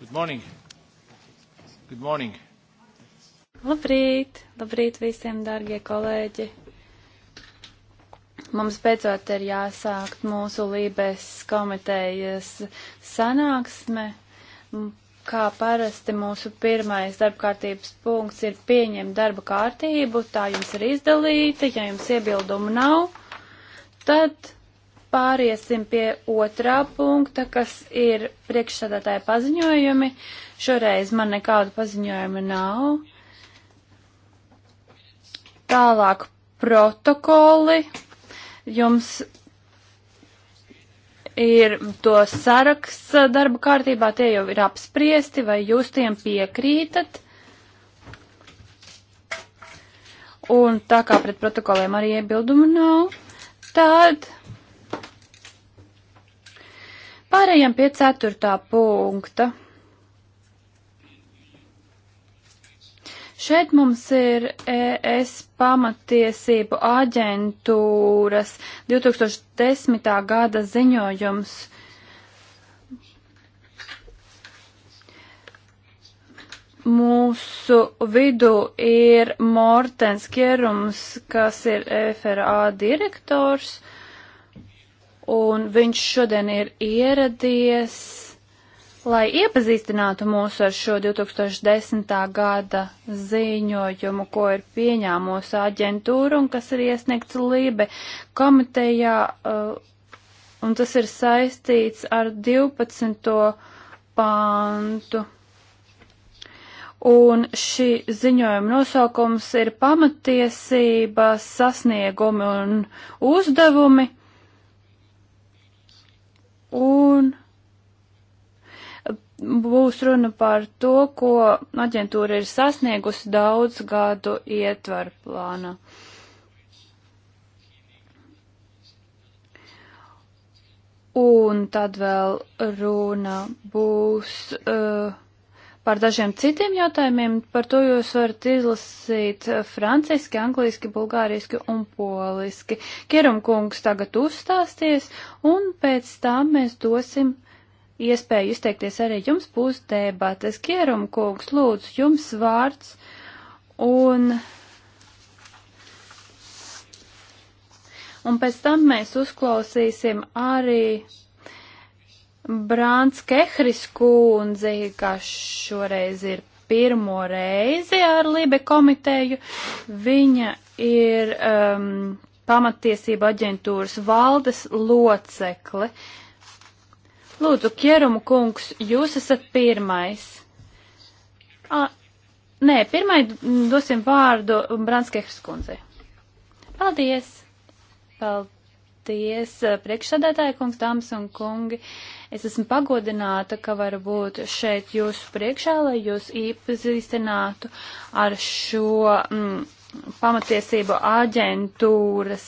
Good morning. Good morning. Labrīt, labrīt visiem, dārgie kolēģi. Mums beidzot ir jāsākt mūsu lībēs komitejas sanāksme. Kā parasti mūsu pirmais darbkārtības punkts ir pieņemt darba kārtību, tā jums ir izdalīta, ja jums iebildumu nav, tad Pāriesim pie otrā punkta, kas ir priekšsādātāja paziņojumi. Šoreiz man nekādu paziņojumu nav. Tālāk protokoli. Jums ir to saraksts darba kārtībā, tie jau ir apspriesti, vai jūs tiem piekrītat. Un tā kā pret protokoliem arī iebildumu nav, tad Pārējām pie ceturtā punkta. Šeit mums ir ES pamatiesību aģentūras 2010. gada ziņojums. Mūsu vidū ir Mortens Kierums, kas ir FRA direktors. Uh, un viņš šodien ir ieradies, lai iepazīstinātu mūs ar šo 2010. gada ziņojumu, ko ir pieņēmusi aģentūra un kas ir iesniegts Lībe komitejā, uh, un tas ir saistīts ar 12. pāntu. Un šī ziņojuma nosaukums ir pamatiesības, sasniegumi un uzdevumi Un būs runa par to, ko aģentūra ir sasniegusi daudz gadu ietvaru plāna. Un tad vēl runa būs. Uh, Par dažiem citiem jautājumiem par to jūs varat izlasīt franciski, angliski, bulgāriski un poliski. Kerumkungs tagad uzstāsties un pēc tam mēs dosim iespēju izteikties arī jums būs debates. Kierumkungs, lūdzu, jums vārds un. Un pēc tam mēs uzklausīsim arī Brāns Kehris kundzi, kas šoreiz ir pirmo reizi ar Lībe komiteju. Viņa ir um, pamatiesība aģentūras valdes locekle. Lūdzu, Kjerumu kungs, jūs esat pirmais. A, nē, pirmai dosim vārdu Branskehrs kundzei. Paldies! Paldies, priekšsādātāja kungs, dāmas un kungi. Uh, Es esmu pagodināta, ka varu būt šeit jūsu priekšā, lai jūs iepazīstinātu ar šo mm, pamatiesību aģentūras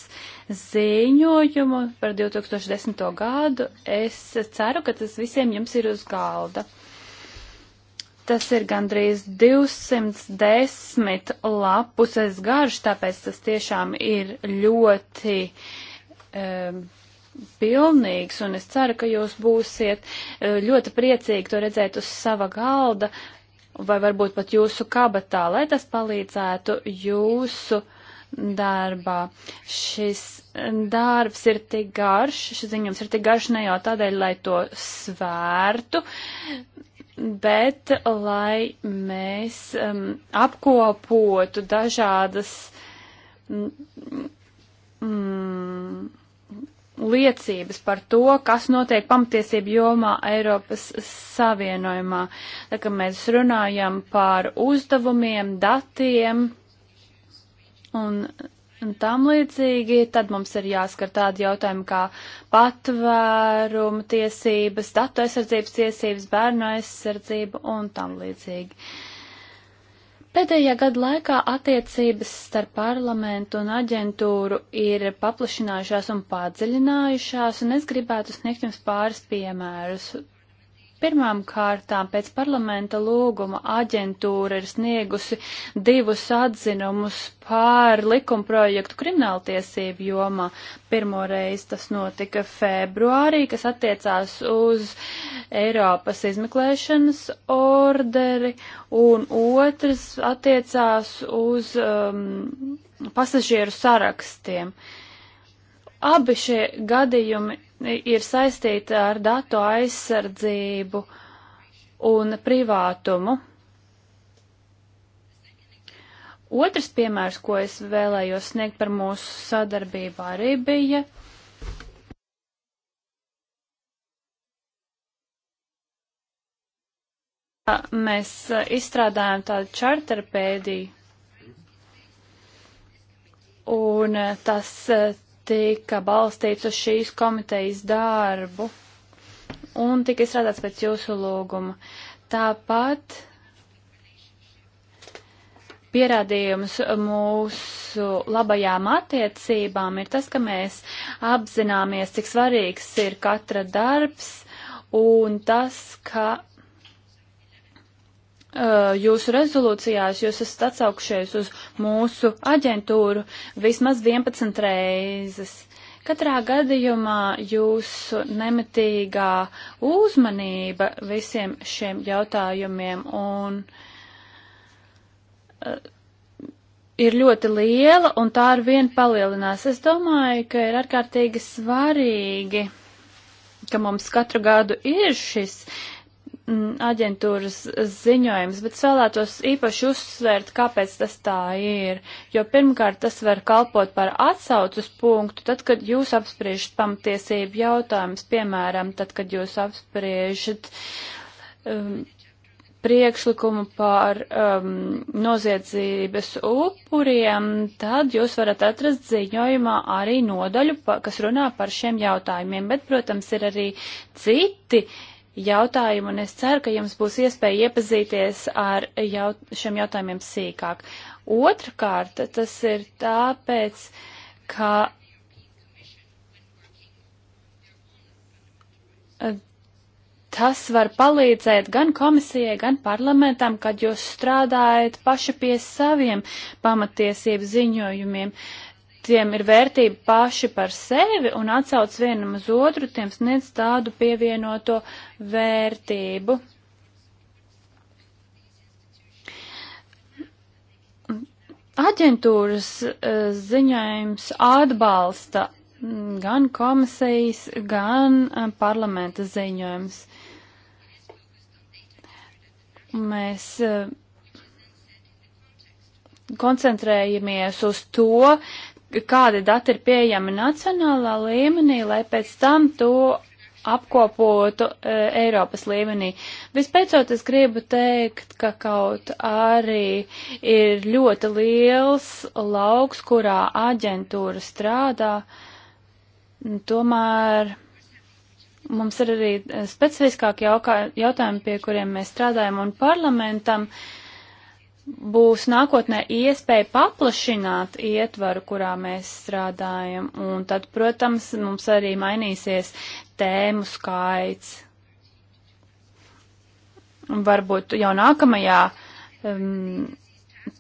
ziņojumu par 2010. gadu. Es ceru, ka tas visiem jums ir uz galda. Tas ir gandrīz 210 lapuses garš, tāpēc tas tiešām ir ļoti. Um, pilnīgs, un es ceru, ka jūs būsiet eh, ļoti priecīgi to redzēt uz sava galda, vai varbūt pat jūsu kabatā, lai tas palīdzētu jūsu darbā. Šis darbs ir tik garš, šis ziņums ir tik garš ne jau tādēļ, lai to svērtu, bet lai mēs um, apkopotu dažādas. Mm, mm liecības par to, kas notiek pamatiesību jomā Eiropas Savienojumā. Tā kā mēs runājam par uzdevumiem, datiem un, un tam līdzīgi, tad mums ir jāskar tādi jautājumi kā patvērumu tiesības, datu aizsardzības tiesības, bērnu aizsardzību un tam līdzīgi. Uh, Pēdējā gada laikā attiecības starp parlamentu un aģentūru ir paplašinājušās un padziļinājušās, un es gribētu sniegt jums pāris piemērus. Pirmām kārtām pēc parlamenta lūguma aģentūra ir sniegusi divus atzinumus pār likumprojektu krimināltiesību jomā. Pirmoreiz tas notika februārī, kas attiecās uz Eiropas izmeklēšanas orderi, un otrs attiecās uz um, pasažieru sarakstiem. Uh, Abi šie gadījumi ir saistīti ar datu aizsardzību un privātumu. Otrs piemērs, ko es vēlējos sniegt par mūsu sadarbību, arī bija. Mēs e, izstrādājām tādu čarterpēdiju, un e, tas e, tika balstīts uz šīs komitejas darbu un tika izstrādāts pēc jūsu lūguma. Tāpat pierādījums mūsu labajām attiecībām ir tas, ka mēs apzināmies, cik svarīgs ir katra darbs un tas, ka Eh, jūsu rezolūcijās jūs esat atsaukšies uz mūsu aģentūru vismaz 11 reizes. Katrā gadījumā jūsu nemitīgā uzmanība visiem šiem jautājumiem un eh, ir ļoti liela un tā ar vien palielinās. Es domāju, ka ir ārkārtīgi svarīgi, ka mums katru gadu ir šis uh, Mm, aģentūras ziņojums, bet es vēlētos īpaši uzsvērt, kāpēc tas tā ir. Jo pirmkārt, tas var kalpot par atsaucus punktu, tad, kad jūs apspriežat pamatiesību jautājumus, piemēram, tad, kad jūs apspriežat um, priekšlikumu par um, noziedzības upuriem, tad jūs varat atrast ziņojumā arī nodaļu, pa, kas runā par šiem jautājumiem. Bet, protams, ir arī citi uh, jautājumu, un es ceru, ka jums būs iespēja iepazīties ar jaut šiem jautājumiem sīkāk. Otrakārt, tas ir tāpēc, ka eh, tas var palīdzēt gan komisijai, gan parlamentam, kad jūs strādājat paši pie saviem pamatiesību ziņojumiem. Uh, tiem ir vērtība paši par sevi un atsauc vienam uz otru, tiem sniedz tādu pievienoto vērtību. Aģentūras eh, ziņojums atbalsta gan komisijas, gan eh, parlamenta ziņojums. Mēs eh, koncentrējamies uz to, kādi dati ir pieejami nacionālā līmenī, lai pēc tam to apkopotu e, Eiropas līmenī. Vispēcot es gribu teikt, ka kaut arī ir ļoti liels lauks, kurā aģentūra strādā, tomēr mums ir arī specifiskāki jautājumi, pie kuriem mēs strādājam un parlamentam. E, būs nākotnē iespēja paplašināt ietvaru, kurā mēs strādājam, un tad, protams, mums arī mainīsies tēmu skaits. Varbūt jau nākamajā um,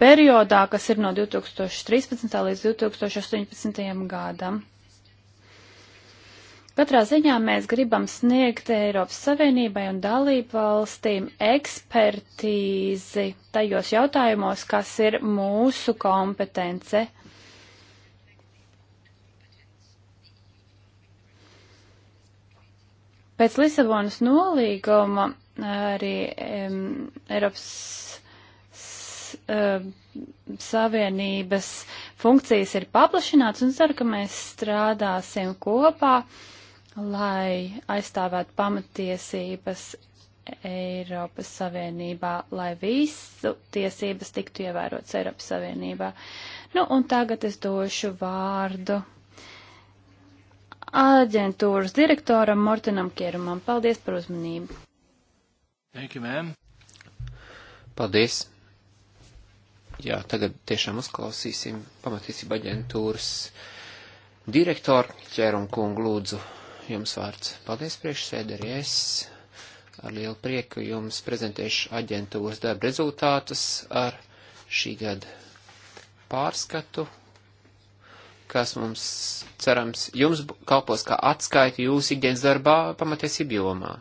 periodā, kas ir no 2013. līdz 2018. gadam. Katrā ziņā mēs gribam sniegt Eiropas Savienībai un dalību valstīm ekspertīzi tajos jautājumos, kas ir mūsu kompetence. Pēc Lisabonas nolīguma arī um, Eiropas um, Savienības funkcijas ir paplašināts un ceru, ka mēs strādāsim kopā. Uh, lai aizstāvētu pamatiesības Eiropas Savienībā, lai visu tiesības tiktu ievērotas Eiropas Savienībā. Nu, un tagad es došu vārdu aģentūras direktoram Mortenam Kierumam. Paldies par uzmanību. Thank you, ma'am. Paldies. Jā, tagad tiešām uzklausīsim pamatīsību aģentūras direktoru Ķērumu kungu lūdzu jums vārds. Paldies, priekšsēdēji, es ar lielu prieku jums prezentēšu aģentūras darba rezultātus ar šī gada pārskatu, kas mums, cerams, jums kalpos kā atskaiti jūsu ikdienas darbā pamatiesību jomā.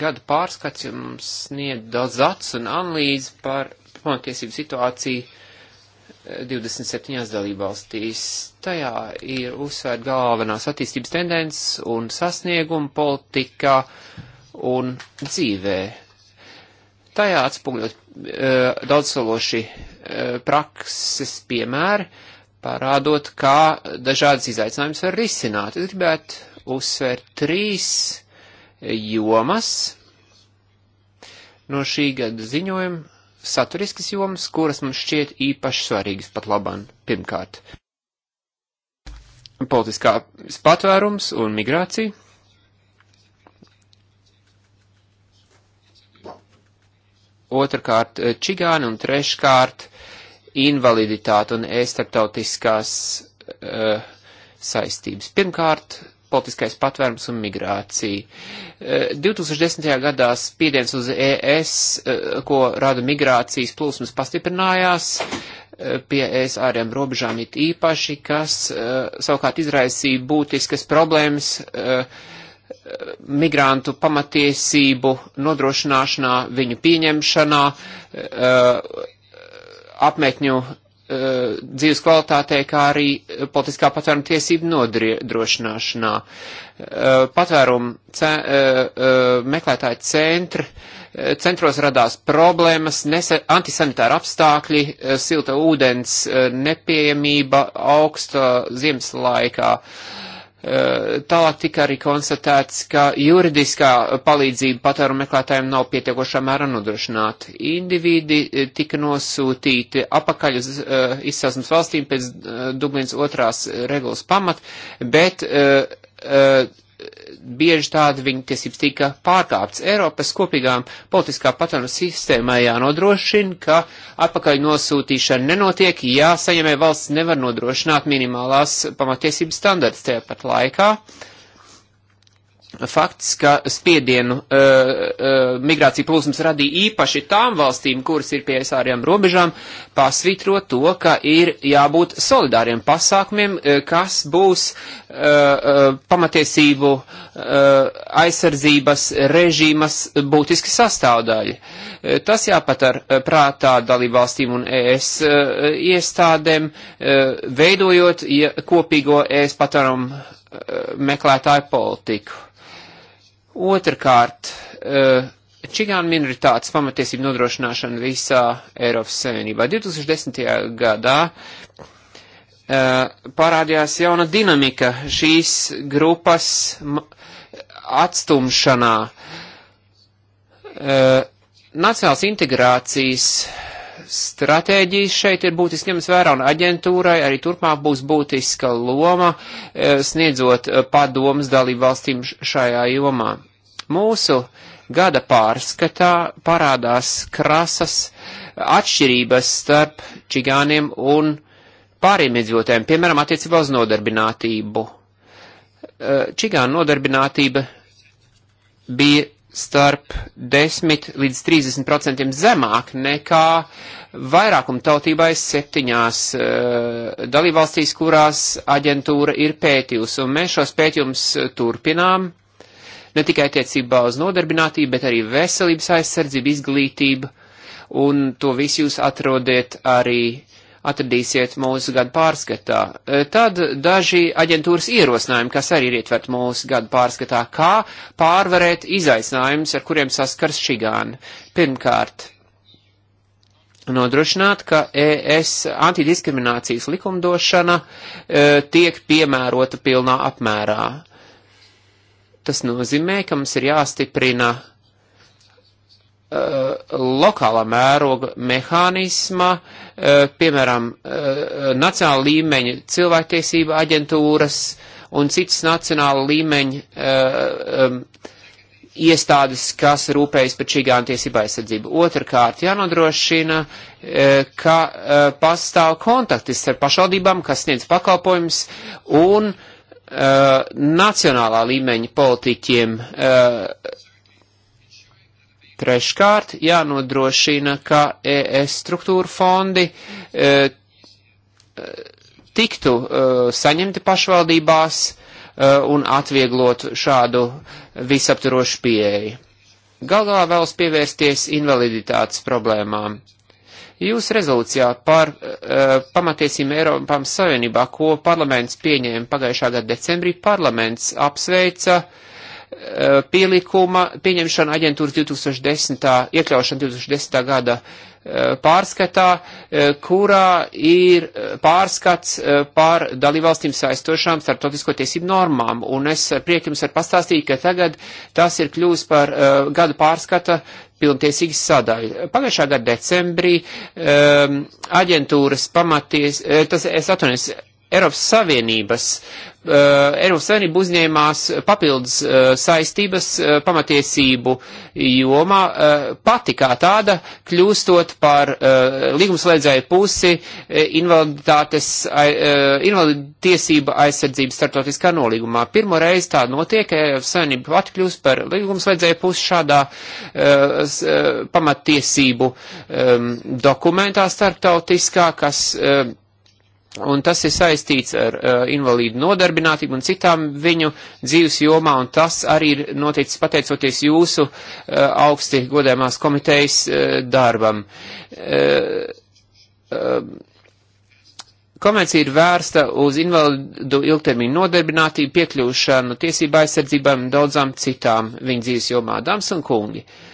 Gada pārskats jums sniedz daudz acu un analīzi par pamatiesību situāciju 27 dalībvalstīs. Tajā ir uzsvērt galvenās attīstības tendences un sasniegumu politikā un dzīvē. Tajā atspoguļot e, daudzsološi e, prakses piemēri, parādot, kā dažādas izaicinājums var risināt. Es gribētu uzsvērt trīs jomas no šī gada ziņojuma saturiskas jomas, kuras mums šķiet īpaši svarīgas pat labam. Pirmkārt, politiskā patvērums un migrācija. Otrakārt, čigāni un treškārt, invaliditāte un e-starptautiskās uh, saistības. Pirmkārt, politiskais patvērums un migrācija. 2010. Eh, gadā spiediens uz ES, eh, ko rada migrācijas plūsmas, pastiprinājās eh, pie ES āriem robežām it īpaši, kas savukārt izraisīja būtiskas problēmas migrantu pamatiesību nodrošināšanā, viņu pieņemšanā, apmetņu Uh, dzīves kvalitātei, kā arī politiskā patvēruma tiesību nodrošināšanā. Uh, patvērumu ce, uh, meklētāju centri, centros radās problēmas, nese, antisanitāri apstākļi, silta ūdens nepieejamība augsta ziemas laikā. Uh, Eh, Tālāk tika arī konstatēts, ka juridiskā palīdzība patēru meklētājiem nav pietiekošā mērā nodrošināta. Individi eh, tika nosūtīti apakaļ uz uh, izcelsmes valstīm pēc uh, Dublins otrās regulas pamat, bet uh, bieži tāda viņa tiesības tika pārkāptas. Eiropas kopīgām politiskā patvēruma sistēmā jānodrošina, ka atpakaļ nosūtīšana nenotiek, ja saņemē valsts nevar nodrošināt minimālās pamatiesības standarts tajā pat laikā. Uh, fakts, ka spiedienu uh, eh, uh, eh, migrācija plūsmas radīja īpaši tām valstīm, kuras ir pie sāriem robežām, pasvitro to, ka ir jābūt solidāriem pasākumiem, uh, kas būs uh, uh, pamatiesību uh, aizsardzības režīmas būtiski sastāvdaļa. Uh, tas jāpatar uh, prātā dalībvalstīm un ES uh, iestādēm, uh, veidojot ja, kopīgo ES patvarumu uh, meklētāju politiku Otrkārt, eh, čigānu minoritātes pamatiesību nodrošināšana visā Eiropas Savienībā. 2010. gadā eh, parādījās jauna dinamika šīs grupas atstumšanā. Eh, Nacionāls integrācijas uh, stratēģijas šeit ir būtiski ņemts vērā, un aģentūrai arī turpmāk būs būtiska loma e, sniedzot e, padomus dalību valstīm šajā jomā. Mūsu gada pārskatā parādās krasas atšķirības starp čigāniem un pāriem iedzīvotājiem, piemēram, attiecībā uz nodarbinātību. E, Čigāna nodarbinātība bija starp 10 līdz 30% zemāk nekā vairākuma tautībai septiņās uh, dalībvalstīs, kurās aģentūra ir pētījusi. Un mēs šos pētījumus turpinām ne tikai attiecībā uz nodarbinātību, bet arī veselības aizsardzību, izglītību. Un to visu jūs atrodiet arī atradīsiet mūsu gadu pārskatā. E, tad daži aģentūras ierosinājumi, kas arī ir ietvert mūsu gadu pārskatā, kā pārvarēt izaicinājumus, ar kuriem saskars šī gāna. Pirmkārt, nodrošināt, ka ES antidiskriminācijas likumdošana e, tiek piemērota pilnā apmērā. Tas nozīmē, ka mums ir jāstiprina Eh, lokālā mēroga mehānisma, eh, piemēram, eh, nacionāla līmeņa cilvēktiesība aģentūras un citas nacionāla līmeņa iestādes, kas rūpējas par čigānu tiesību aizsardzību. Otrakārt, jānodrošina, ka pastāv kontaktis ar pašvaldībām, kas sniedz pakalpojumus un nacionālā līmeņa politiķiem, uh, Treškārt, jānodrošina, ka ES struktūra fondi e, tiktu e, saņemti pašvaldībās e, un atvieglot šādu visapturošu pieeju. Galā vēlas pievērsties invaliditātes problēmām. Jūs rezolūcijā par uh, e, pamatiesīm Eiropas Savienībā, ko parlaments pieņēma pagājušā gada decembrī, parlaments apsveica uh, Eh, pielikuma pieņemšana aģentūras 2010. iekļaušana 2010. gada eh, pārskatā, eh, kurā ir pārskats par dalībvalstīm saistošām starptautisko tiesību normām. Un es ar prieku jums varu pastāstīt, ka tagad tas ir kļūst par uh, gadu pārskata pilntiesīgas sadaļa. Pagājušā gada decembrī um, aģentūras pamaties, tas, es atvainojos, Eiropas Savienības. Uh, Eiropas Savienība uzņēmās papildus uh, saistības uh, pamatiesību jomā uh, pati kā tāda, kļūstot par uh, līgumslēdzēju pusi uh, invaliditātes, uh, invaliditātiesība aizsardzības startautiskā nolīgumā. Pirmo reizi tā notiek, ka Eiropas Savienība pati kļūst par līgumslēdzēju pusi šādā uh, uh, pamatiesību um, dokumentā startautiskā, kas uh, Un tas ir saistīts ar uh, invalīdu nodarbinātību un citām viņu dzīves jomā, un tas arī ir noticis pateicoties jūsu uh, augsti godējumās komitejas uh, darbam. Uh, uh, Konvencija ir vērsta uz invalidu ilgtermiņu nodarbinātību, piekļūšanu, tiesību aizsardzībām un daudzām citām viņa dzīves jomā, dāmas un kungi. Uh,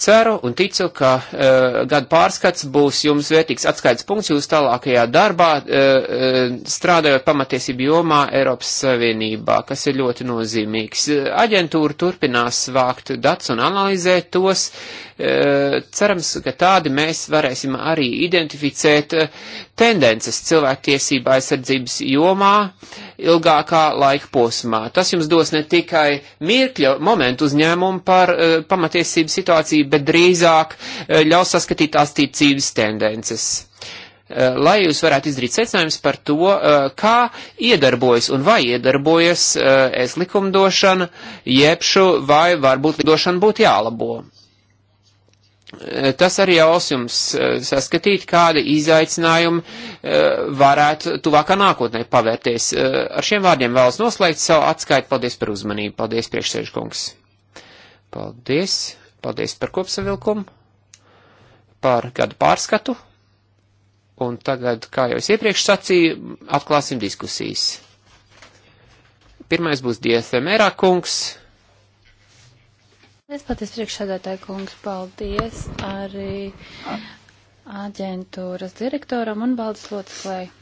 Ceru un ticu, ka uh, gada pārskats būs jums vērtīgs atskaits punkts jūsu tālākajā darbā, uh, strādājot pamatiesību jomā Eiropas Savienībā, kas ir ļoti nozīmīgs. Aģentūra turpinās vākt datus un analizēt tos. Uh, cerams, ka tādi mēs varēsim arī identificēt uh, tendences cilvēktiesība aizsardzības jomā ilgākā laika posmā. Tas jums dos ne tikai mirkļa momentu uzņēmumu par uh, pamatiesību situāciju, attīstību, bet drīzāk eh, ļaus saskatīt attīstības tendences eh, lai jūs varētu izdarīt secinājumus par to, eh, kā iedarbojas un vai iedarbojas es likumdošana, jebšu vai varbūt likumdošana būtu jālabo. Tas arī ļaus jums saskatīt, kādi izaicinājumi varētu tuvākā nākotnē pavērties. Ar šiem vārdiem vēlas noslēgt savu atskaitu. Paldies par uzmanību. Paldies, priekšsēžkungs. Paldies. Paldies par kopsavilkumu, par gadu pārskatu, un tagad, kā jau es iepriekš sacīju, atklāsim diskusijas. Pirmais būs Dietemērā kungs. Es paties priekšsēdētāju kungs, paldies arī aģentūras direktoram un baldas loceklēju.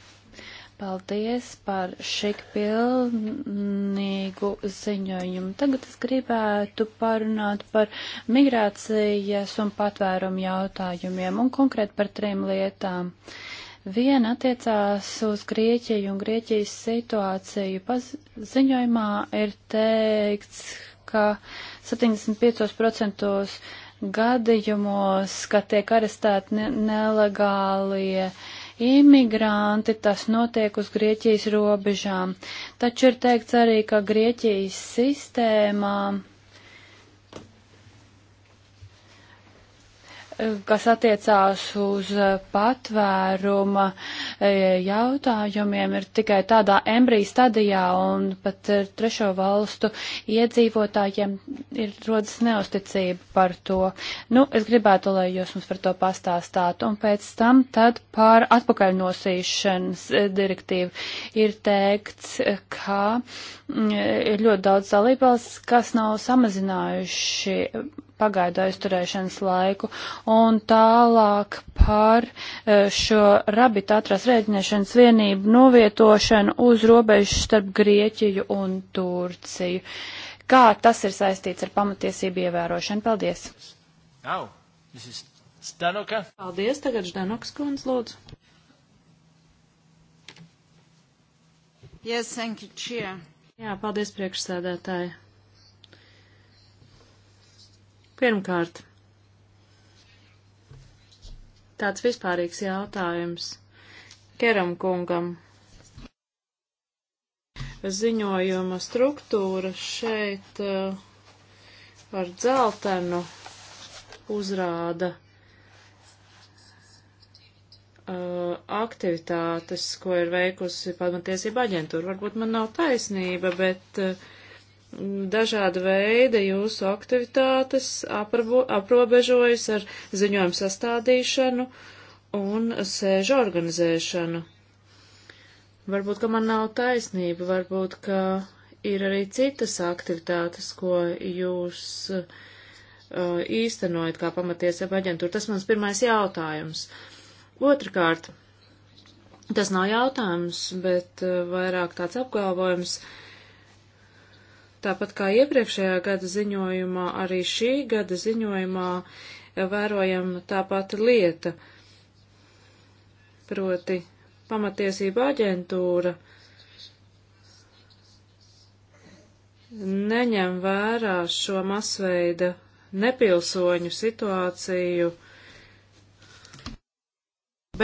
Paldies par šik pilnīgu ziņojumu. Tagad es gribētu parunāt par migrācijas un patvērumu jautājumiem un konkrēt par trim lietām. Viena attiecās uz Grieķiju un Grieķijas situāciju. Paziņojumā ir teikts, ka 75% gadījumos, kad tiek arestēti ne nelegālie imigranti, tas notiek uz Grieķijas robežām. Taču ir teikts arī, ka Grieķijas sistēmām kas attiecās uz patvēruma e, jautājumiem, ir tikai tādā embrija stadijā, un pat e, trešo valstu iedzīvotājiem ir rodas neusticība par to. Nu, es gribētu, lai jūs mums par to pastāstātu, un pēc tam tad par atpakaļnosīšanas e, direktīvu ir teikts, ka mm, ir ļoti daudz dalībvalsts, kas nav samazinājuši pagaidu aizturēšanas laiku, un tālāk par e, šo rabita atras rēķināšanas vienību novietošanu uz robežu starp Grieķiju un Turciju. Kā tas ir saistīts ar pamatiesību ievērošanu? Paldies! Now, Paldies, tagad Ždanoks kundz, lūdzu. Yes, thank you, Chair. Jā, paldies priekšsēdētāji. Pirmkārt, tāds vispārīgs jautājums Keram kungam. Ziņojuma struktūra šeit eh, ar dzeltenu uzrāda eh, aktivitātes, ko ir veikusi pamatiesība aģentūra. Varbūt man nav taisnība, bet uh, dažāda veida jūsu aktivitātes aprabo, aprobežojas ar ziņojumu sastādīšanu un sēžu organizēšanu. Varbūt, ka man nav taisnība, varbūt, ka ir arī citas aktivitātes, ko jūs uh, īstenojat kā pamatiesība aģentūra. Tas mans pirmais jautājums. Otrakārt, tas nav jautājums, bet uh, vairāk tāds apgalvojums. Uh, Tāpat kā iepriekšējā gada ziņojumā, arī šī gada ziņojumā vērojam tā pati lieta, proti pamatiesība aģentūra neņem vērā šo masveida nepilsoņu situāciju,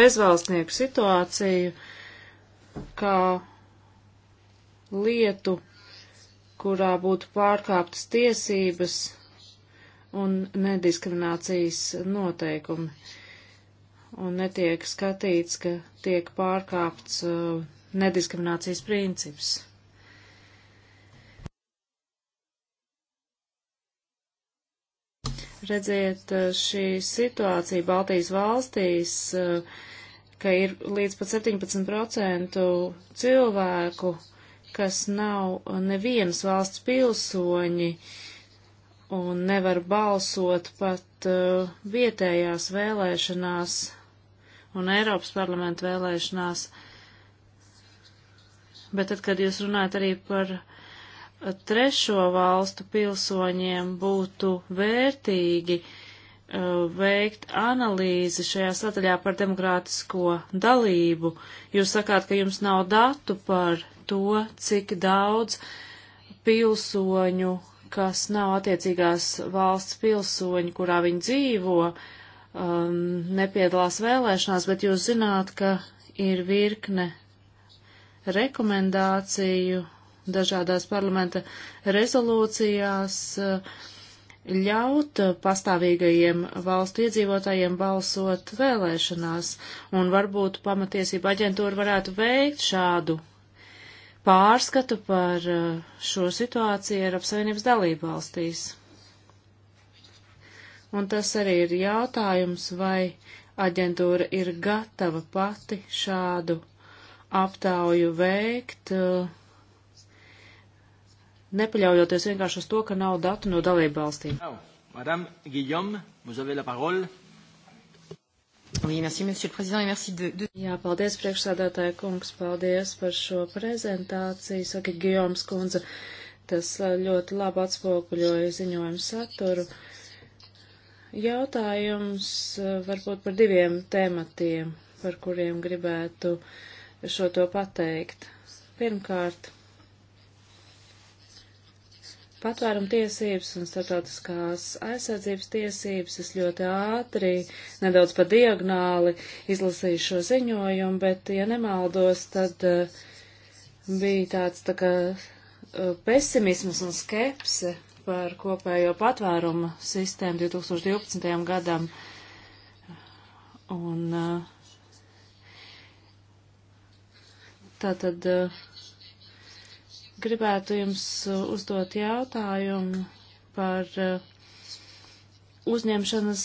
bezvalstnieku situāciju, kā lietu kurā būtu pārkāptas tiesības un nediskriminācijas noteikumi. Un netiek skatīts, ka tiek pārkāpts uh, nediskriminācijas princips. Redziet, uh, šī situācija Baltijas valstīs, uh, ka ir līdz pat 17% cilvēku, kas nav nevienas valsts pilsoņi un nevar balsot pat uh, vietējās vēlēšanās un Eiropas parlamenta vēlēšanās. Bet tad, kad jūs runājat arī par uh, trešo valstu pilsoņiem, būtu vērtīgi uh, veikt analīzi šajā sadaļā par demokrātisko dalību. Jūs sakāt, ka jums nav datu par to, cik daudz pilsoņu, kas nav attiecīgās valsts pilsoņi, kurā viņi dzīvo, um, nepiedalās vēlēšanās, bet jūs zināt, ka ir virkne rekomendāciju dažādās parlamenta rezolūcijās uh, ļaut pastāvīgajiem valstu iedzīvotājiem balsot vēlēšanās, un varbūt pamatiesība aģentūra varētu veikt šādu pārskatu par uh, šo situāciju Eiropas Savienības dalību valstīs. Un tas arī ir jautājums, vai aģentūra ir gatava pati šādu aptauju veikt, uh, nepaļaujoties vienkārši uz to, ka nav datu no dalību valstīm. Oh, Madame Guillaume, vous avez la parole. Oui, merci, monsieur le président, et merci de, de... Jā, paldies, priekšsādātāja kungs, paldies par šo prezentāciju, saka Gijoms kundze. Tas ļoti labi atspoguļoja ziņojumu saturu. Jautājums varbūt par diviem tematiem, par kuriem gribētu šo to pateikt. Pirmkārt, patvērumu tiesības un starptautiskās aizsardzības tiesības. Es ļoti ātri, nedaudz pa diagonāli izlasīju šo ziņojumu, bet, ja nemaldos, tad uh, bija tāds tā kā uh, pesimisms un skepse par kopējo patvērumu sistēmu 2012. gadam. Un uh, tātad. Uh, gribētu jums uh, uzdot jautājumu par uh, uzņemšanas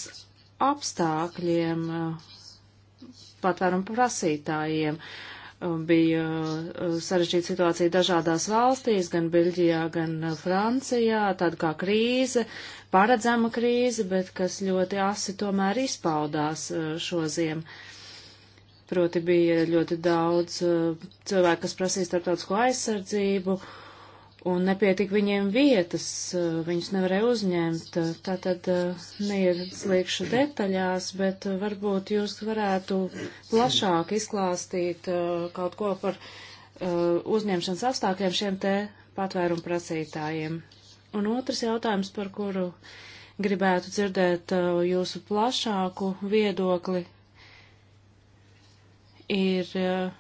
apstākļiem uh, patvērumu prasītājiem. Bija sarežģīta situācija dažādās valstīs, gan Beļģijā, gan Francijā, tāda kā krīze, paredzama krīze, bet kas ļoti asi tomēr izpaudās šoziem. ziemu Proti bija ļoti daudz uh, cilvēku, kas prasīja starptautisko aizsardzību, un nepietika viņiem vietas, uh, viņus nevarēja uzņemt. Tātad uh, eh, neieslīgšu detaļās, bet varbūt jūs varētu plašāk izklāstīt kaut ko par uzņemšanas apstākļiem šiem te patvērumu prasītājiem. Un otrs jautājums, par kuru gribētu dzirdēt jūsu plašāku viedokli, ir uh,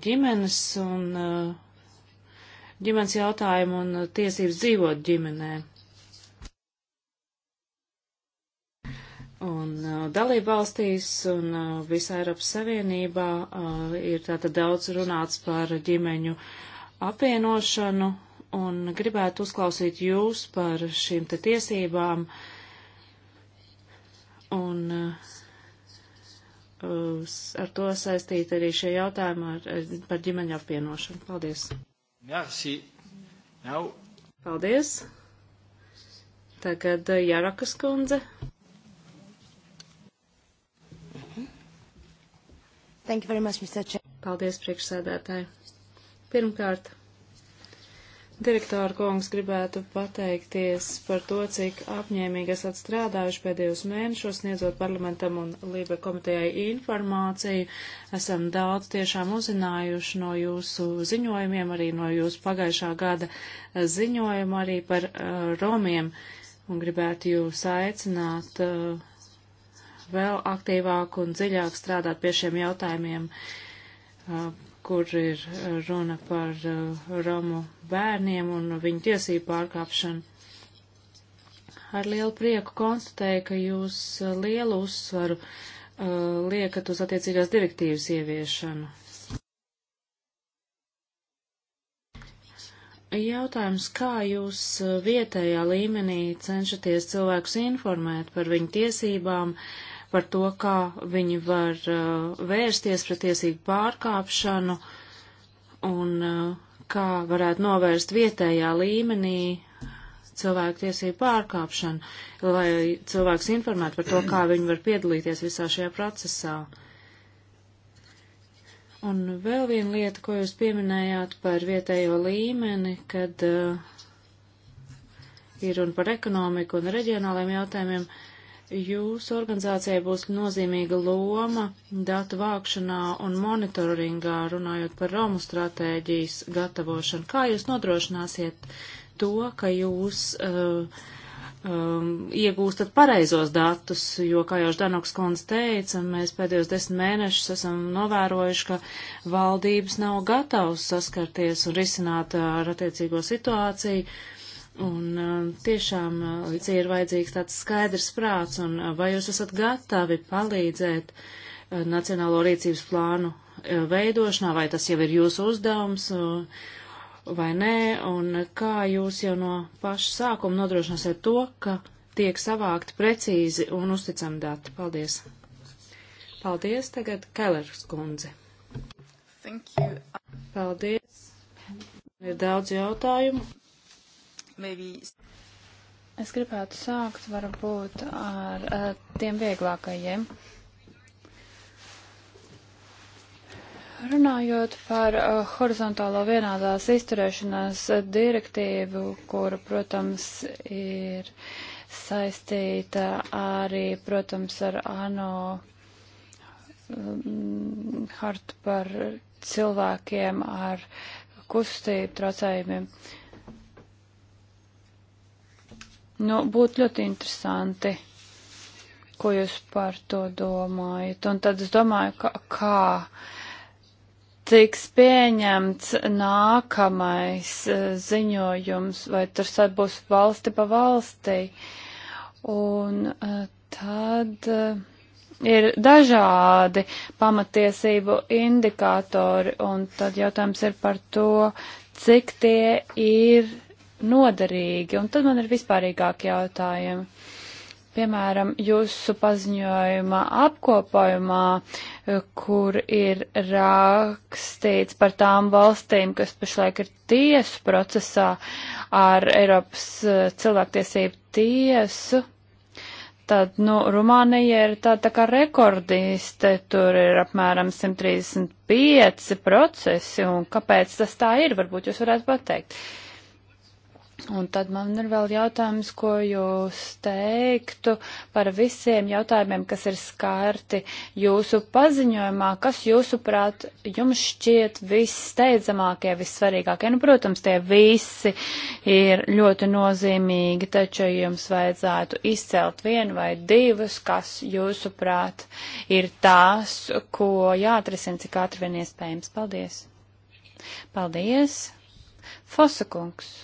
ģimenes un uh, ģimenes jautājumu un uh, tiesības dzīvot ģimenē. Un dalība valstīs un visā Eiropas Savienībā ir tātad daudz runāts par ģimeņu apvienošanu un gribētu uzklausīt jūs par šīm te tiesībām. Un uh, protams, ar to saistīti arī šie jautājumi ar, ar, par ģimeņa apvienošanu. Paldies! Merci. Now. Paldies! Tagad eh, Jarakas kundze. Thank you very much, Mr. Chair. Paldies, priekšsēdētāji. Pirmkārt, Direktora kungs gribētu pateikties par to, cik apņēmīgi esat strādājuši pēdējos mēnešos, sniedzot parlamentam un Lībe komitejai informāciju. Esam daudz tiešām uzzinājuši no jūsu ziņojumiem, arī no jūsu pagājušā gada ziņojuma arī par uh, romiem un gribētu jūs aicināt uh, vēl aktīvāk un dziļāk strādāt pie šiem jautājumiem. Uh, kur ir eh, runa par eh, Romu bērniem un viņu tiesību pārkāpšanu. Ar lielu prieku konstatēju, ka jūs eh, lielu uzsvaru uh, liekat uz attiecīgās direktīvas ieviešanu. Jautājums, kā jūs vietējā līmenī cenšaties cilvēkus informēt par viņu tiesībām, uh, par to, kā viņi var uh, vērsties pret tiesību pārkāpšanu un uh, kā varētu novērst vietējā līmenī cilvēku tiesību pārkāpšanu, lai cilvēks informētu par to, kā viņi var piedalīties visā šajā procesā. Un vēl viena lieta, ko jūs pieminējāt par vietējo līmeni, kad uh, ir un par ekonomiku un reģionāliem jautājumiem, uh, Jūsu organizācijai būs nozīmīga loma datu vākšanā un monitoringā, runājot par Romu stratēģijas gatavošanu. Kā jūs nodrošināsiet to, ka jūs uh, um, iegūstat pareizos datus, jo, kā jau Ždanoks kundze teica, mēs pēdējos desmit mēnešus esam novērojuši, ka valdības nav gatavas saskarties un risināt uh, ar attiecīgo situāciju, Un uh, tiešām uh, līdzīgi ir vajadzīgs tāds skaidrs prāts, un uh, vai jūs esat gatavi palīdzēt Nacionālo rīcības plānu veidošanā, vai tas jau ir jūsu uzdevums vai nē, un kā jūs jau no paša sākuma nodrošināsiet to, ka tiek savākt precīzi un uzticami dati. Paldies! Paldies tagad Kelleris kundze. Thank you. Paldies. Ir daudz jautājumu maybe... Es gribētu sākt varbūt ar, ar tiem vieglākajiem. Runājot par uh, horizontālo vienādās izturēšanās direktīvu, kura, protams, ir saistīta arī, protams, ar ANO um, hartu par cilvēkiem ar kustību traucējumiem. Uh, Nu, būtu ļoti interesanti, ko jūs par to domājat. Un tad es domāju, kā, kā tiks pieņemts nākamais eh, ziņojums, vai tas būs valsti pa valstī. Un eh, tad eh, ir dažādi pamatiesību indikātori, un tad jautājums ir par to, cik tie ir noderīgi? Un tad man ir vispārīgāki jautājumi. Piemēram, jūsu paziņojuma apkopojumā, eh, kur ir rakstīts par tām valstīm, kas pašlaik ir tiesu procesā ar Eiropas eh, cilvēktiesību tiesu, tad, nu, Rumānija ir tā, tā kā rekordīste, tur ir apmēram 135 procesi, un kāpēc tas tā ir, varbūt jūs varētu pateikt. Uh, Un tad man ir vēl jautājums, ko jūs teiktu par visiem jautājumiem, kas ir skārti jūsu paziņojumā, kas jūsuprāt jums šķiet vissteidzamākie, vissvarīgākie. Nu, protams, tie visi ir ļoti nozīmīgi, taču jums vajadzētu izcelt vienu vai divus, kas jūsuprāt ir tās, ko jāatrisina cik ātri vien iespējams. Paldies! Paldies! Fosakungs!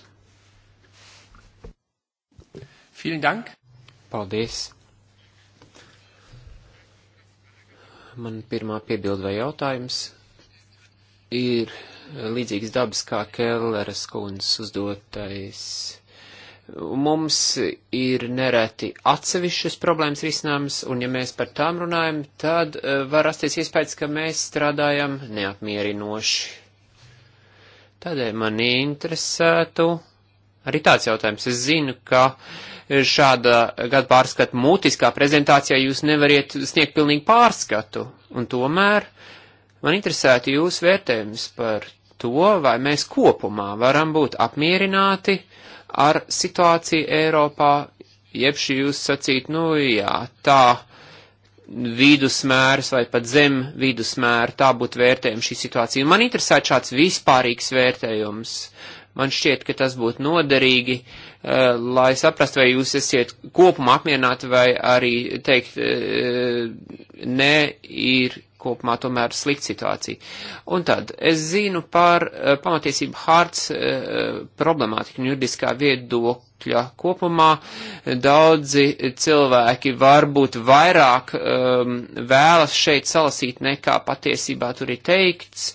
Vielen Dank. Paldies. Man pirmā piebilda vai jautājums ir līdzīgs dabas kā Kelleras kundzes uzdotais. Mums ir nereti atsevišķas problēmas risināmas, un ja mēs par tām runājam, tad eh, var rasties iespējas, ka mēs strādājam neapmierinoši. Tādēļ man interesētu Arī tāds jautājums. Es zinu, ka šāda gada pārskata mutiskā prezentācijā jūs nevariet sniegt pilnīgi pārskatu, un tomēr man interesētu jūs vērtējums par to, vai mēs kopumā varam būt apmierināti ar situāciju Eiropā, jeb šī jūs sacīt, nu jā, tā vidusmērs vai pat zem vidusmēra, tā būtu vērtējums šī situācija. Man interesētu šāds vispārīgs vērtējums. Uh, Man šķiet, ka tas būtu noderīgi, uh, lai saprast, vai jūs esiet kopumā apmierināti vai arī teikt, uh, nē, ir kopumā tomēr slikta situācija. Un tad es zinu par uh, pamatiesību hārts problemātiku un juridiskā viedokļa viedokļa kopumā. Daudzi cilvēki varbūt vairāk um, vēlas šeit salasīt nekā patiesībā tur ir teikts.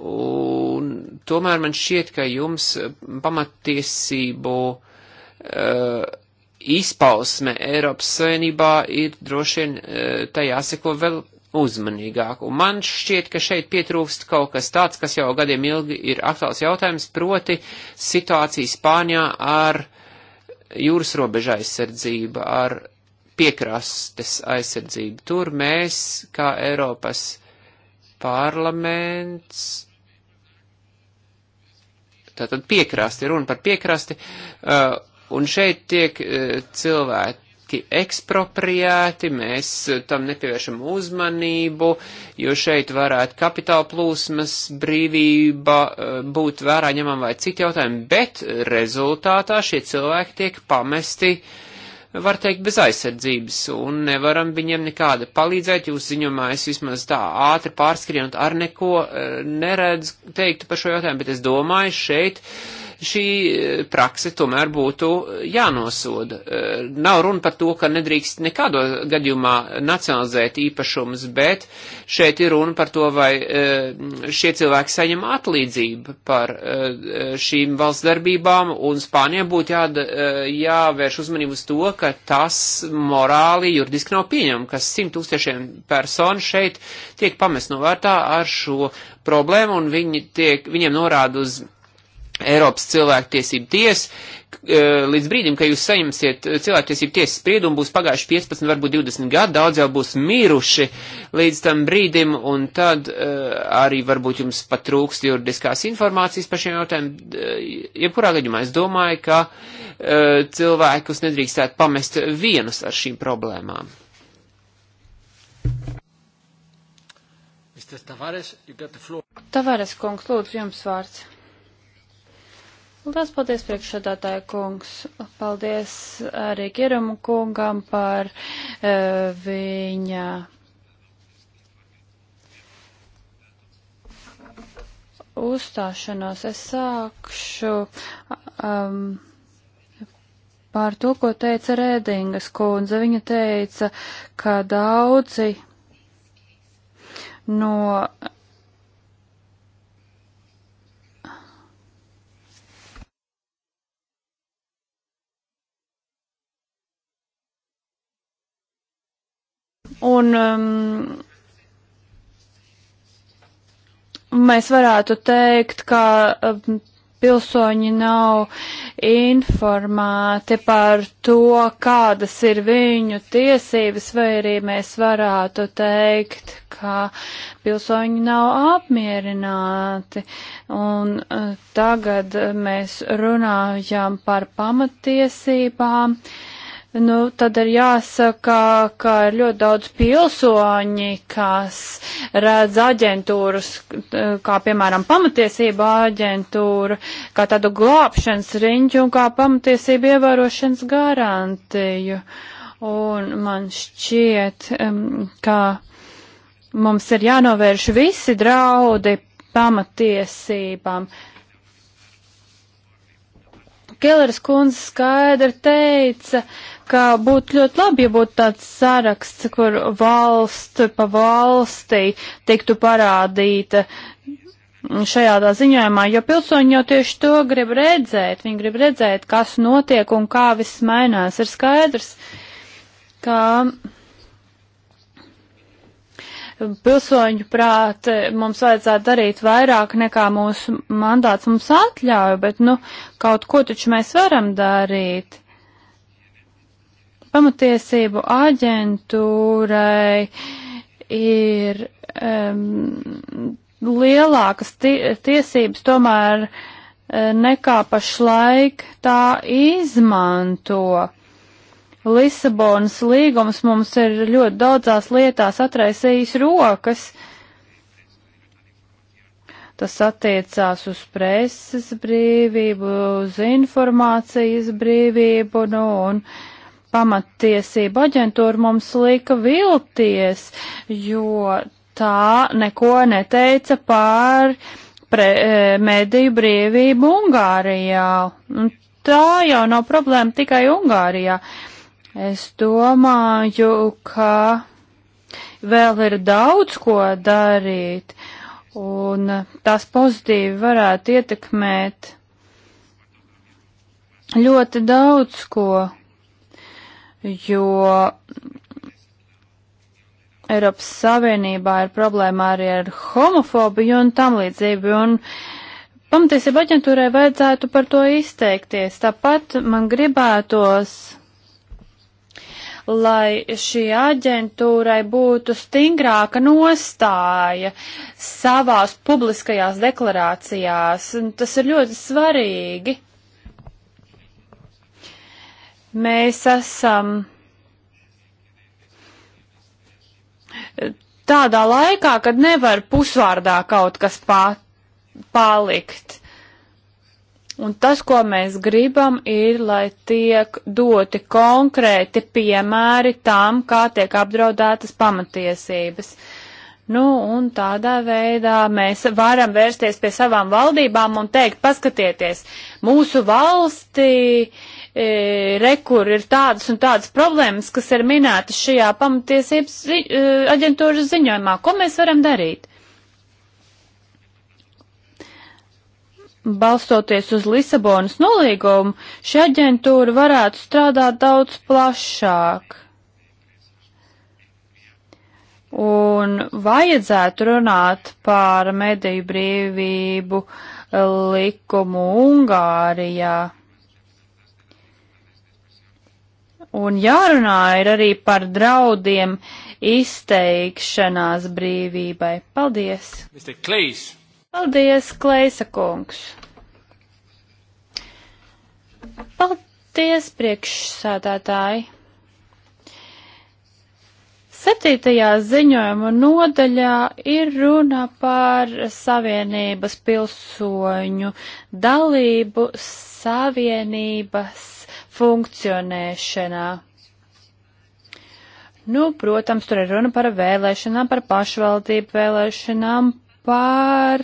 Un tomēr man šķiet, ka jums pamatiesību uh, izpausme Eiropas Savienībā ir droši vien uh, eh, tai jāseko vēl uzmanīgāk. Un man šķiet, ka šeit pietrūkst kaut kas tāds, kas jau gadiem ilgi ir aktuāls jautājums, proti situācija Spānijā ar jūras robeža aizsardzību, ar piekrastes aizsardzību. Tur mēs, kā Eiropas parlaments. Tātad piekrasti, runa par piekrasti, uh, un šeit tiek uh, cilvēki ekspropriēti, mēs tam nepievēršam uzmanību, jo šeit varētu kapitāla plūsmas brīvība uh, būt vērā ņemama vai citi jautājumi, bet rezultātā šie cilvēki tiek pamesti uh, var teikt, bez aizsardzības, un nevaram viņiem nekāda palīdzēt. Jūs ziņumā es vismaz tā ātri pārskrienot ar neko eh, neredzu teiktu par šo jautājumu, bet es domāju, šeit uh, šī eh, prakse tomēr būtu eh, jānosoda. Eh, nav runa par to, ka nedrīkst nekādā gadījumā nacionalizēt īpašumus, bet šeit ir runa par to, vai šie cilvēki saņem atlīdzību par šīm valsts darbībām, un Spānijai būtu jā, jāvērš uzmanību uz to, ka tas morāli juridiski nav pieņemam, ka simt tūkstošiem personu šeit tiek pamest novērtā ar šo problēmu, un viņi tiek, viņiem norāda uz Eiropas cilvēktiesību tiesa, e, līdz brīdim, kad jūs saņemsiet e, cilvēktiesību tiesas spriedumu, būs pagājuši 15, varbūt 20 gadi, daudz jau būs miruši līdz tam brīdim, un tad e, arī varbūt jums pat trūkst juridiskās informācijas par šiem jautājumiem. Jebkurā gadījumā es domāju, ka cilvēkus nedrīkstētu pamest vienus ar šīm problēmām. Tavares kungs, lūdzu, jums vārds. Lielas paldies priekšsēdātāja kungs. Paldies arī Kiramu kungam par uh, viņa uzstāšanos. Es sākšu um, par to, ko teica Rēdingas kundze. Viņa teica, ka daudzi no Un um, mēs varētu teikt, ka um, pilsoņi nav informēti par to, kādas ir viņu tiesības, vai arī mēs varētu teikt, ka pilsoņi nav apmierināti. Un uh, tagad mēs runājam par pamatiesībām. Uh, Nu, tad ir jāsaka, ka ir ļoti daudz pilsoņi, kas redz aģentūras, kā piemēram pamatiesība aģentūru, kā tādu glābšanas riņķu un kā pamatiesību ievērošanas garantiju. Un man šķiet, ka mums ir jānovērš visi draudi pamatiesībām. Uh, Kelleris kundze skaidri teica, ka būtu ļoti labi, ja būtu tāds saraksts, kur valsts pa valstī tiktu parādīta šajā tā ziņojumā, jo pilsoņi jau tieši to grib redzēt. Viņi grib redzēt, kas notiek un kā viss mainās. Ir skaidrs, ka. Kā pilsoņu prāt mums vajadzētu darīt vairāk nekā mūsu mandāts mums atļauj, bet, nu, kaut ko taču mēs varam darīt. Pamatiesību aģentūrai ir um, lielākas tiesības tomēr eh, nekā pašlaik tā izmanto. Lisabonas līgums mums ir ļoti daudzās lietās atraisījis rokas. Tas attiecās uz preses brīvību, uz informācijas brīvību, nu, un pamattiesība aģentūra mums lika vilties, jo tā neko neteica pār pre, e, mediju brīvību Ungārijā. Un tā jau nav problēma tikai Ungārijā. Uh, Es domāju, ka vēl ir daudz ko darīt, un tas pozitīvi varētu ietekmēt ļoti daudz ko, jo Eiropas Savienībā ir problēma arī ar homofobiju un tam līdzību, un pamatiesība aģentūrai vajadzētu par to izteikties. Tāpat man gribētos lai šī aģentūrai būtu stingrāka nostāja savās publiskajās deklarācijās. Tas ir ļoti svarīgi. Mēs esam tādā laikā, kad nevar pusvārdā kaut kas palikt. Un tas, ko mēs gribam, ir, lai tiek doti konkrēti piemēri tam, kā tiek apdraudētas pamatiesības. Nu, un tādā veidā mēs varam vērsties pie savām valdībām un teikt, paskatieties, mūsu valstī e, rekur ir tādas un tādas problēmas, kas ir minētas šajā pamatiesības zi, e, aģentūras ziņojumā. Ko mēs varam darīt? balstoties uz Lisabonas nolīgumu, šī aģentūra varētu strādāt daudz plašāk. Un vajadzētu runāt par mediju brīvību likumu Ungārijā. Un jārunā ir arī par draudiem izteikšanās brīvībai. Paldies! Mr. Klejs! Paldies, Kleisa kungs! Paldies, priekšsādātāji! Septītajā ziņojuma nodaļā ir runa par Savienības pilsoņu dalību Savienības funkcionēšanā. Nu, protams, tur ir runa par vēlēšanām, par pašvaldību vēlēšanām, par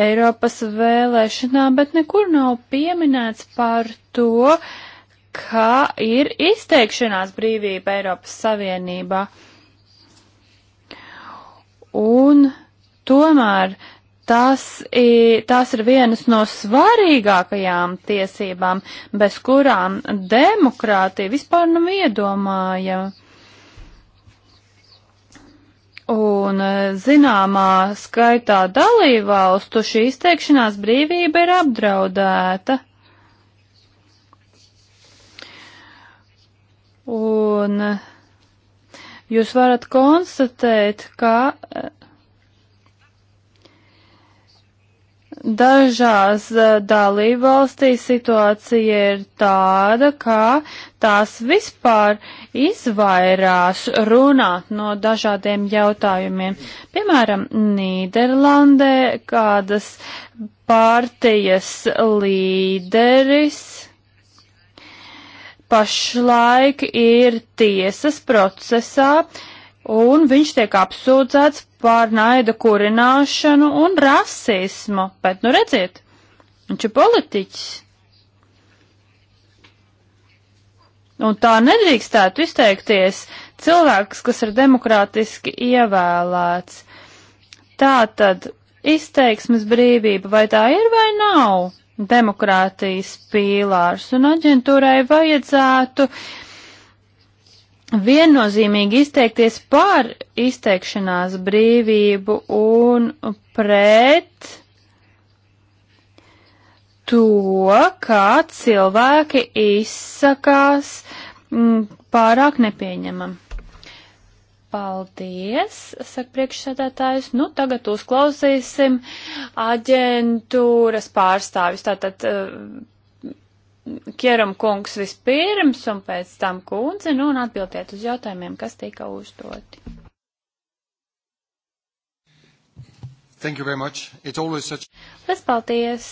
Eiropas vēlēšanām, bet nekur nav pieminēts par to, ka ir izteikšanās brīvība Eiropas Savienībā. Un tomēr tas ir, tas ir vienas no svarīgākajām tiesībām, bez kurām demokrātija vispār nav iedomājama. Un e, zināmā skaitā dalībvalstu šī izteikšanās brīvība ir apdraudēta. Un e, jūs varat konstatēt, ka e, Dažās eh, dalībvalstīs situācija ir tāda, ka tās vispār izvairās runāt no dažādiem jautājumiem. Piemēram, Nīderlandē kādas partijas līderis pašlaik ir tiesas procesā, uh, un viņš tiek apsūdzēts par naida kurināšanu un rasismu. Bet, nu redziet, viņš ir politiķis. Un tā nedrīkstētu izteikties cilvēks, kas ir demokrātiski ievēlēts. Tā tad izteiksmes brīvība, vai tā ir vai nav demokrātijas pīlārs, un aģentūrai vajadzētu uh, viennozīmīgi izteikties par izteikšanās brīvību un pret to, kā cilvēki izsakās m, mm, pārāk nepieņemam. Paldies, saka priekšsēdētājs. Nu, tagad uzklausīsim aģentūras pārstāvis. Tātad eh, Kieram kungs vispirms un pēc tam kundze, nu un atbildiet uz jautājumiem, kas tika uzdoti. Thank you very much. It's always such. Lies paldies.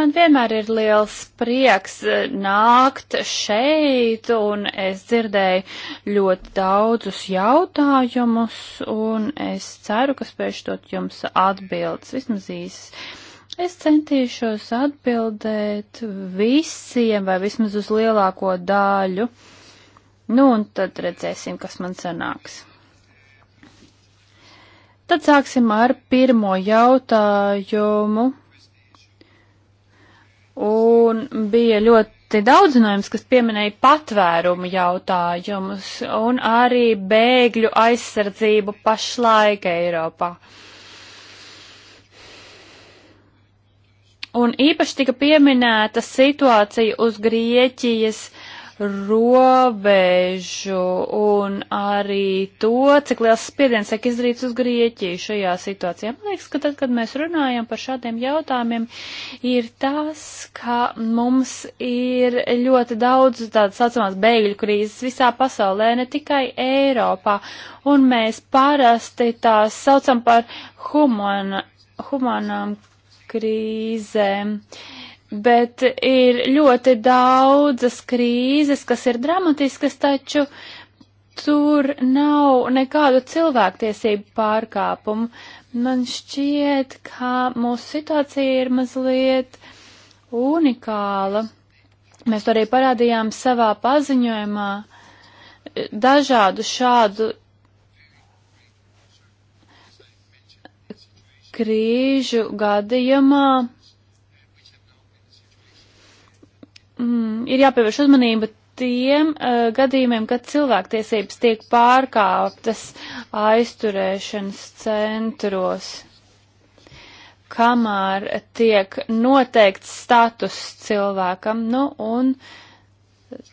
Man vienmēr ir liels prieks eh, nākt šeit, un es dzirdēju ļoti daudzus jautājumus, un es ceru, ka spēšu dot jums atbildes, vismaz īsi. Es centīšos atbildēt visiem, vai vismaz uz lielāko daļu. Nu, un tad redzēsim, kas man sanāks. Tad sāksim ar pirmo jautājumu. Un bija ļoti daudz zinājums, kas pieminēja patvērumu jautājumus un arī bēgļu aizsardzību pašlaik Eiropā. Uh, Un īpaši tika pieminēta situācija uz Grieķijas robežu un arī to, cik liels spiediens tiek izdarīts uz Grieķiju šajā situācijā. Man liekas, ka tad, kad mēs runājam par šādiem jautājumiem, ir tas, ka mums ir ļoti daudz tādas saucamās bēgļu krīzes visā pasaulē, ne tikai Eiropā, un mēs parasti tās saucam par humana, humanām krīzēm. Bet ir ļoti daudzas krīzes, kas ir dramatiskas, taču tur nav nekādu cilvēktiesību pārkāpumu. Man šķiet, ka mūsu situācija ir mazliet unikāla. Mēs to arī parādījām savā paziņojumā. Dažādu šādu krīžu gadījumā mm, ir jāpievērš uzmanība tiem uh, gadījumiem, kad cilvēktiesības tiek pārkāptas aizturēšanas centros, kamēr tiek noteikts status cilvēkam, nu, un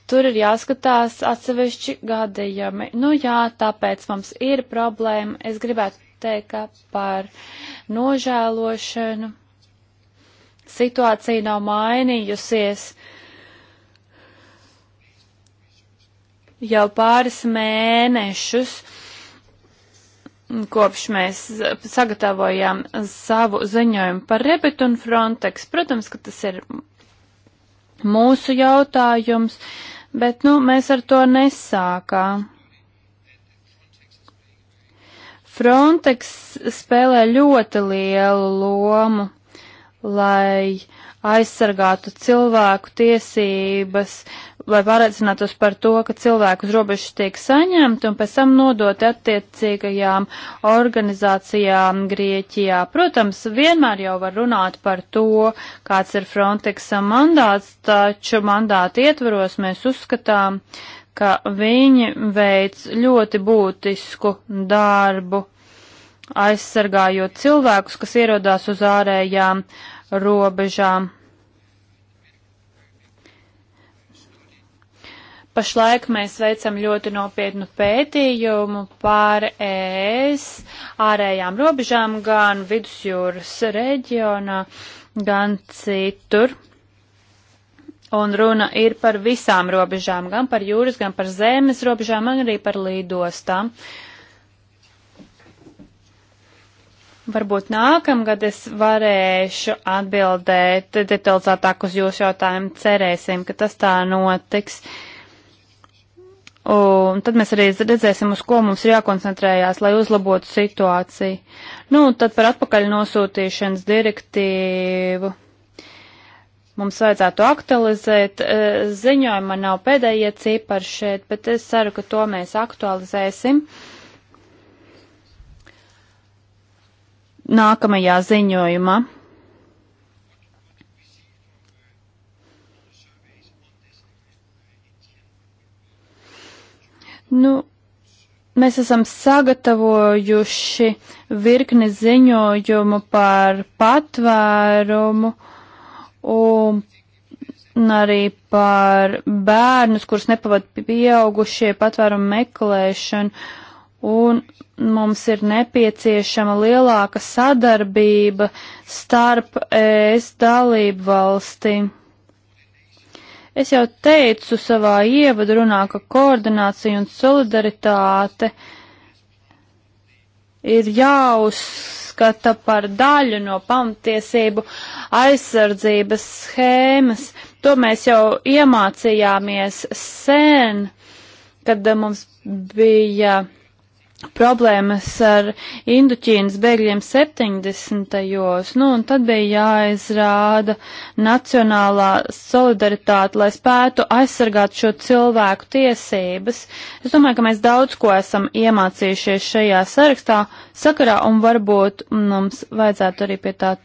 tur ir jāskatās atsevišķi gadījumi. Nu, jā, tāpēc mums ir problēma. Es gribētu jāizteika par nožēlošanu. Situācija nav mainījusies jau pāris mēnešus mm, kopš mēs sagatavojām savu ziņojumu par Rebit un Frontex. Protams, ka tas ir mūsu jautājums, bet, nu, mēs ar to nesākām. Frontex spēlē ļoti lielu lomu, lai aizsargātu cilvēku tiesības, lai pārliecinātos par to, ka cilvēku uz robežas tiek saņemti un pēc tam nodoti attiecīgajām organizācijām Grieķijā. Protams, vienmēr jau var runāt par to, kāds ir Frontexa mandāts, taču mandāta ietvaros mēs uzskatām, uh, ka viņi veic ļoti būtisku darbu, aizsargājot cilvēkus, kas ierodās uz ārējām robežām. Pašlaik mēs veicam ļoti nopietnu pētījumu par ES ārējām robežām gan vidusjūras reģionā, gan citur. Un runa ir par visām robežām, gan par jūras, gan par zemes robežām, gan arī par līdostām. Varbūt nākamgad es varēšu atbildēt detalizētāk uz jūsu jautājumu. Cerēsim, ka tas tā notiks. Un tad mēs arī redzēsim, uz ko mums ir jākoncentrējās, lai uzlabotu situāciju. Nu, tad par atpakaļ nosūtīšanas direktīvu mums vajadzētu aktualizēt. E, Ziņojuma nav pēdējie cipari šeit, bet es ceru, ka to mēs aktualizēsim. Nākamajā ziņojumā. Nu, mēs esam sagatavojuši virkni ziņojumu par patvērumu. Uh, Un arī par bērnus, kurus nepavad pieaugušie patvērumu meklēšanu. Un mums ir nepieciešama lielāka sadarbība starp ES dalību valsti. Es jau teicu savā ievadrunā, ka koordinācija un solidaritāte uh, ir jāuzskata par daļu no pamatiesību aizsardzības schēmas. To mēs jau iemācījāmies sen, kad mums bija problēmas ar Induķīnas bēgļiem 70. Jūs, nu, un tad bija jāizrāda nacionālā solidaritāte, lai spētu aizsargāt šo cilvēku tiesības. Es domāju, ka mēs daudz ko esam iemācījušies šajā sarakstā sakarā, un varbūt mums vajadzētu arī pie tā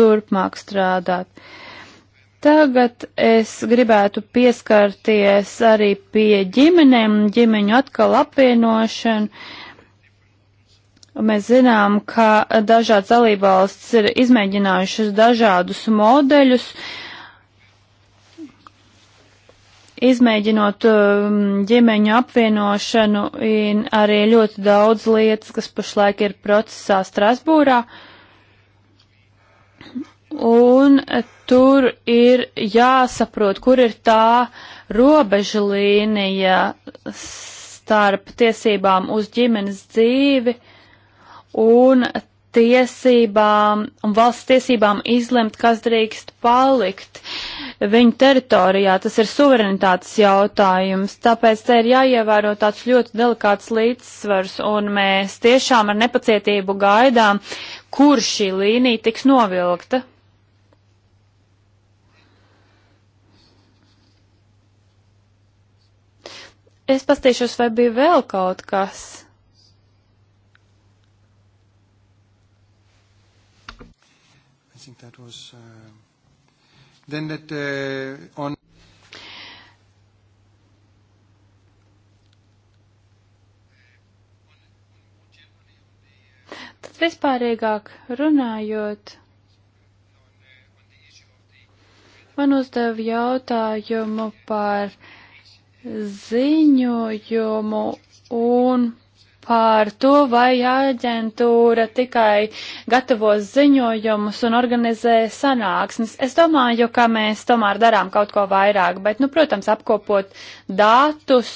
turpmāk strādāt. Uh, Tagad es gribētu pieskarties arī pie ģimenēm, ģimeņu atkal apvienošanu. Mēs zinām, ka dažādas dalībvalstis ir izmēģinājušas dažādus modeļus, izmēģinot um, ģimeņu apvienošanu, ir arī ļoti daudz lietas, kas pašlaik ir procesā Strasbūrā Un tur ir jāsaprot, kur ir tā robeža līnija starp tiesībām uz ģimenes dzīvi un tiesībām un valsts tiesībām izlemt, kas drīkst palikt viņu teritorijā. Tas ir suverenitātes jautājums, tāpēc te ir jāievēro tāds ļoti delikāts līdzsvars, un mēs tiešām ar nepacietību gaidām, kur šī līnija tiks novilkta. Es pastīšos, vai bija vēl kaut kas. That was, uh, then that, uh, on Tad vispārīgāk runājot, man uzdev jautājumu par uh, ziņojumu un par to, vai aģentūra tikai gatavos ziņojumus un organizē sanāksmes. Es domāju, ka mēs tomēr darām kaut ko vairāk, bet, nu, protams, apkopot datus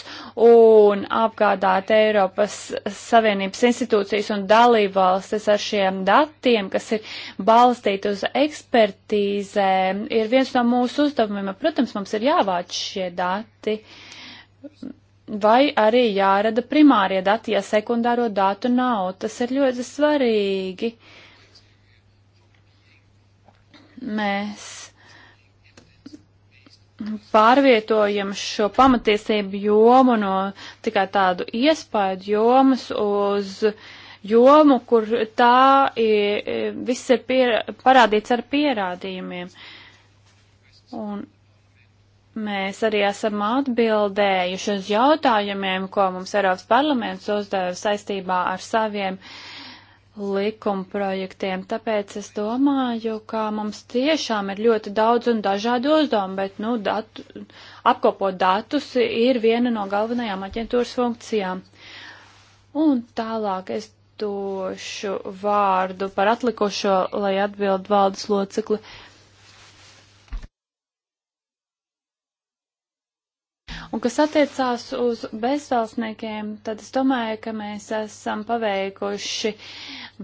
un apgādāt Eiropas Savienības institūcijas un dalībvalstis ar šiem datiem, kas ir balstīti uz ekspertīzēm, ir viens no mūsu uzdevumiem. Protams, mums ir jāvāc šie dati Vai arī jārada primārie dati, ja sekundāro datu nav. Tas ir ļoti svarīgi. Mēs pārvietojam šo pamatiesību jomu no tikai tādu iespēju jomas uz jomu, kur tā ir, viss ir pier, parādīts ar pierādījumiem. Un Mēs arī esam atbildējuši uz jautājumiem, ko mums Eiropas parlaments uzdeva saistībā ar saviem likuma projektiem. Tāpēc es domāju, ka mums tiešām ir ļoti daudz un dažādi uzdevumi, bet nu, datu, apkopot datus ir viena no galvenajām aģentūras funkcijām. Un tālāk es došu vārdu par atlikušo, lai atbild valdes locekli. Uh, Un kas attiecās uz bezvalstniekiem, tad es domāju, ka mēs esam paveikuši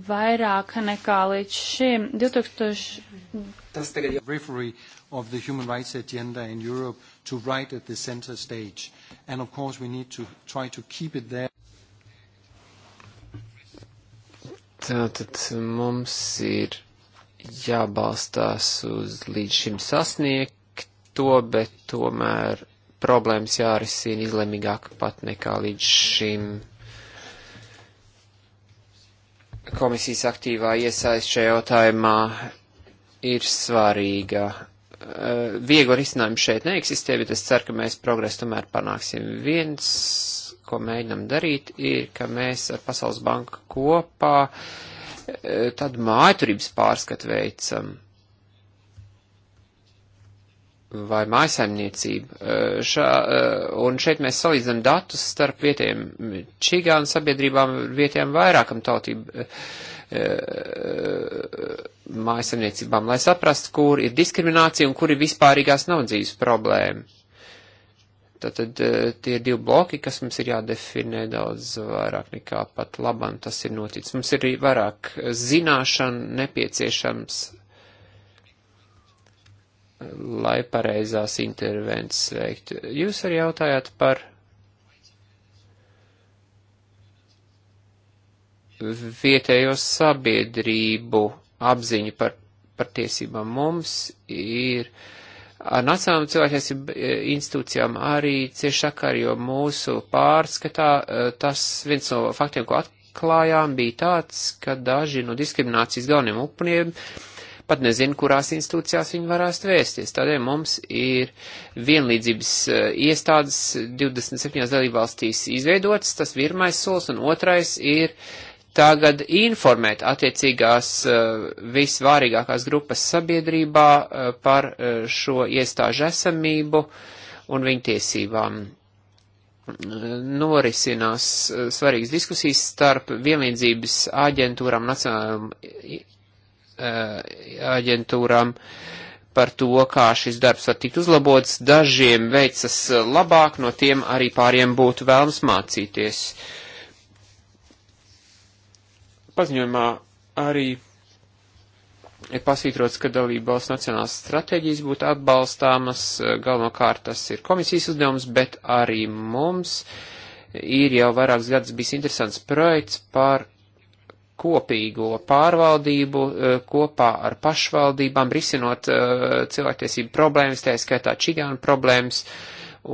vairāk nekā līdz šim. 2000. Tas tagad jau referee of the human rights agenda in Europe to right at the center stage. And of course we need to try to keep it there. Tātad mums ir jābalstās uz līdz šim sasniegto, bet tomēr problēmas jārisina izlemīgāk pat nekā līdz šim. Komisijas aktīvā iesaist šajā jautājumā ir svarīga. Eh, viegli risinājumi šeit neeksistē, bet es ceru, ka mēs progresu tomēr panāksim. Viens, ko mēģinam darīt, ir, ka mēs ar Pasaules banku kopā eh, tādu mājaturības pārskatu veicam. Um, vai mājasaimniecību. Šā, un šeit mēs salīdzinām datus starp vietējiem čigānu sabiedrībām, vietējām vairākam tautību mājasaimniecībām, lai saprastu, kur ir diskriminācija un kur ir vispārīgās naudzības problēma. Tātad tie ir divi bloki, kas mums ir jādefinē daudz vairāk nekā pat labam tas ir noticis. Mums ir vairāk zināšanu nepieciešams lai pareizās intervences veiktu. Jūs arī jautājāt par vietējo sabiedrību apziņu par, par tiesībām. Mums ir ar Nacionālajām cilvēktiesību eh, institūcijām arī cieši sakar, jo mūsu pārskatā eh, tas viens no faktiem, ko atklājām, bija tāds, ka daži no diskriminācijas galveniem upuriem uh, pat nezinu, kurās institūcijās viņi varēs vēsties. Tādēļ mums ir vienlīdzības eh, iestādes 27 dalībvalstīs izveidotas, tas pirmais solis, un otrais ir tagad informēt attiecīgās eh, visvārīgākās grupas sabiedrībā eh, par šo iestāžu esamību un viņu tiesībām norisinās svarīgas diskusijas starp vienlīdzības aģentūram, nacionālajām Eh, aģentūrām par to, kā šis darbs var tikt uzlabots. Dažiem veicas labāk, no tiem arī pāriem būtu vēlams mācīties. Paziņojumā arī ir pasvītrots, ka dalībvalsts nacionālās stratēģijas būtu atbalstāmas, galvenokārt tas ir komisijas uzdevums, bet arī mums ir jau vairākas gadus bijis interesants projekts par kopīgo pārvaldību e, kopā ar pašvaldībām, risinot e, cilvēktiesību problēmas, tā skaitā čigānu problēmas.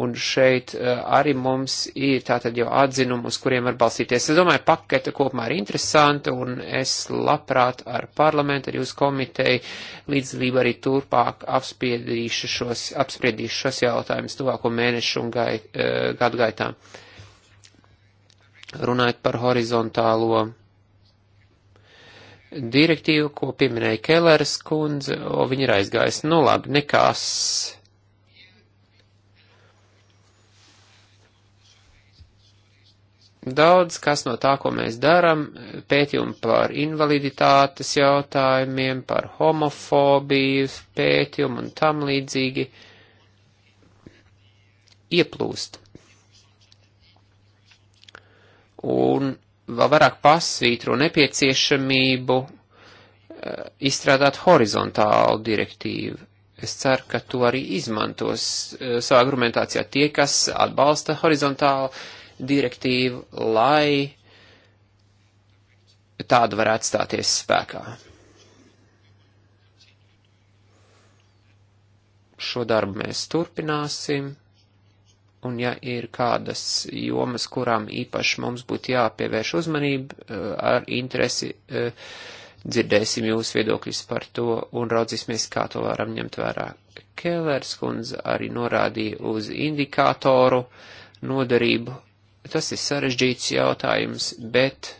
Un šeit e, arī mums ir tātad jau atzinumi, uz kuriem var balstīties. Es domāju, pakete kopumā ir interesanta, un es labprāt ar parlamentu, ar jūsu komiteju līdzdalību arī turpāk apspriedīšu šos, apspriedīšu šos jautājumus tuvāko mēnešu un gai, gadu gaitā. Runājot par horizontālo direktīvu, ko pieminēja Kelleres kundze, o viņa ir aizgājusi. Nu labi, nekas. Daudz kas no tā, ko mēs darām, pētījumi par invaliditātes jautājumiem, par homofobiju, pētījumu un tam līdzīgi ieplūst. Un vēl vairāk pasvītro nepieciešamību eh, izstrādāt horizontālu direktīvu. Es ceru, ka to arī izmantos eh, savā argumentācijā tie, kas atbalsta horizontālu direktīvu, lai tāda varētu stāties spēkā. Šo darbu mēs turpināsim un ja ir kādas jomas, kurām īpaši mums būtu jāpievērš uzmanība, eh, ar interesi eh, dzirdēsim jūs viedokļus par to un raudzīsimies, kā to varam ņemt vērā. Kēlērs kundze arī norādīja uz indikātoru nodarību. Tas ir sarežģīts jautājums, bet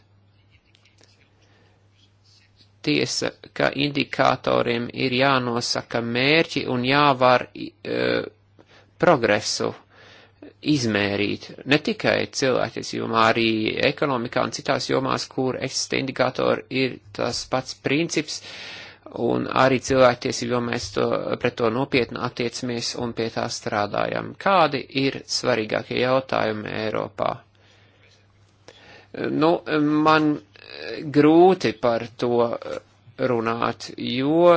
tiesa, ka indikātoriem ir jānosaka mērķi un jāvar e, progresu izmērīt ne tikai cilvēkties jomā, arī ekonomikā un citās jomās, kur eksistē indikātori, ir tas pats princips, un arī cilvēktiesību jomā mēs to, pret to nopietni attiecamies un pie tā strādājam. Kādi ir svarīgākie jautājumi Eiropā? Nu, man grūti par to runāt, jo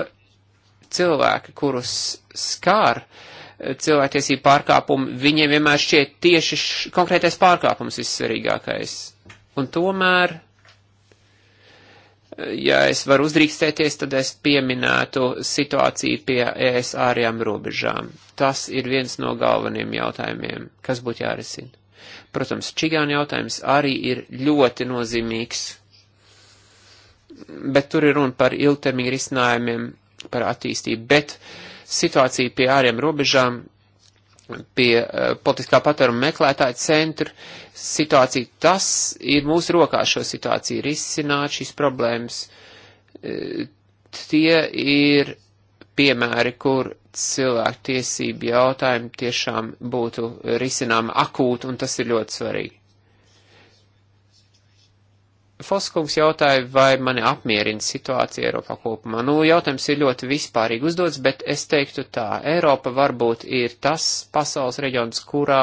cilvēki, kurus skar, uh, cilvēktiesību pārkāpumi, viņiem vienmēr šķiet tieši š, konkrētais pārkāpums vissvarīgākais. Un tomēr, ja es varu uzdrīkstēties, tad es pieminētu situāciju pie ES ārējām robežām. Tas ir viens no galveniem jautājumiem, kas būtu jārisina. Protams, čigāna jautājums arī ir ļoti nozīmīgs, bet tur ir runa par ilgtermiņa risinājumiem, par attīstību, bet uh, situācija pie āriem robežām, pie uh, politiskā patvēruma meklētāja centra situācija. Tas ir mūsu rokā šo situāciju risināt, šīs problēmas. Uh, tie ir piemēri, kur cilvēku tiesību jautājumi tiešām būtu risinām akūti, un tas ir ļoti svarīgi. Foskungs jautāja, vai mani apmierina situācija Eiropā kopumā. Nu, jautājums ir ļoti vispārīgi uzdots, bet es teiktu tā, Eiropa varbūt ir tas pasaules reģions, kurā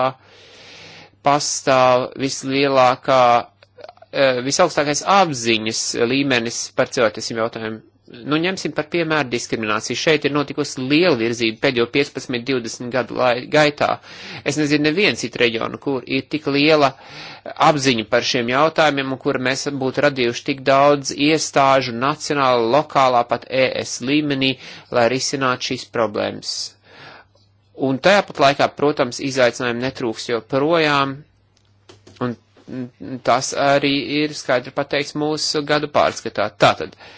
pastāv vislielākā, eh, visaugstākais apziņas līmenis par cilvēktiesību jautājumiem Nu, ņemsim par piemēru diskrimināciju. Šeit ir notikusi liela virzība pēdējo 15-20 gadu lai, gaitā. Es nezinu nevienu citu reģionu, kur ir tik liela apziņa par šiem jautājumiem, un kur mēs būtu radījuši tik daudz iestāžu nacionāla, lokālā, pat ES līmenī, lai risinātu šīs problēmas. Un tajā pat laikā, protams, izaicinājumi netrūks joprojām, un tas arī ir skaidri pateiks mūsu gadu pārskatā. Tātad. Uh,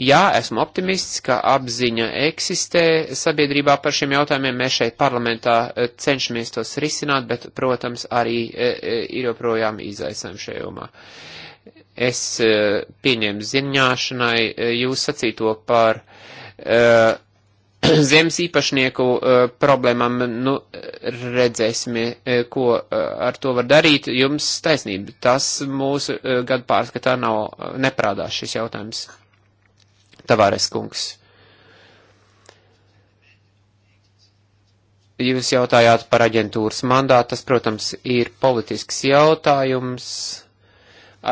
Jā, esmu optimists, ka apziņa eksistē sabiedrībā par šiem jautājumiem. Mēs šeit parlamentā eh, cenšamies tos risināt, bet, protams, arī eh, eh, ir joprojām izaicinājumi šajā jomā. Es pieņēmu ziņāšanai jūs sacīto par uh, zemes īpašnieku uh, problēmām, nu, redzēsim, uh, ko uh, ar to var darīt. Jums taisnība, tas mūsu uh, gadu pārskatā nav uh, neprādās šis jautājums. Tavāres kungs. Jūs jautājāt par aģentūras mandātu, tas, protams, ir politisks jautājums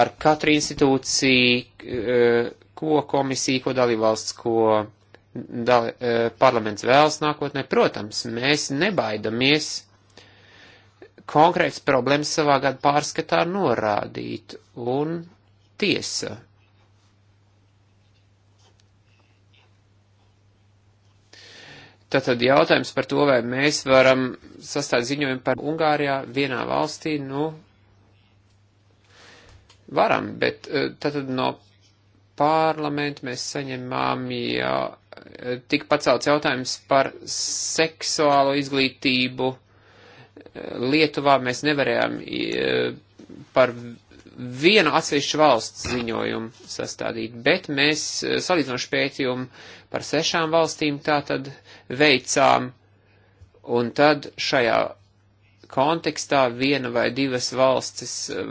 ar katru institūciju, eh, ko komisija, ko dalībvalsts, ko dal, eh, parlaments vēlas nākotnē. Protams, mēs nebaidamies konkrēts problēmas savā gadu pārskatā norādīt, un tiesa Tātad jautājums par to, vai mēs varam sastāt ziņojumu par Ungārijā vienā valstī, nu, varam, bet eh, tātad no parlamentu mēs saņemām jau eh, tik pacelts jautājums par seksuālo izglītību. Eh, Lietuvā mēs nevarējām par vienu atsevišķu valsts ziņojumu sastādīt, bet mēs salīdzinoši pētījumu par sešām valstīm, tātad tad veicām, un tad šajā kontekstā viena vai divas valstis eh,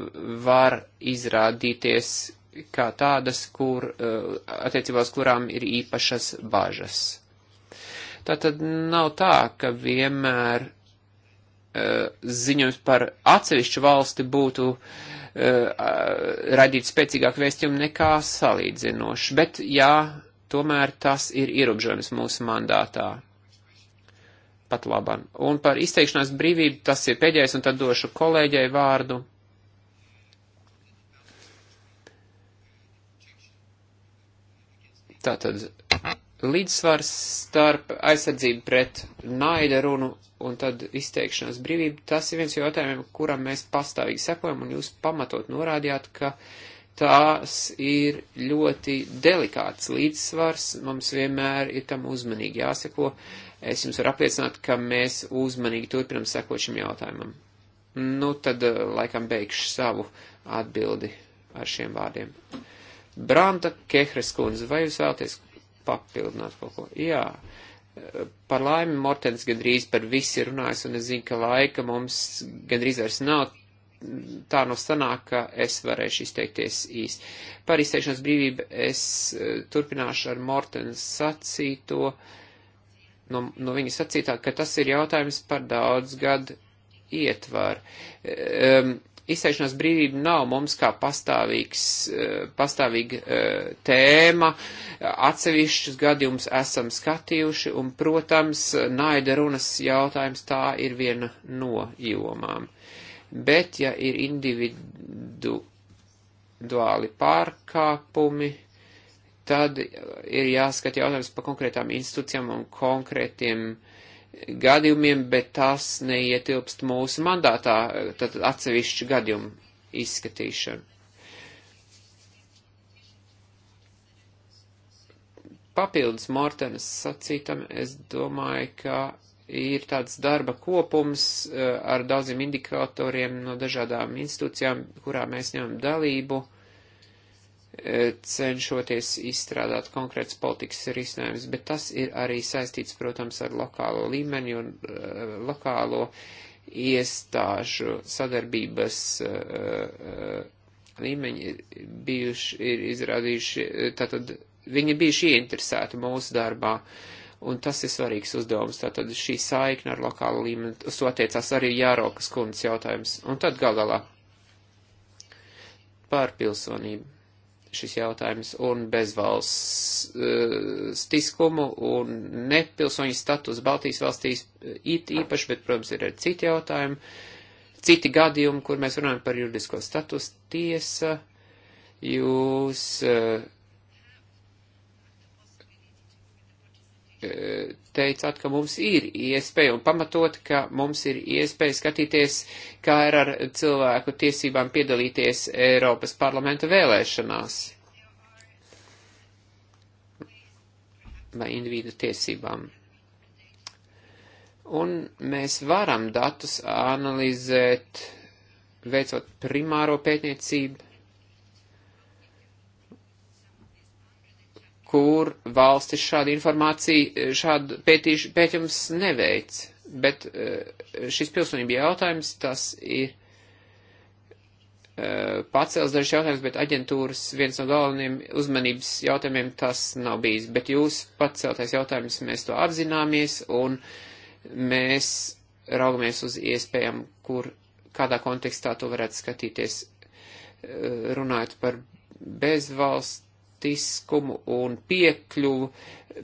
var izrādīties kā tādas, kur, eh, attiecībās kurām ir īpašas bažas. Tā tad nav tā, ka vienmēr eh, ziņojums par atsevišķu valsti būtu radīt spēcīgāk vēstījumu nekā salīdzinoši, bet jā, tomēr tas ir ierobežojums mūsu mandātā pat laban. Un par izteikšanās brīvību tas ir pēdējais, un tad došu kolēģei vārdu. Tātad līdzsvars starp aizsardzību pret naida runu un tad izteikšanās brīvību, tas ir viens no jautājumiem, kuram mēs pastāvīgi sekojam, un jūs pamatot norādījāt, ka tās ir ļoti delikāts līdzsvars, mums vienmēr ir tam uzmanīgi jāseko. Uh, es jums varu apliecināt, ka mēs uzmanīgi turpinam sekot šim jautājumam. Nu, tad eh, laikam beigšu savu atbildi ar šiem vārdiem. Branta Kehres kundze, vai jūs vēlaties papildināt kaut ko? Jā. Eh, par laimi Mortens gandrīz par visu ir runājis, un es zinu, ka laika mums gandrīz vairs nav. Tā no sanāk, ka es varēšu izteikties īsti. Par izteikšanas brīvību es eh, turpināšu ar Mortens sacīto. Uh, no, no viņa sacītā, ka tas ir jautājums par daudz gadu ietvaru. Um, izteikšanās brīvība nav mums kā pastāvīgs, e, pastāvīga e, tēma. Atsevišķus gadījumus esam skatījuši, un, protams, naida runas jautājums tā ir viena no jomām. Bet, ja ir individuāli pārkāpumi, tad ir jāskat jautājums par konkrētām institūcijām un konkrētiem gadījumiem, bet tas neietilpst mūsu mandātā, tad atsevišķu gadījumu izskatīšanu. papildus Mortenes sacītam, es domāju, ka ir tāds darba kopums eh, ar daudziem indikatoriem no dažādām institūcijām, kurā mēs ņemam dalību. Uh, E, cenšoties izstrādāt konkrēts politikas risinājums, bet tas ir arī saistīts, protams, ar lokālo līmeni un uh, lokālo iestāžu sadarbības uh, līmeņi bijuši, ir izrādījuši, tātad viņi bijuši ieinteresēti mūsu darbā, un tas ir svarīgs uzdevums, tātad šī saikna ar lokālu līmeni, uz to attiecās arī Jārokas kundas jautājums, un tad galā par pilsonību šis jautājums un bezvalstiskumu un nepilsoņu status Baltijas valstīs it īpaši, bet, protams, ir arī citi jautājumi, citi gadījumi, kur mēs runājam par juridisko status tiesa. Jūs uh, Eh, teicāt, ka mums ir iespēja un pamatot, ka mums ir iespēja skatīties, kā ir ar cilvēku tiesībām piedalīties Eiropas parlamenta vēlēšanās. Vai individu tiesībām. Un mēs varam datus analizēt, veicot primāro pētniecību, kur valstis šādu informāciju, šādu pētīšu, pētījums neveic. Bet eh, šis pilsonība jautājums, tas ir eh, pacels dažs jautājums, bet aģentūras viens no galveniem uzmanības jautājumiem tas nav bijis. Bet jūs paceltais jautājums, mēs to apzināmies un mēs raugamies uz iespējām, kur, kādā kontekstā to varētu skatīties, eh, runājot par bezvalstu automātiskumu un piekļuvu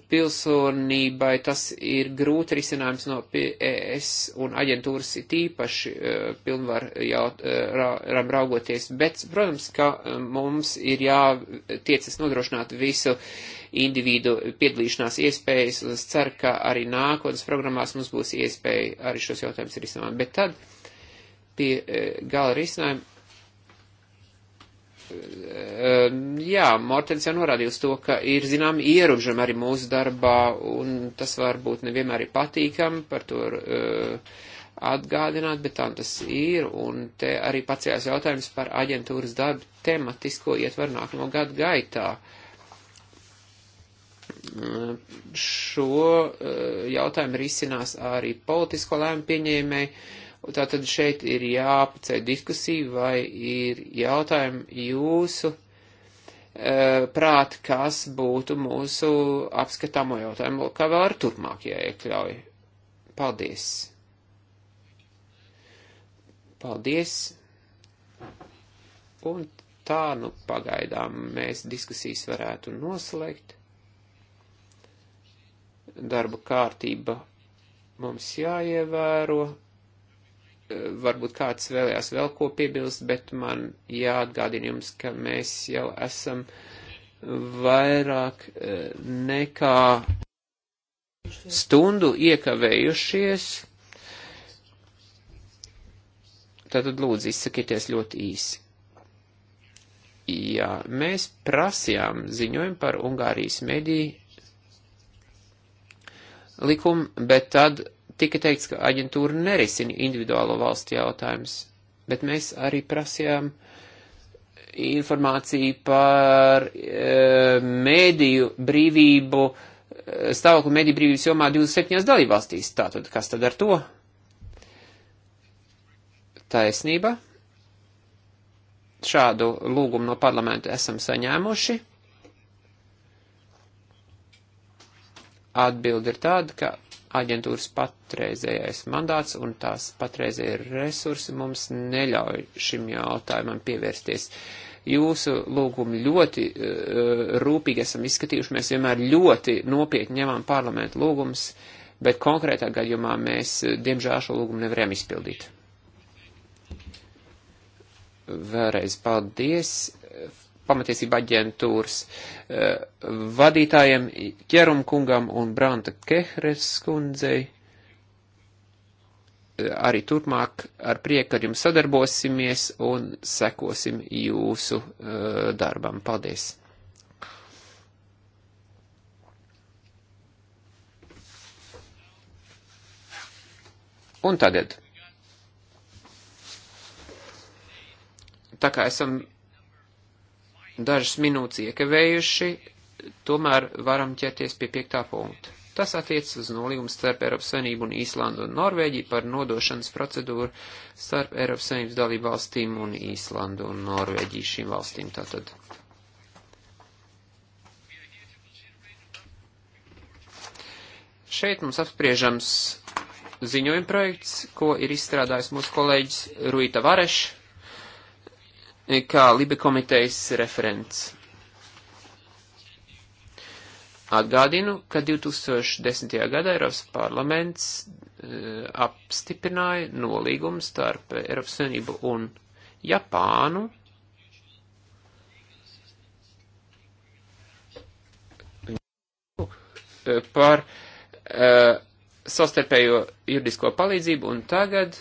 pilsonībai, tas ir grūti risinājums no ES un aģentūras it īpaši eh, pilnvaram eh, raugoties, bet, protams, ka eh, mums ir jātiecas nodrošināt visu individu piedalīšanās iespējas, un es ceru, ka arī nākotnes programmās mums būs iespēja arī šos jautājumus risināt. Bet tad pie gala risinājuma Ehm, jā, Mortens jau norādīja uz to, ka ir, zinām, ierobežam arī mūsu darbā, un tas varbūt nevienmēr ir patīkam par to uh, atgādināt, bet tā tas ir, un te arī pacējās jautājums par aģentūras darbu tematisko ietvaru nākamo gadu gaitā. Uh, šo uh, jautājumu risinās arī politisko lēmu pieņēmēji Tātad šeit ir jāpacē diskusija, vai ir jautājumi jūsu e, prāt, kas būtu mūsu apskatāmo jautājumu, kā vēl ar turpmāk jāiekļauj. Paldies! Paldies! Un tā, nu, pagaidām mēs diskusijas varētu noslēgt. Darba kārtība mums jāievēro varbūt kāds vēlējās vēl ko piebilst, bet man jāatgādina jums, ka mēs jau esam vairāk e, nekā stundu iekavējušies. Tātad lūdzu izsakieties ļoti īsi. Jā, mēs prasījām ziņojumu par Ungārijas mediju likumu, bet tad tika teikts, ka aģentūra nerisina individuālo valstu jautājumus, bet mēs arī prasījām informāciju par e, mēdīju brīvību, eh, stāvokli mediju brīvības jomā 27 dalībvalstīs. Tātad, kas tad ar to? Taisnība. Šādu lūgumu no parlamenta esam saņēmuši. Atbildi ir tāda, ka aģentūras patreizējais mandāts un tās patreizējie resursi mums neļauj šim jautājumam pievērsties. Jūsu lūgumu ļoti uh, rūpīgi esam izskatījuši, mēs vienmēr ļoti nopietni ņemam parlamentu lūgumus, bet konkrētā gadījumā mēs, eh, diemžēl, šo lūgumu nevarējām izpildīt. Vēlreiz paldies eh, pamatiesība aģentūras eh, vadītājiem Ķerum kungam un Branta Kehres kundzei. Eh, arī turpmāk ar prieku ar jums sadarbosimies un sekosim jūsu eh, darbam. Paldies! Un tagad. Tā kā esam dažas minūtes iekavējuši, tomēr varam ķerties pie piektā punkta. Tas attiecas uz nolīgumu starp Eiropas Savienību un Īslandu un Norvēģiju par nodošanas procedūru starp Eiropas Savienības dalību valstīm un Īslandu un Norvēģiju šīm valstīm. Tātad. Šeit mums apspriežams ziņojuma projekts, ko ir izstrādājis mūsu kolēģis Ruita Varešs kā Libe komitejas referents. Atgādinu, ka 2010. gadā Eiropas parlaments e, apstiprināja nolīgumu starp Eiropas Savienību un Japānu, e, par e, sastarpējo juridisko palīdzību, un tagad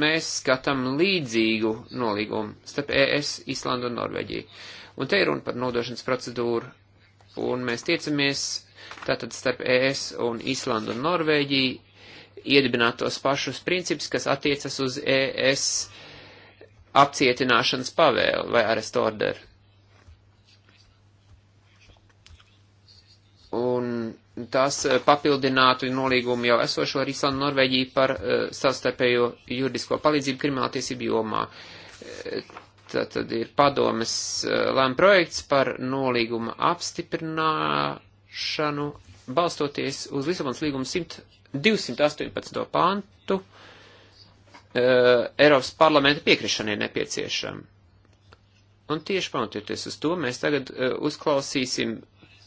mēs skatām līdzīgu nolīgumu starp ES, Islandu un Norvēģiju. Un te ir runa par nodošanas procedūru, un mēs tiecamies tātad starp ES un Islandu un Norvēģiju iedibināt tos pašus principus, kas attiecas uz ES apcietināšanas pavēlu vai arestorderu. tās eh, papildinātu nolīgumu jau esošo ar Islandu Norvēģiju par uh, savstarpējo juridisko palīdzību krimināltiesību jomā. Eh, tad, tad ir padomes uh, lēma projekts par nolīguma apstiprināšanu, balstoties uz Lisabonas līguma 218. pantu. Uh, Eiropas parlamenta piekrišana ir nepieciešama. Un tieši pamatoties uz to, mēs tagad uh, uzklausīsim uh,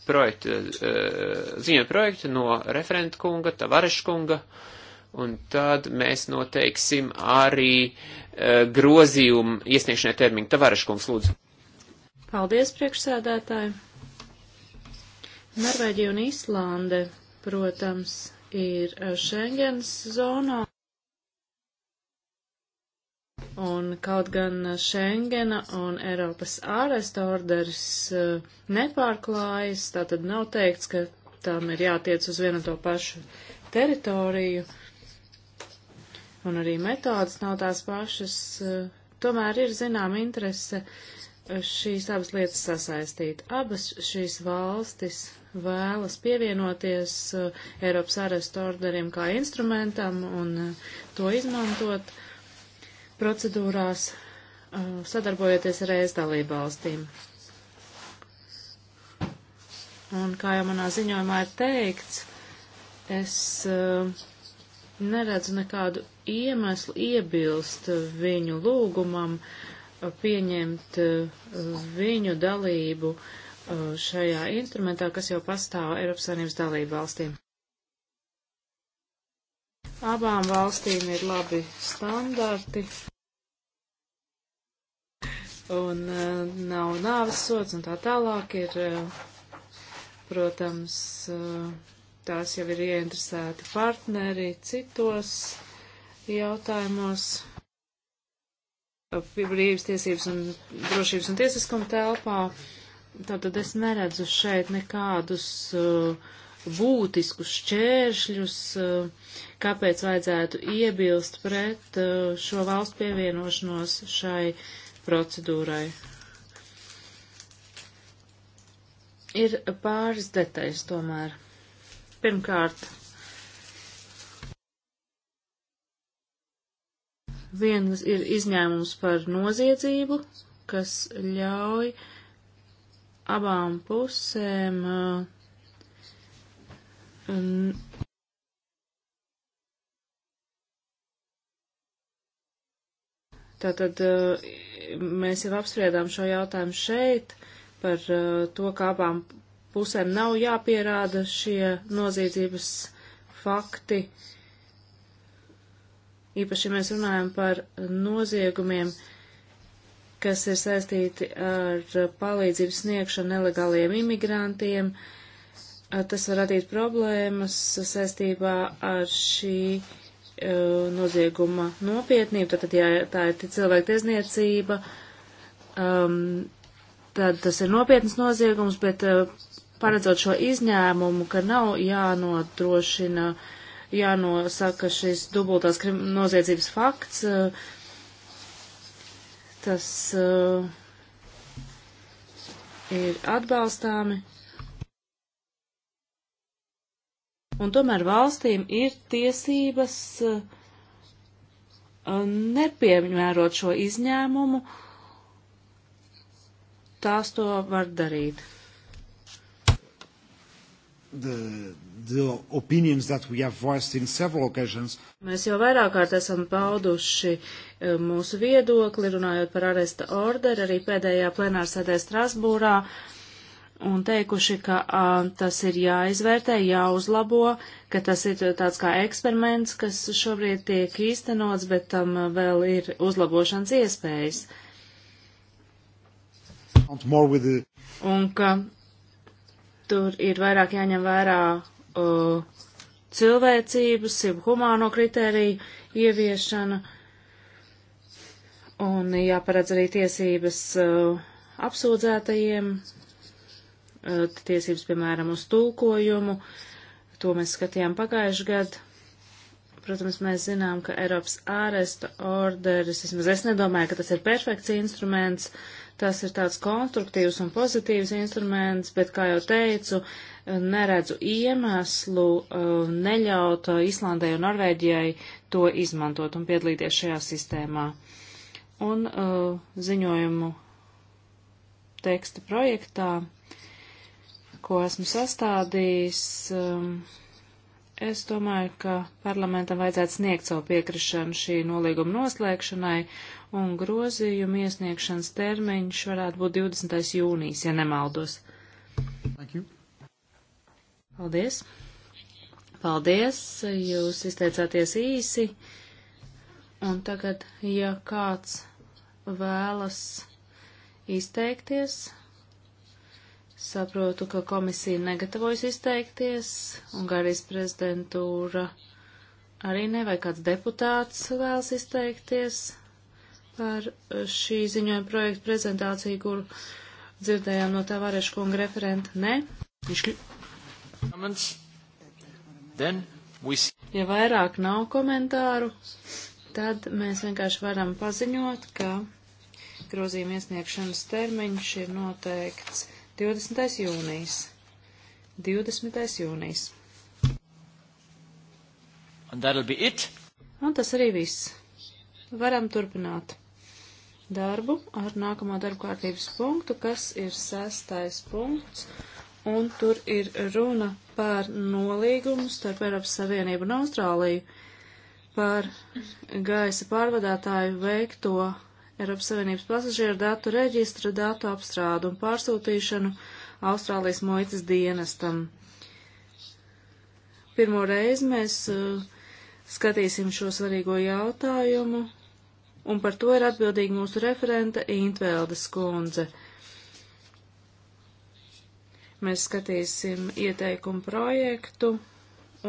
projekta, eh, ziņa projektu no referenta kunga, tavareša kunga, un tad mēs noteiksim arī eh, grozījumu iesniegšanai termiņu. Tavareša kungs, lūdzu. Paldies, priekšsēdētāji. Norvēģija un Īslande, protams, ir eh, Schengens zonā. Un kaut gan Schengena un Eiropas ārestu orders eh, nepārklājas, tā tad nav teikts, ka tām ir jātiec uz vienu to pašu teritoriju, un arī metodas nav tās pašas, eh, tomēr ir zinām interese eh, šīs abas lietas sasaistīt. Abas šīs valstis vēlas pievienoties Eiropas ārestu orderiem kā instrumentam un to izmantot procedūrās, uh, sadarbojoties ar ES dalību valstīm. Un kā jau manā ziņojumā ir teikts, es uh, neredzu nekādu iemeslu iebilst viņu lūgumam uh, pieņemt viņu dalību šajā instrumentā, kas jau pastāv Eiropas Savienības dalību valstīm. Abām valstīm ir labi standarti un eh, nav nāves sods un tā tālāk ir, eh, protams, eh, tās jau ir ieinteresēti partneri citos jautājumos brīvības tiesības un drošības un tiesiskuma telpā. Tātad es neredzu šeit nekādus uh, būtiskus šķēršļus, uh, kāpēc vajadzētu iebilst pret uh, šo valstu pievienošanos šai uh, procedūrai. Ir pāris detaļas tomēr. Pirmkārt, viens ir izņēmums par noziedzību, kas ļauj abām pusēm uh, tātad uh, mēs jau apspriedām šo jautājumu šeit par uh, to, ka abām pusēm nav jāpierāda šie noziedzības fakti. Īpaši mēs runājam par noziegumiem, kas ir saistīti ar palīdzības sniegšanu nelegāliem imigrantiem. Uh, tas var radīt problēmas saistībā ar šī uh, E, nozieguma nopietnību, tad, ja tā ir cilvēku tiesniecība, um, tad tas ir nopietnas noziegums, bet uh, paredzot šo izņēmumu, ka nav jānodrošina, jānosaka šis dubultās noziedzības fakts, uh, tas uh, ir atbalstāmi. un tomēr valstīm ir tiesības eh, nepiemērot šo izņēmumu, tās to var darīt. The, the opinions that we have voiced in several occasions. Mēs jau vairāk kārt esam pauduši eh, mūsu viedokli, runājot par aresta orderu, arī pēdējā plenārsēdē Strasbūrā. Uh, un teikuši, ka a, tas ir jāizvērtē, jāuzlabo, ka tas ir tāds kā eksperiments, kas šobrīd tiek īstenots, bet tam vēl ir uzlabošanas iespējas. The... Un ka tur ir vairāk jāņem vērā uh, cilvēcības, jau humāno kritēriju ieviešana, un jāparedz arī tiesības uh, apsūdzētajiem Eh, tiesības, piemēram, uz tulkojumu. To mēs skatījām pagājuši gadu. Protams, mēs zinām, ka Eiropas āresta orderis, vismaz es nedomāju, ka tas ir perfekts instruments, tas ir tāds konstruktīvs un pozitīvs instruments, bet, kā jau teicu, neredzu iemeslu eh, neļaut eh, Islandai un Norvēģijai to izmantot un piedalīties šajā sistēmā. Un ziņojumu teksta projektā ko esmu sastādījis, um, es domāju, ka parlamentam vajadzētu sniegt savu piekrišanu šī nolīguma noslēgšanai, un grozījuma iesniegšanas termiņš varētu būt 20. jūnijas, ja nemaldos. Paldies! Paldies! Jūs izteicāties īsi, un tagad, ja kāds vēlas izteikties, Saprotu, ka komisija negatavojas izteikties, Ungārijas prezidentūra arī ne, vai kāds deputāts vēlas izteikties par šī ziņojuma projektu prezentāciju, kuru dzirdējām no tā varēšu kunga referenta. Nē, viņš. Ja vairāk nav komentāru, tad mēs vienkārši varam paziņot, ka grozījuma iesniegšanas termiņš ir noteikts 20. jūnijas. 20. jūnijas. Un tas arī viss. Varam turpināt darbu ar nākamo darbu kārtības punktu, kas ir sestais punkts, un tur ir runa par nolīgumu starp Eiropas Savienību un Austrāliju par gaisa pārvadātāju veikto Eiropas Savienības pasažieru datu reģistra datu apstrādu un pārsūtīšanu Austrālijas muitas dienestam. Pirmo reizi mēs uh, skatīsim šo svarīgo jautājumu, un par to ir atbildīga mūsu referenta Intveldes kundze. Mēs skatīsim ieteikumu projektu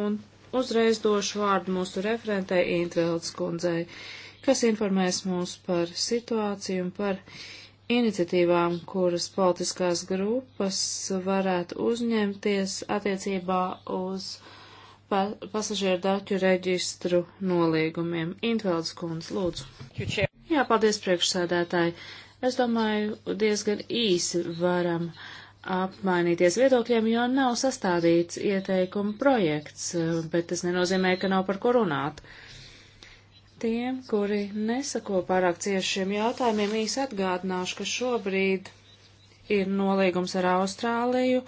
un uzreiz došu vārdu mūsu referentei Intveldes kundzei. Uh, kas informēs mūs par situāciju un par iniciatīvām, kuras politiskās grupas varētu uzņemties attiecībā uz pa pasažieru daķu reģistru noliegumiem. Intveldes kundz, lūdzu. Jā, paldies priekšsēdētāji. Es domāju, diezgan īsi varam apmainīties viedokļiem, jo nav sastādīts ieteikuma projekts, bet tas nenozīmē, ka nav par ko runāt. Uh, Tiem, kuri nesako pārāk cieši šiem jautājumiem, īsi atgādināšu, ka šobrīd ir nolīgums ar Austrāliju,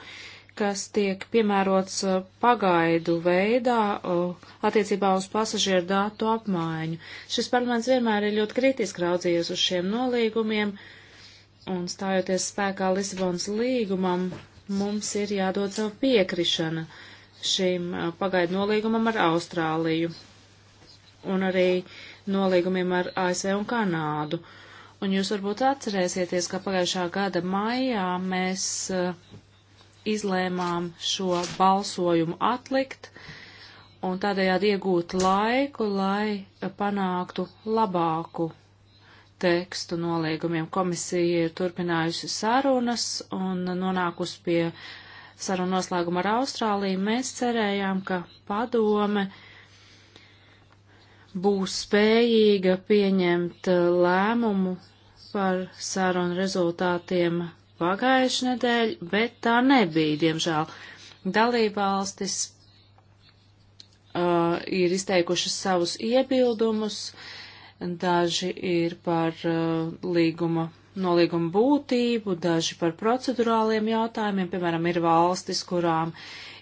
kas tiek piemērots uh, pagaidu veidā uh, attiecībā uz pasažieru datu apmaiņu. Šis parlaments vienmēr ir ļoti kritiski raudzījies uz šiem nolīgumiem, un stājoties spēkā Lisabonas līgumam, mums ir jādod savu piekrišana šim uh, pagaidu nolīgumam ar Austrāliju un arī nolīgumiem ar ASV un Kanādu. Un jūs varbūt atcerēsieties, ka pagājušā gada maijā mēs eh, izlēmām šo balsojumu atlikt un tādējādi iegūt laiku, lai panāktu labāku tekstu noliegumiem. Komisija ir turpinājusi sarunas un nonākusi pie sarunu noslēguma ar Austrāliju. Mēs cerējām, ka padome uh, būs spējīga pieņemt uh, lēmumu par sarunu rezultātiem pagājušajā nedēļā, bet tā nebija, diemžēl. Dalībvalstis uh, ir izteikušas savus iebildumus, daži ir par uh, līguma, nolīguma būtību, daži par procedurāliem jautājumiem, piemēram, ir valstis, kurām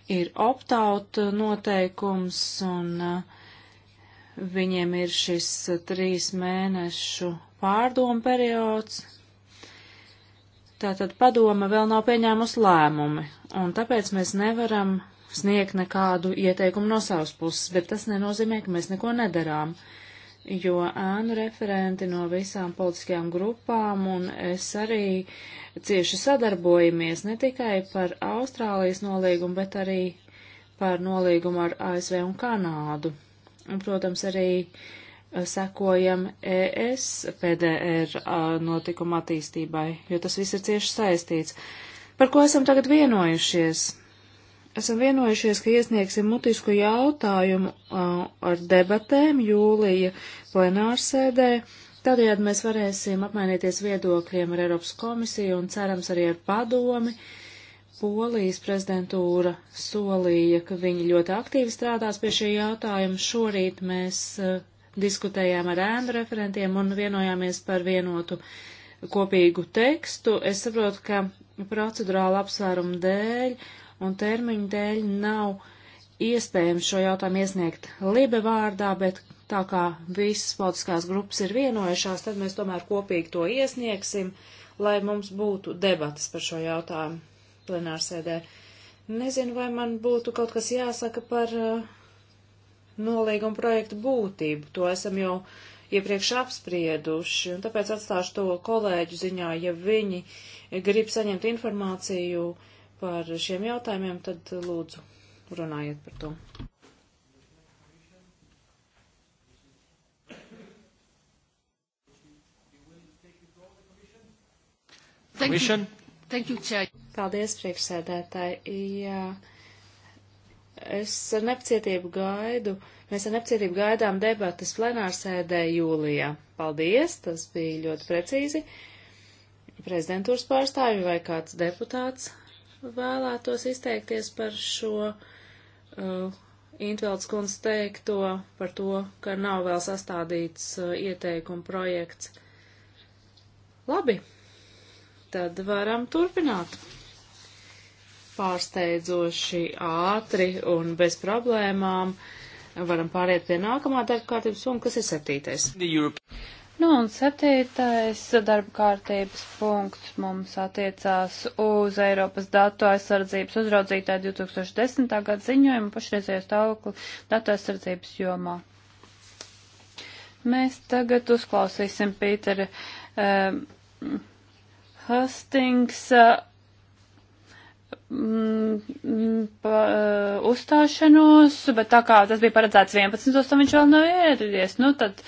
ir optaut noteikums un uh, Viņiem ir šis trīs mēnešu pārdomu periods. Tātad padome vēl nav pieņēmusi lēmumi, un tāpēc mēs nevaram sniegt nekādu ieteikumu no savas puses, bet tas nenozīmē, ka mēs neko nedarām, jo ēnu referenti no visām politiskajām grupām un es arī cieši sadarbojamies ne tikai par Austrālijas nolīgumu, bet arī par nolīgumu ar ASV un Kanādu. Un, protams, arī eh, sekojam ES PDR eh, notikuma attīstībai, jo tas viss ir cieši saistīts. Par ko esam tagad vienojušies? Esam vienojušies, ka iesniegsim mutisku jautājumu eh, ar debatēm jūlija plenārsēdē. Tādējādi mēs varēsim apmainīties viedokļiem ar Eiropas komisiju un cerams arī ar padomi. Uh, Polijas prezidentūra solīja, ka viņi ļoti aktīvi strādās pie šī jautājuma. Šorīt mēs uh, diskutējām ar ēnu referentiem un vienojāmies par vienotu kopīgu tekstu. Es saprotu, ka procedurāla apsvērumu dēļ un termiņu dēļ nav iespējams šo jautājumu iesniegt libe vārdā, bet tā kā visas politiskās grupas ir vienojušās, tad mēs tomēr kopīgi to iesniegsim, lai mums būtu debatas par šo jautājumu plenārsēdē. Nezinu, vai man būtu kaut kas jāsaka par uh, nolīgumu projektu būtību. To esam jau iepriekš apsprieduši, un tāpēc atstāšu to kolēģu ziņā. Ja viņi grib saņemt informāciju par šiem jautājumiem, tad uh, lūdzu runājiet par to. Thank you. Thank you, Chair. Paldies, priekšsēdētāji. Jā, es ar nepacietību gaidu, mēs ar nepacietību gaidām debatas plenārsēdē jūlijā. Paldies, tas bija ļoti precīzi. Prezidentūras pārstāvi vai kāds deputāts vēlētos izteikties par šo uh, Intvelds kundz teikto, par to, ka nav vēl sastādīts uh, ieteikuma projekts. Labi, tad varam turpināt pārsteidzoši ātri un bez problēmām. Varam pāriet pie nākamā darba kārtības punkta, kas ir septītais. Nu, un septītais darba kārtības punkts mums attiecās uz Eiropas datu aizsardzības uzraudzītāju 2010. gada ziņojumu pašreizējo stāvokli datu aizsardzības jomā. Mēs tagad uzklausīsim Pīteru um, eh, Hastings. Uh, Mm, mm, pa, eh, uzstāšanos, bet tā kā tas bija paredzēts 11. un viņš vēl nav ieradies, nu tad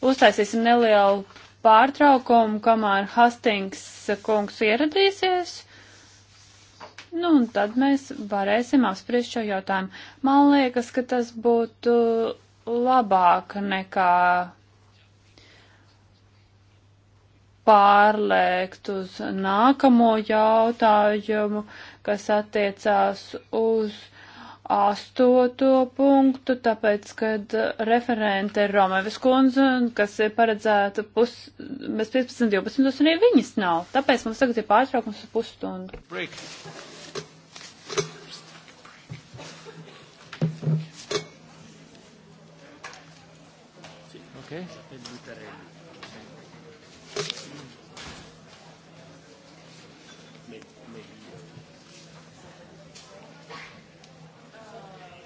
uztaisīsim nelielu pārtraukumu, kamēr Hastings kungs ieradīsies. Nu, un tad mēs varēsim apspriest šo jautājumu. Man liekas, ka tas būtu labāk nekā pārlēkt uz nākamo jautājumu. Uh, kas attiecās uz astoto punktu, tāpēc, kad referente ir Romevis kundze, kas ir paredzēta pus, bez 15.12. un arī viņas nav. Tāpēc mums tagad ir pārtraukums uz pusstundu. Break. Okay.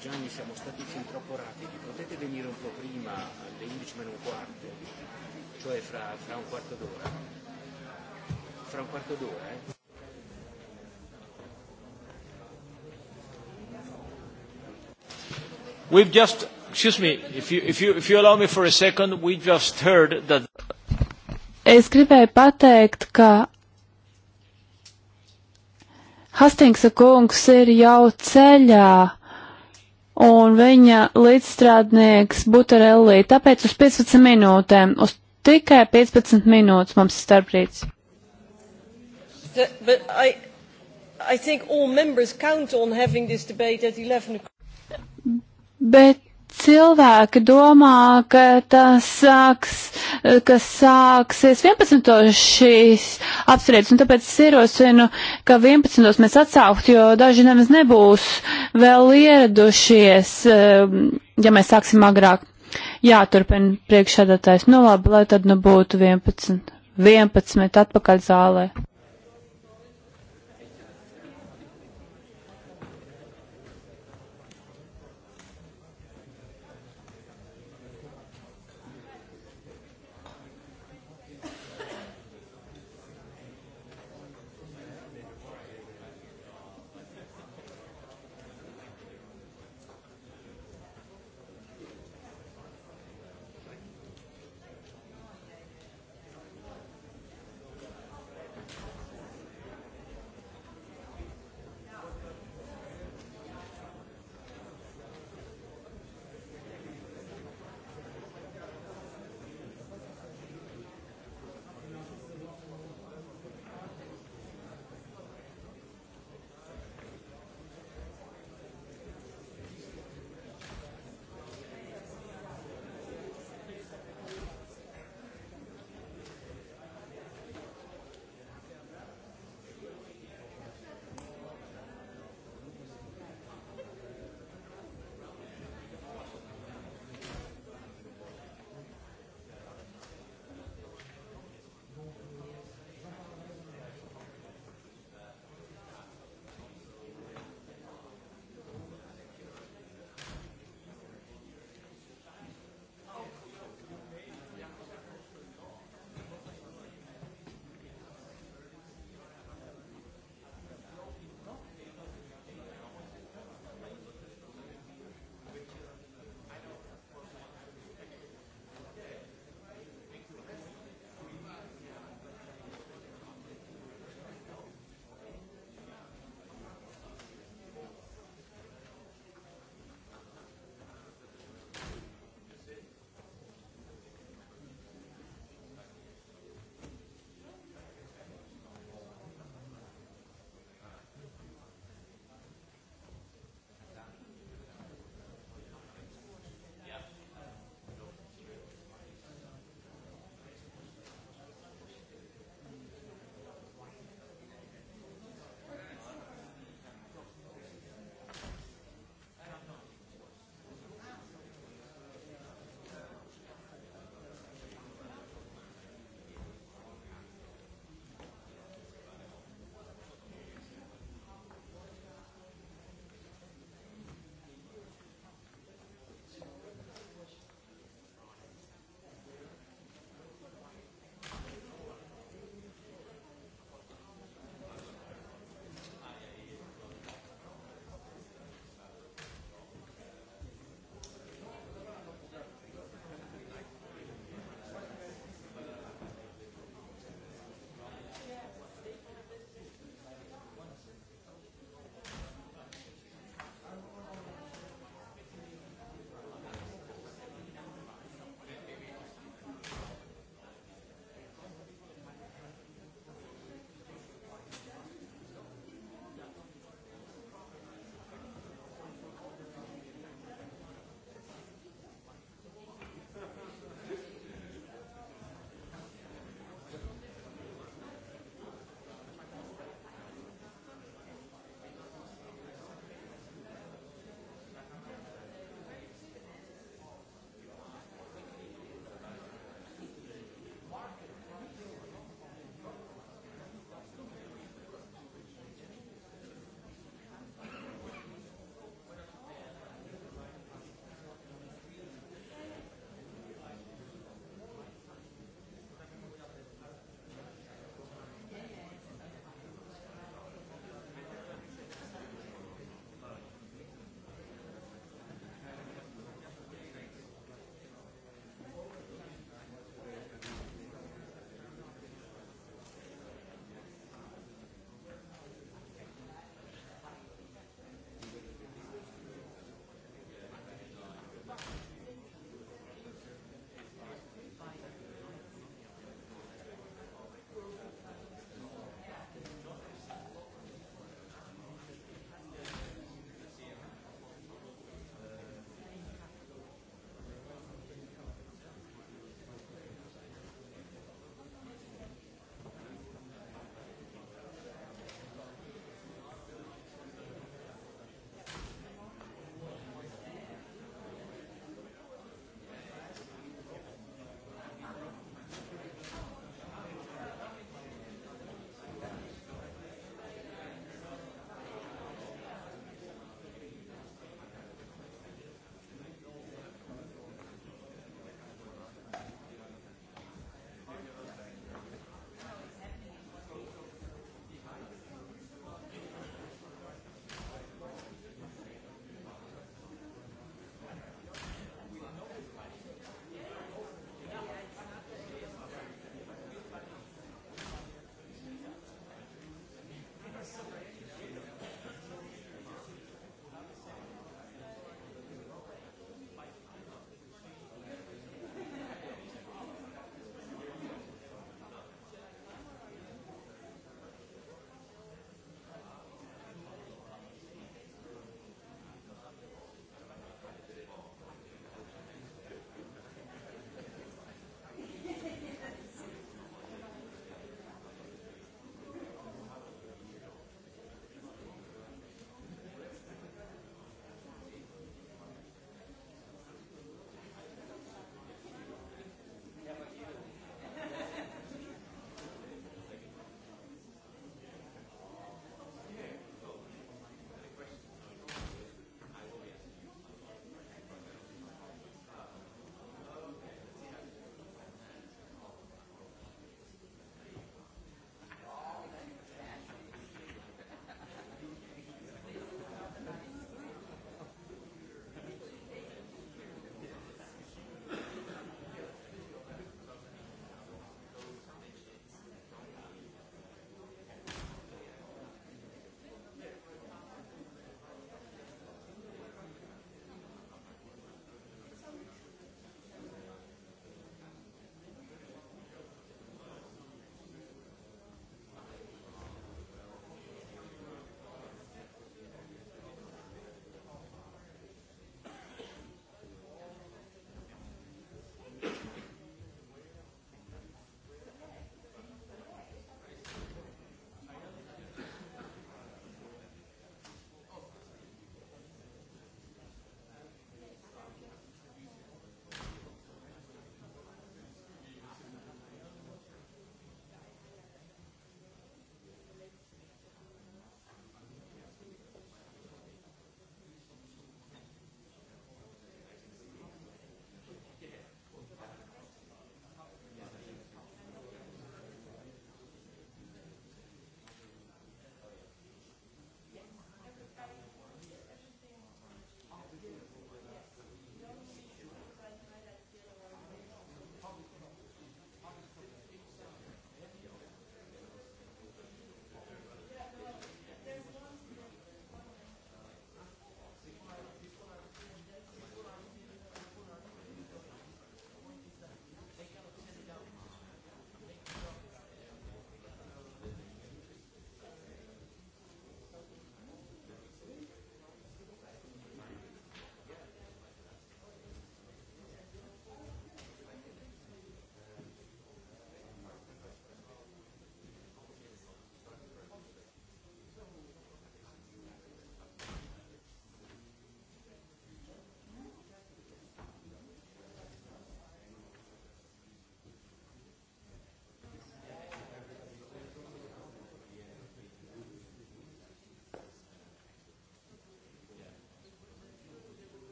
Gianni siamo stati fin troppo rapidi, potete venire un po' prima alle 11 meno un quarto, cioè fra, fra un quarto d'ora? Fra un quarto d'ora, eh? We've just, excuse me, if you, if you, if you allow me for a second, we just heard that. Es gribēju pateikt, ka Hastingsa kungs ir jau ceļā un viņa līdzstrādnieks Butarelli. Tāpēc uz 15 minūtēm, uz tikai 15 minūtes mums ir starprīts. I, I Bet cilvēki domā, ka tas sāks, ka sāksies 11. šīs apspriedzes, un tāpēc es ierosinu, ka 11. mēs atsaukt, jo daži nemaz nebūs vēl ieradušies, um, ja mēs sāksim agrāk. Jāturpina priekšsēdētājs. Nu labi, lai tad nu būtu 11. 11. atpakaļ zālē.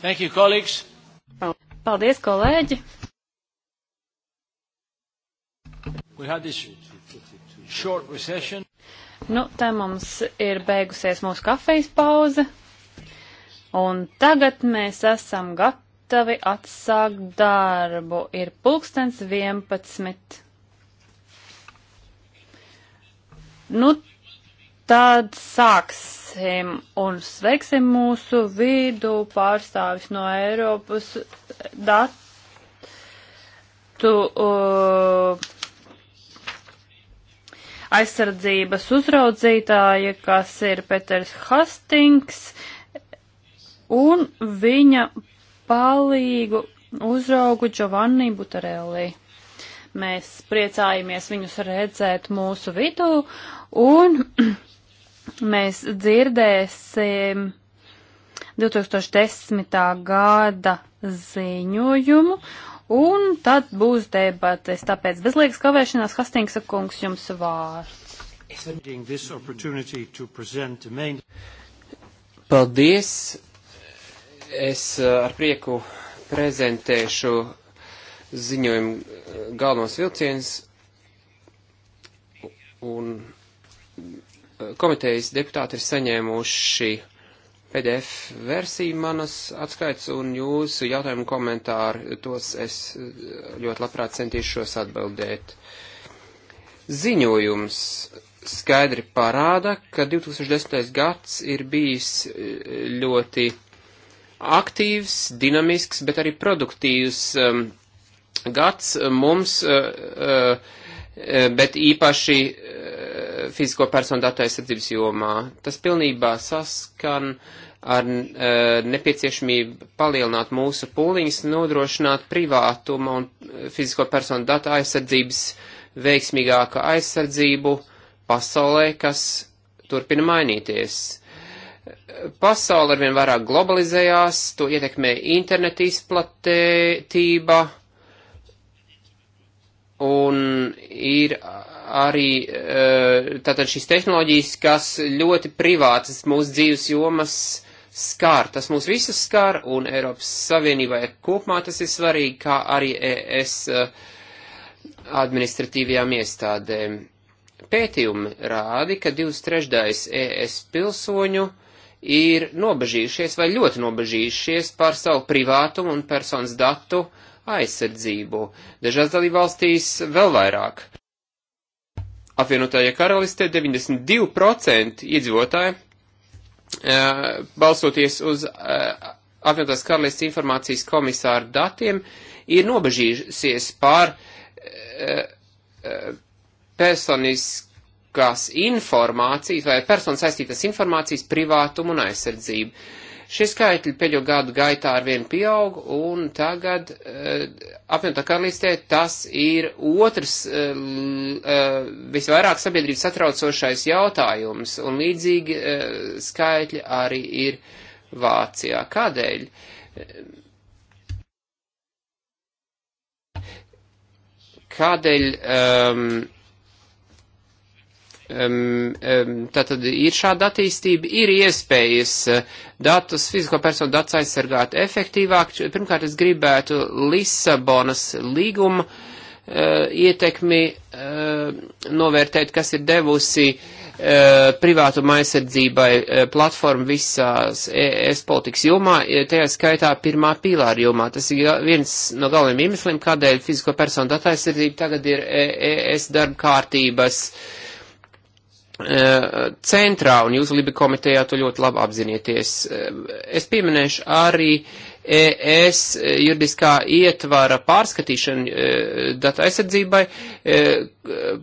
Thank you, colleagues. Paldies, kolēģi. We had this short recession. Nu, te mums ir beigusies mūsu kafejas pauze. Un tagad mēs esam gatavi atsākt darbu. Ir pulkstens 11. Nu, tad sāks Sveicināsim un sveiksim mūsu vidu pārstāvis no Eiropas datu uh, aizsardzības uzraudzītāja, kas ir Peters Hastings, un viņa palīgu uzraugu Giovanni Butarelli. Mēs priecājamies viņus redzēt mūsu vidū un mēs dzirdēsim 2010. gada ziņojumu, un tad būs debates. Tāpēc bezliekas kavēšanās Hastings kungs jums vārds. Paldies! Es uh, ar prieku prezentēšu ziņojumu uh, galvenos vilcienus un komitejas deputāti ir saņēmuši PDF versiju manas atskaits un jūsu jautājumu komentāru, tos es eh, ļoti labprāt centīšos atbildēt. Ziņojums skaidri parāda, ka 2010. gads ir bijis eh, ļoti aktīvs, dinamisks, bet arī produktīvs um, gads mums, uh, uh, bet īpaši uh, fizisko personu datu aizsardzības jomā. Tas pilnībā saskan ar e, nepieciešamību palielināt mūsu pūliņus, nodrošināt privātuma un e, fizisko personu datu aizsardzības veiksmīgāku aizsardzību pasaulē, kas turpina mainīties. Pasaule arvien vairāk globalizējās, to ietekmē interneta izplatība un ir arī eh, tātad šīs tehnoloģijas, kas ļoti privātas mūsu dzīves jomas skār. Tas mūs visus skār, un Eiropas Savienībai kopumā tas ir svarīgi, kā arī ES eh, administratīvajām iestādēm. Pētījumi rādi, ka divas trešdaļas ES pilsoņu ir nobežījušies vai ļoti nobežījušies par savu privātumu un personas datu aizsardzību. Dažās dalībvalstīs vēl vairāk apvienotajā karalistē 92% iedzīvotāji balsoties uz apvienotās karalistes informācijas komisāra datiem ir nobežījusies pār personiskās informācijas vai personas saistītas informācijas privātumu un aizsardzību. Šie skaitļi pēļo gadu gaitā ar vienu pieaug, un tagad uh, apvienotā karalistē tas ir otrs uh, uh, visvairāk sabiedrības satraucošais jautājums, un līdzīgi uh, skaitļi arī ir Vācijā. Kādēļ? Kādēļ um, Um, um, tātad ir šāda attīstība, ir iespējas eh, datus, fizisko personu datus aizsargāt efektīvāk. Pirmkārt, es gribētu Lisabonas līguma uh, ietekmi uh, novērtēt, kas ir devusi uh, privātuma aizsardzībai uh, platformu visās ES politikas jomā, tajā skaitā pirmā pīlāra jomā. Tas ir viens no galveniem iemesliem, kādēļ fizisko personu datu aizsardzība tagad ir ES darba kārtības uh, centrā, un jūs Libi komitejā to ļoti labi apzināties. Es pieminēšu arī ES juridiskā ietvara pārskatīšanu e, datu aizsardzībai. E,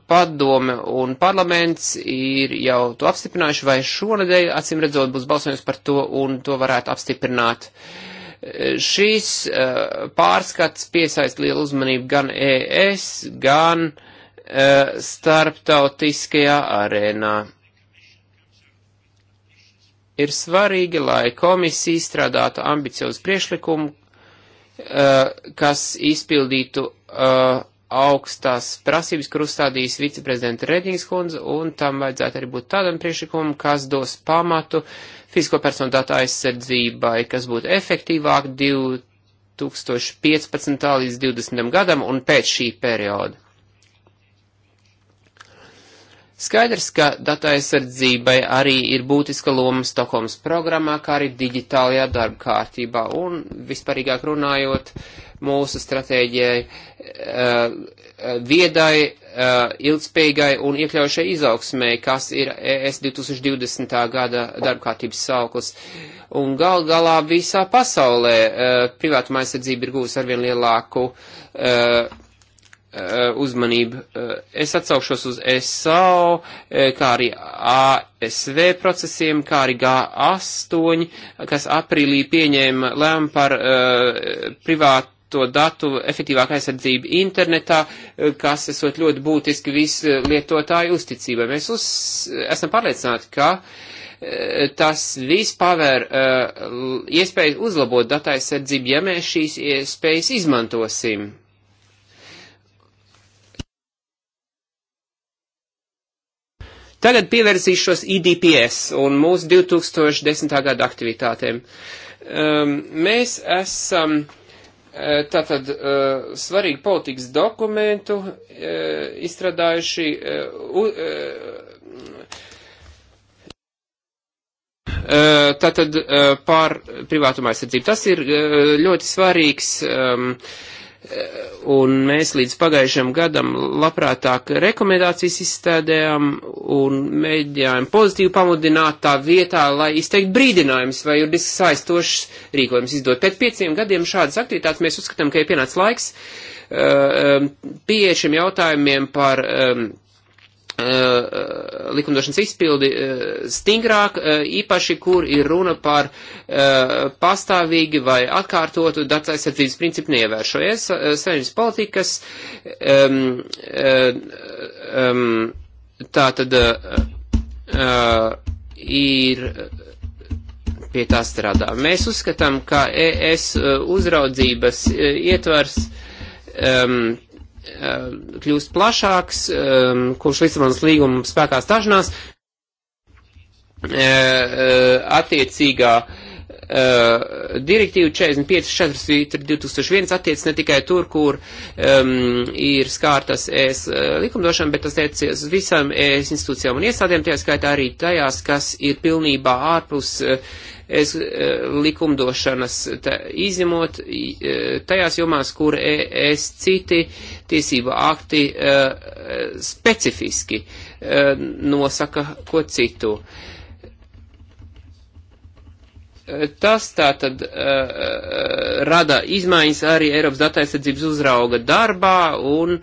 padome un parlaments ir jau to apstiprinājuši, vai šonadēļ, acīm redzot, būs balsojums par to, un to varētu apstiprināt. Šis e, pārskats piesaist lielu uzmanību gan ES, gan uh, Eh, starptautiskajā arēnā. Ir svarīgi, lai komisija izstrādātu ambiciozu priešlikumu, eh, kas izpildītu eh, augstās prasības, kur uzstādījis viceprezidenta Redings kundze, un tam vajadzētu arī būt tādam priekšlikumam, kas dos pamatu fizisko personu datu aizsardzībai, kas būtu efektīvāk 2015. līdz 2020. gadam un pēc šī perioda. Skaidrs, ka datu aizsardzībai arī ir būtiska loma Stokholmas programmā, kā arī digitālajā darba kārtībā un vispārīgāk runājot mūsu stratēģijai eh, eh, viedai, eh, ilgspējīgai un iekļaušai izaugsmē, kas ir e ES 2020. gada darba kārtības sauklis. Un gal galā visā pasaulē privātuma aizsardzība ir gūs arvien lielāku uh, Uh, uzmanību. Uh, es atsaukšos uz SAO, uh, kā arī ASV procesiem, kā arī G8, kas aprīlī pieņēma lēmu par uh, privāto datu efektīvāku aizsardzību internetā, kas esot ļoti būtiski visu lietotāju uzticībai. Mēs uz, esam pārliecināti, ka uh, tas viss pavēr uh, iespēju uzlabot datu aizsardzību, ja mēs šīs iespējas izmantosim Tagad pievērsīšos IDPS e un mūsu 2010. gada aktivitātēm. Um, mēs esam eh, tātad eh, svarīgu politikas dokumentu eh, izstrādājuši tātad par privātuma aizsardzību. Tas ir ļoti svarīgs um, un mēs līdz pagājušajam gadam labprātāk rekomendācijas izstādējām un mēģinājām pozitīvi pamudināt tā vietā, lai izteikt brīdinājums vai juridiski saistošs rīkojums izdot. Pēc pieciem gadiem šādas aktivitātes mēs uzskatām, ka ir pienācis laiks uh, um, pie šiem jautājumiem par um, Eh, likumdošanas izpildi eh, stingrāk, eh, īpaši, kur ir runa par pastāvīgi vai atkārtotu datu aizsardzības principu neievēršojies. Savienības politikas um, um, tā tad uh, ir pie tā strādā. Mēs uzskatām, ka ES uzraudzības ietvars um, Eh, kļūst plašāks, eh, kurš Lisabonas līguma spēkā stažnās, eh, attiecīgā direktīva 45.4. 2001 attiec ne tikai tur, kur um, ir skārtas ES likumdošana, bet tas tiecies uz visām ES institūcijām un iestādēm, tajā skaitā arī tajās, kas ir pilnībā ārpus uh, es, eh, likumdošanas tā, izņemot eh, tajās jomās, kur es citi tiesība akti eh, specifiski nosaka ko citu. Uh, Tas tā tad uh, uh, rada izmaiņas arī Eiropas dataizsardzības uzrauga darbā, un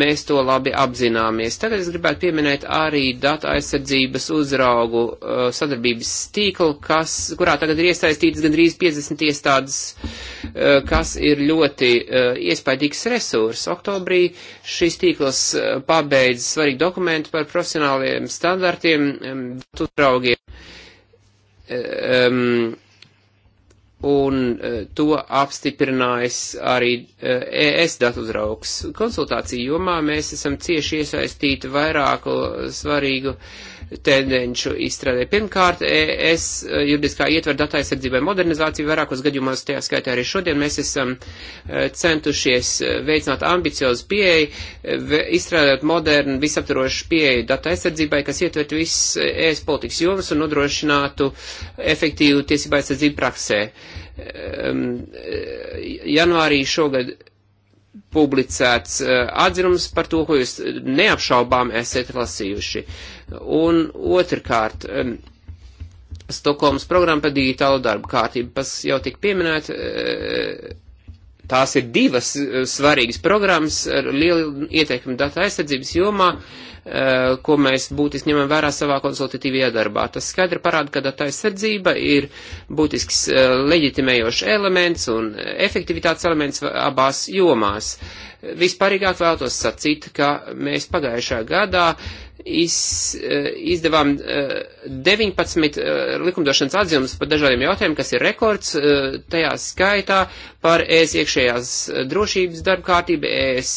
mēs to labi apzināmies. Tagad es gribētu pieminēt arī dataizsardzības uzraugu uh, sadarbības tīklu, kas, kurā tagad ir iesaistītas gandrīz 50 iestādes, uh, kas ir ļoti uh, iespaidīgs resurs. Oktobrī šis tīkls uh, pabeidz svarīgu dokumentu par profesionāliem standartiem, um, uzraugiem. Uh, um, un e, to apstiprinājis arī ES e datuzraugs. Konsultāciju jomā mēs esam cieši iesaistīti vairāku svarīgu uh, tendenču izstrādē. Pirmkārt, es eh, juridiskā ietver datu aizsardzībai modernizāciju vairākos gadījumos, tajā skaitā arī šodien mēs esam eh, centušies eh, veicināt ambiciozu pieeju, izstrādāt modernu, visaptarošu pieeju datu aizsardzībai, kas ietvert visas ES e politikas jomas un nodrošinātu efektīvu tiesību aizsardzību praksē. Ehm, janvārī šogad publicēts eh, atzinums par to, ko jūs neapšaubām esat lasījuši. Un otrkārt, Stokholmas programma par digitālo darbu kārtību, kas jau tik pieminēta, eh, Tās ir divas eh, svarīgas programmas ar lielu ieteikumu datu aizsardzības jomā, eh, ko mēs būtiski ņemam vērā savā konsultatīvajā darbā. Tas skaidri parāda, ka datu aizsardzība ir būtisks eh, leģitimējošs elements un efektivitātes elements abās jomās. Vispārīgāk vēlētos sacīt, ka mēs pagājušā gadā iz, eh, izdevām 19 eh, eh, likumdošanas atzīmes par dažādiem jautājumiem, kas ir rekords, tajā skaitā par ES iekšējās drošības darba kārtību, ES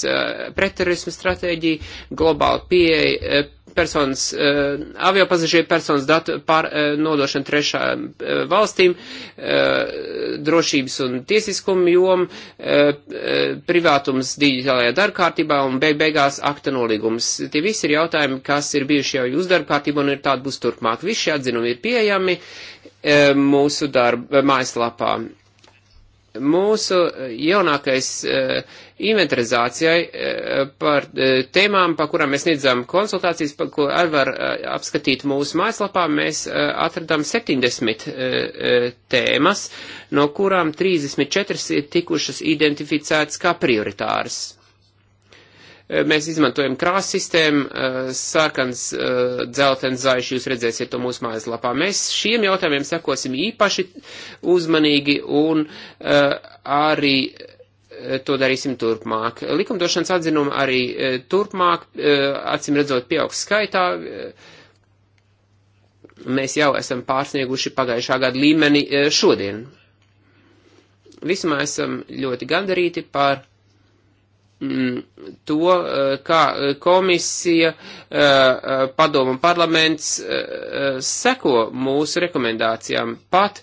pretterismu stratēģiju, globālu pieeju personas, uh, eh, avio pasažieru personas datu pār, uh, eh, nodošana trešām uh, eh, valstīm, uh, drošības un tiesiskuma joma, uh, uh, privātums digitālajā darbkārtībā un beig beigās akta nolīgums. Tie visi ir jautājumi, kas ir bijuši jau jūsu darbkārtībā un ir tādi būs turpmāk. Visi šie atzinumi ir pieejami uh, mūsu darba mājaslapā mūsu eh, jaunākais eh, inventarizācijai eh, par tēmām, pa kurām mēs niedzām konsultācijas, par ko arī var apskatīt mūsu mājaslapā, mēs atradām 70 tēmas, no kurām 34 ir tikušas identificētas kā prioritāras. Eh, mēs izmantojam krāsu sistēmu, eh, sarkans, eh, dzeltens, zaļš, jūs redzēsiet to mūsu mājaslapā. Mēs šiem jautājumiem sekosim īpaši uzmanīgi un arī to darīsim turpmāk. Likumdošanas atzinumi arī turpmāk, acīm redzot, pieaugs skaitā mēs jau esam pārsnieguši pagājušā gada līmeni šodien. Vismā esam ļoti gandarīti par Mm, to, eh, kā eh, komisija, eh, padomu parlaments seko mūsu rekomendācijām. Pat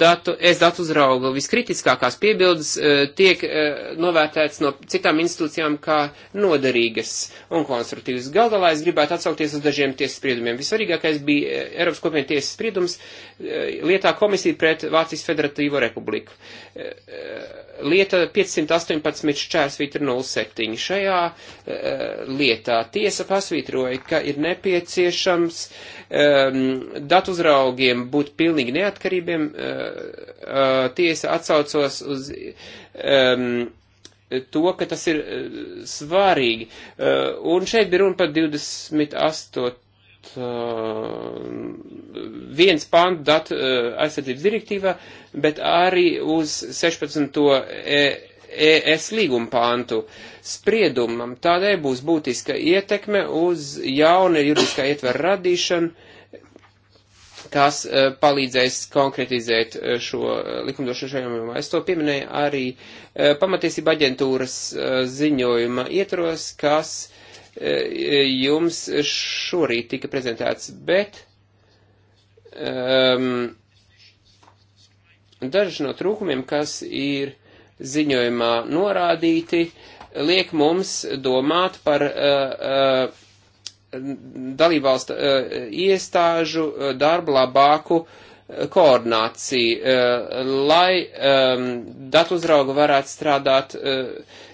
datu, es datu uzraugu viskritiskākās piebildes tiek novērtēts no citām institūcijām kā noderīgas un konstruktīvas. Galgalā es gribētu atsaukties uz dažiem tiesas spriedumiem. Visvarīgākais bija Eiropas kopienas tiesas spriedums lietā komisija pret Vācijas Federatīvo republiku lieta 518 šķērsvītra 07. Šajā uh, lietā tiesa pasvītroja, ka ir nepieciešams um, datu uzraugiem būt pilnīgi neatkarībiem. Uh, eh, uh, eh, tiesa atsaucos uz. Um, To, ka tas ir uh, svarīgi. Uh, un šeit bija runa par 28. Uh, viens pantu datu uh, aizsardzības direktīvā, bet arī uz 16. ES e līguma pantu spriedumam. Tādēļ būs būtiska ietekme uz jauna juridiskā ietvera radīšanu, kas uh, palīdzēs konkretizēt šo likumdošanu šajā jomā. Es to pieminēju arī pamatiesība aģentūras ziņojuma ietvaros, kas uh, jums šorīt tika prezentēts, bet um, daži no trūkumiem, kas ir ziņojumā norādīti, liek mums domāt par uh, uh, dalībvalstu uh, iestāžu uh, darbu labāku uh, koordināciju, uh, lai um, datu uzrauga varētu strādāt uh,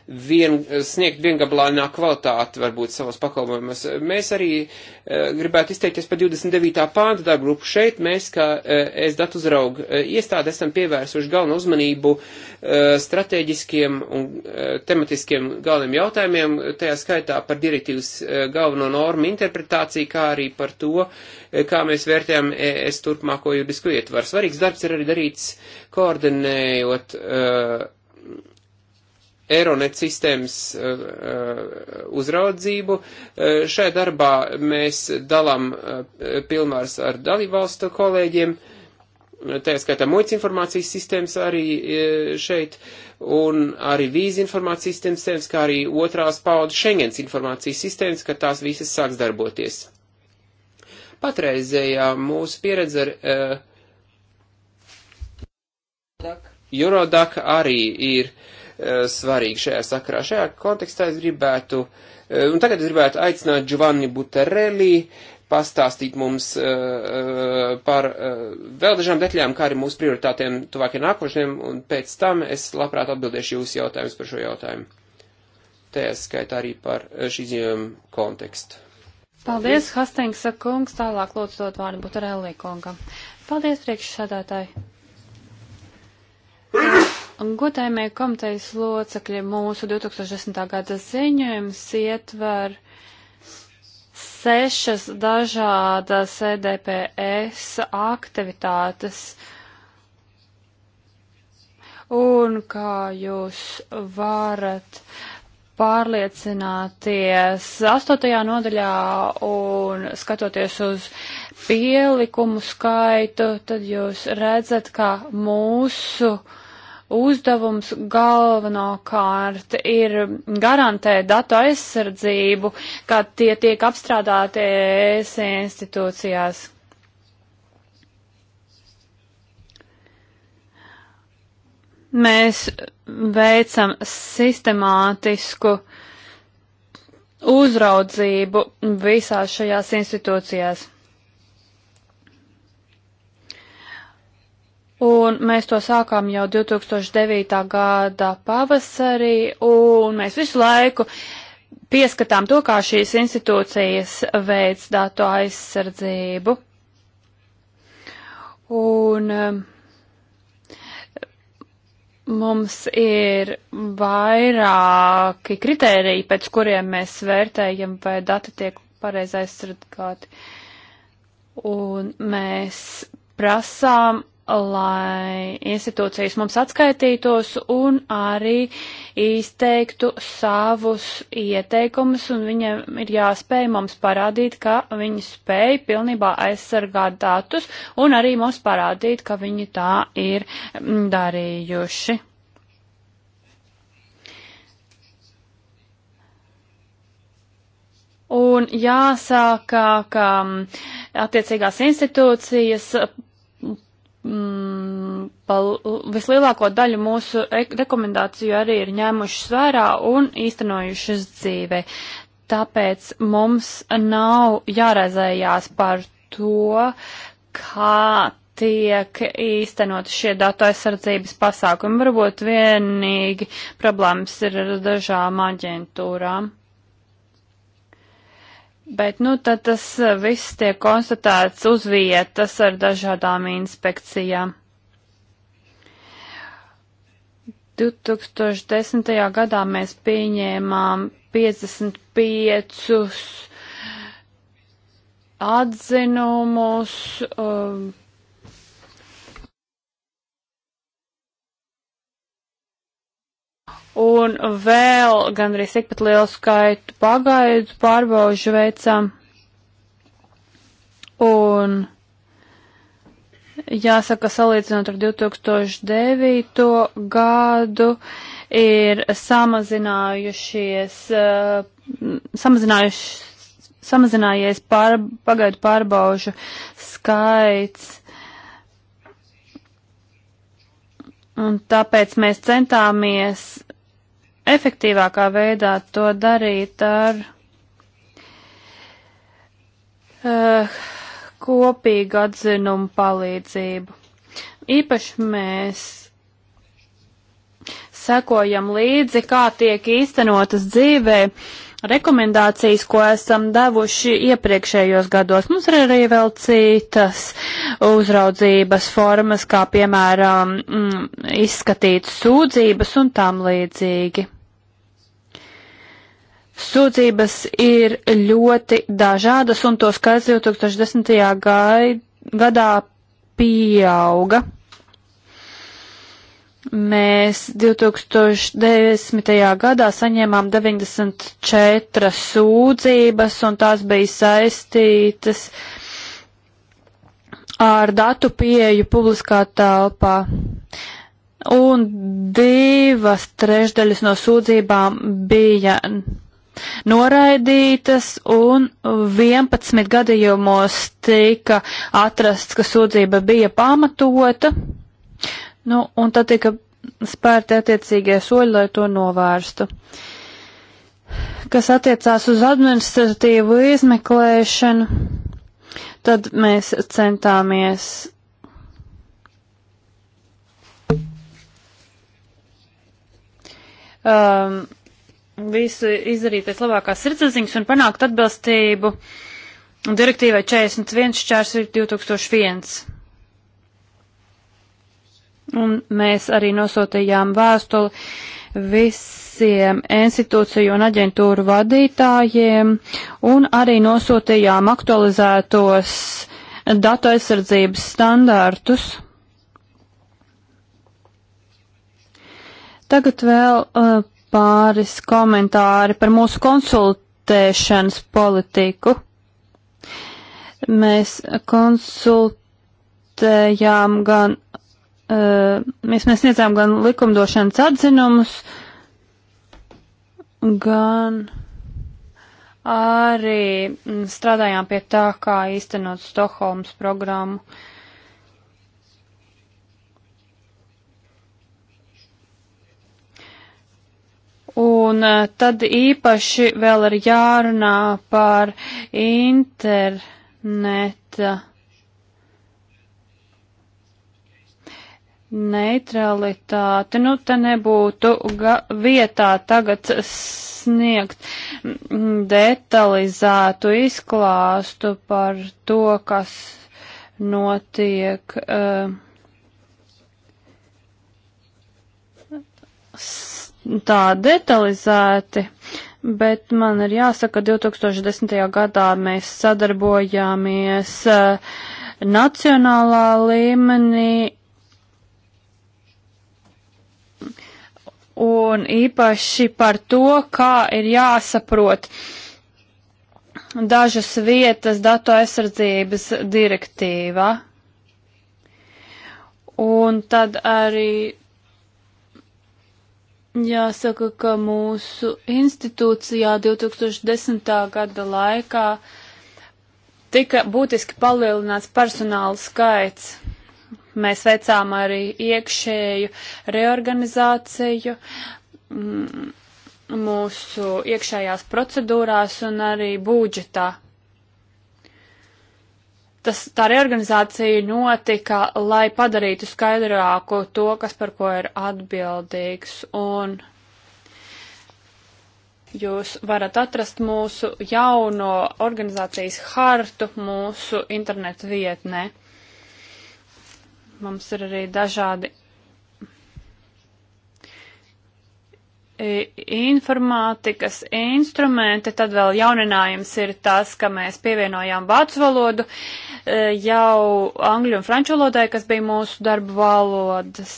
vien, sniegt viengablānā kvalitāti varbūt savos pakalpojumus. Mēs arī e, gribētu izteikties par 29. pānta darbu grupu šeit. Mēs, kā e, es datu uzraugu e, eh, iestādi, esam pievērsuši galvenu uzmanību e, strateģiskiem un e, tematiskiem galveniem jautājumiem, tajā skaitā par direktīvas e, galveno normu interpretāciju, kā arī par to, e, kā mēs vērtējam ES turpmāko juridisko ietvaru. Svarīgs darbs ir arī darīts koordinējot. E, Eironet sistēmas eh, eh, uzraudzību. Eh, Šai darbā mēs dalām pilnvars ar dalībvalstu kolēģiem, tā skaitā muitas informācijas sistēmas arī šeit, un arī vīzi informācijas sistēmas, kā arī otrās paudas Schengens informācijas sistēmas, ka tās visas sāks darboties. Patreizējā mūsu pieredze ar uh, Eurodac arī ir uh, Eh, svarīgi šajā sakarā. Šajā kontekstā es gribētu, eh, un tagad es gribētu aicināt Giovanni Buterelli pastāstīt mums eh, par vēl dažām detaļām, kā arī mūsu prioritātēm tuvākiem nākošiem, un pēc tam es labprāt atbildēšu jūsu jautājumus par šo jautājumu. Te es skaitu arī par šī ziņojuma kontekstu. Paldies, Hastings kungs, tālāk lūdzu dot vārdu Buterelli kungam. Paldies, priekšsādātāji! Godājumie komitejas locekļi mūsu 2010. gada ziņojums ietver sešas dažādas EDPS aktivitātes. Un kā jūs varat pārliecināties 8. nodaļā un skatoties uz pielikumu skaitu, tad jūs redzat, ka mūsu uh, uzdevums galvenokārt ir garantēt datu aizsardzību, kad tie tiek apstrādāti ES institūcijās. Mēs veicam sistemātisku uzraudzību visās šajās institūcijās. Un mēs to sākām jau 2009. gada pavasarī, un mēs visu laiku pieskatām to, kā šīs institūcijas veids datu aizsardzību. Un um, mums ir vairāki kriteriji, pēc kuriem mēs vērtējam, vai dati tiek pareizi aizsargāti. Un mēs prasām lai institūcijas mums atskaitītos un arī izteiktu savus ieteikumus, un viņiem ir jāspēj mums parādīt, ka viņi spēj pilnībā aizsargāt datus, un arī mums parādīt, ka viņi tā ir mm, darījuši. Un jāsāk, ka mm, attiecīgās institūcijas mm, pal, vislielāko daļu mūsu rekomendāciju arī ir ņēmušas vērā un īstenojušas dzīvē. Tāpēc mums nav jāraizējās par to, kā tiek īstenot šie datu aizsardzības pasākumi. Varbūt vienīgi problēmas ir ar dažām aģentūrām. Bet, nu, tad tas eh, viss tiek konstatēts uz vietas ar dažādām inspekcijām. 2010. gadā mēs pieņēmām 55 atzinumus. Uh, un vēl gandrīz tikpat lielu skaitu pagaidu pārbaužu veicam. Un jāsaka, salīdzinot ar 2009. gadu, ir samazinājušies, eh, samazinājušies, samazinājies pār, pagaidu pārbaužu skaits. Un tāpēc mēs centāmies efektīvākā veidā to darīt ar uh, kopīgu atzinumu palīdzību. Īpaši mēs sekojam līdzi, kā tiek īstenotas dzīvē rekomendācijas, ko esam devuši iepriekšējos gados. Mums ir arī vēl citas uzraudzības formas, kā piemēram mm, izskatīt sūdzības un tam līdzīgi. Sūdzības ir ļoti dažādas, un to skaits 2010. Gai, gadā pieauga. Mēs 2010. gadā saņēmām 94 sūdzības, un tās bija saistītas ar datu pieeju publiskā telpā. Un divas trešdaļas no sūdzībām bija noraidītas un 11 gadījumos tika atrasts, ka sūdzība bija pamatota, nu, un tad tika spērti attiecīgie soļi, lai to novērstu. Kas attiecās uz administratīvu izmeklēšanu, tad mēs centāmies um, visu izdarīt pēc labākās sirdsapziņas un panākt atbilstību direktīvai 41 šķērsvīt 2001. Un mēs arī nosūtījām vēstuli visiem institūciju un aģentūru vadītājiem un arī nosūtījām aktualizētos datu aizsardzības standārtus. Tagad vēl uh, pāris komentāri par mūsu konsultēšanas politiku. Mēs konsultējām gan, eh, mēs, mēs sniedzām gan likumdošanas atzinumus, gan arī strādājām pie tā, kā īstenot Stokholmas programmu. Uh, Un eh, tad īpaši vēl ir jārunā par interneta eh, neutralitāti. Nu, te nebūtu vietā tagad sniegt mm, detalizētu izklāstu par to, kas notiek. Uh, tā detalizēti, bet man ir jāsaka, 2010. gadā mēs sadarbojāmies eh, nacionālā līmenī un īpaši par to, kā ir jāsaprot dažas vietas datu aizsardzības direktīvā. Un tad arī Jāsaka, ka mūsu institūcijā 2010. gada laikā tika būtiski palielināts personāla skaits. Mēs veicām arī iekšēju reorganizāciju mm, mūsu iekšējās procedūrās un arī budžetā tas, tā reorganizācija notika, lai padarītu skaidrāku to, kas par ko ir atbildīgs. Un jūs varat atrast mūsu jauno organizācijas hartu mūsu internetu vietnē. Mums ir arī dažādi informātikas instrumenti, tad vēl jauninājums ir tas, ka mēs pievienojām vācu valodu e, jau angļu un franču valodai, kas bija mūsu darba valodas.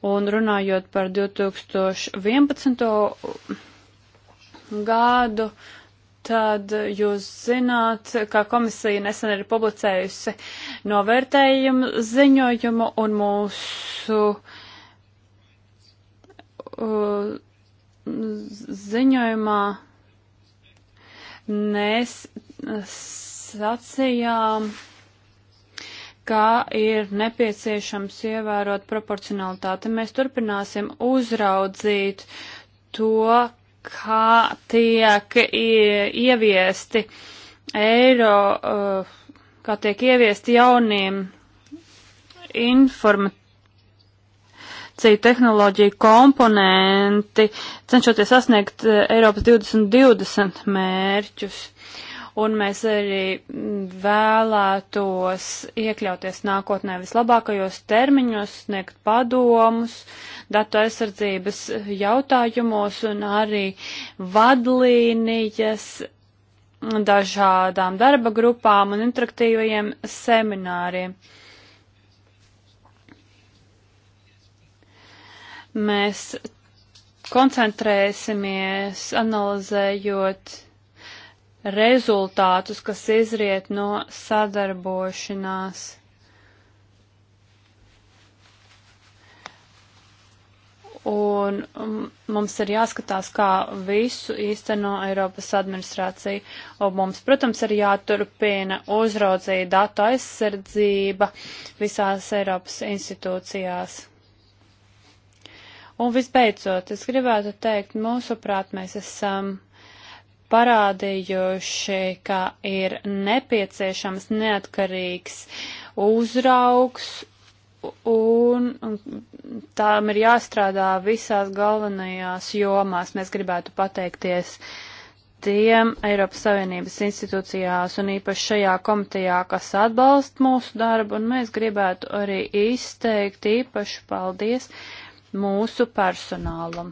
Un runājot par 2011. gadu, tad jūs zināt, ka komisija nesen ir publicējusi novērtējumu ziņojumu un mūsu uh, ziņojumā mēs sacījām, ka ir nepieciešams ievērot proporcionalitāti. Mēs turpināsim uzraudzīt to, kā tiek ieviesti eiro, uh, kā tiek ieviesti jauniem informat inovāciju, tehnoloģiju komponenti, cenšoties sasniegt eh, Eiropas 2020 mērķus. Un mēs arī vēlētos iekļauties nākotnē vislabākajos termiņos, sniegt padomus, datu aizsardzības jautājumos un arī vadlīnijas dažādām darba grupām un interaktīvajiem semināriem. Mēs koncentrēsimies analizējot rezultātus, kas izriet no sadarbošanās. Un um, mums ir jāskatās, kā visu īsteno Eiropas administrācija. Un mums, protams, ir jāturpina uzraudzīt datu aizsardzība visās Eiropas institūcijās. Un visbeidzot, es gribētu teikt, mūsuprāt, mēs esam parādījuši, ka ir nepieciešams neatkarīgs uzraugs un, un tām ir jāstrādā visās galvenajās jomās. Mēs gribētu pateikties tiem Eiropas Savienības institūcijās un īpaši šajā komitejā, kas atbalst mūsu darbu, un mēs gribētu arī izteikt īpašu paldies mūsu personālam.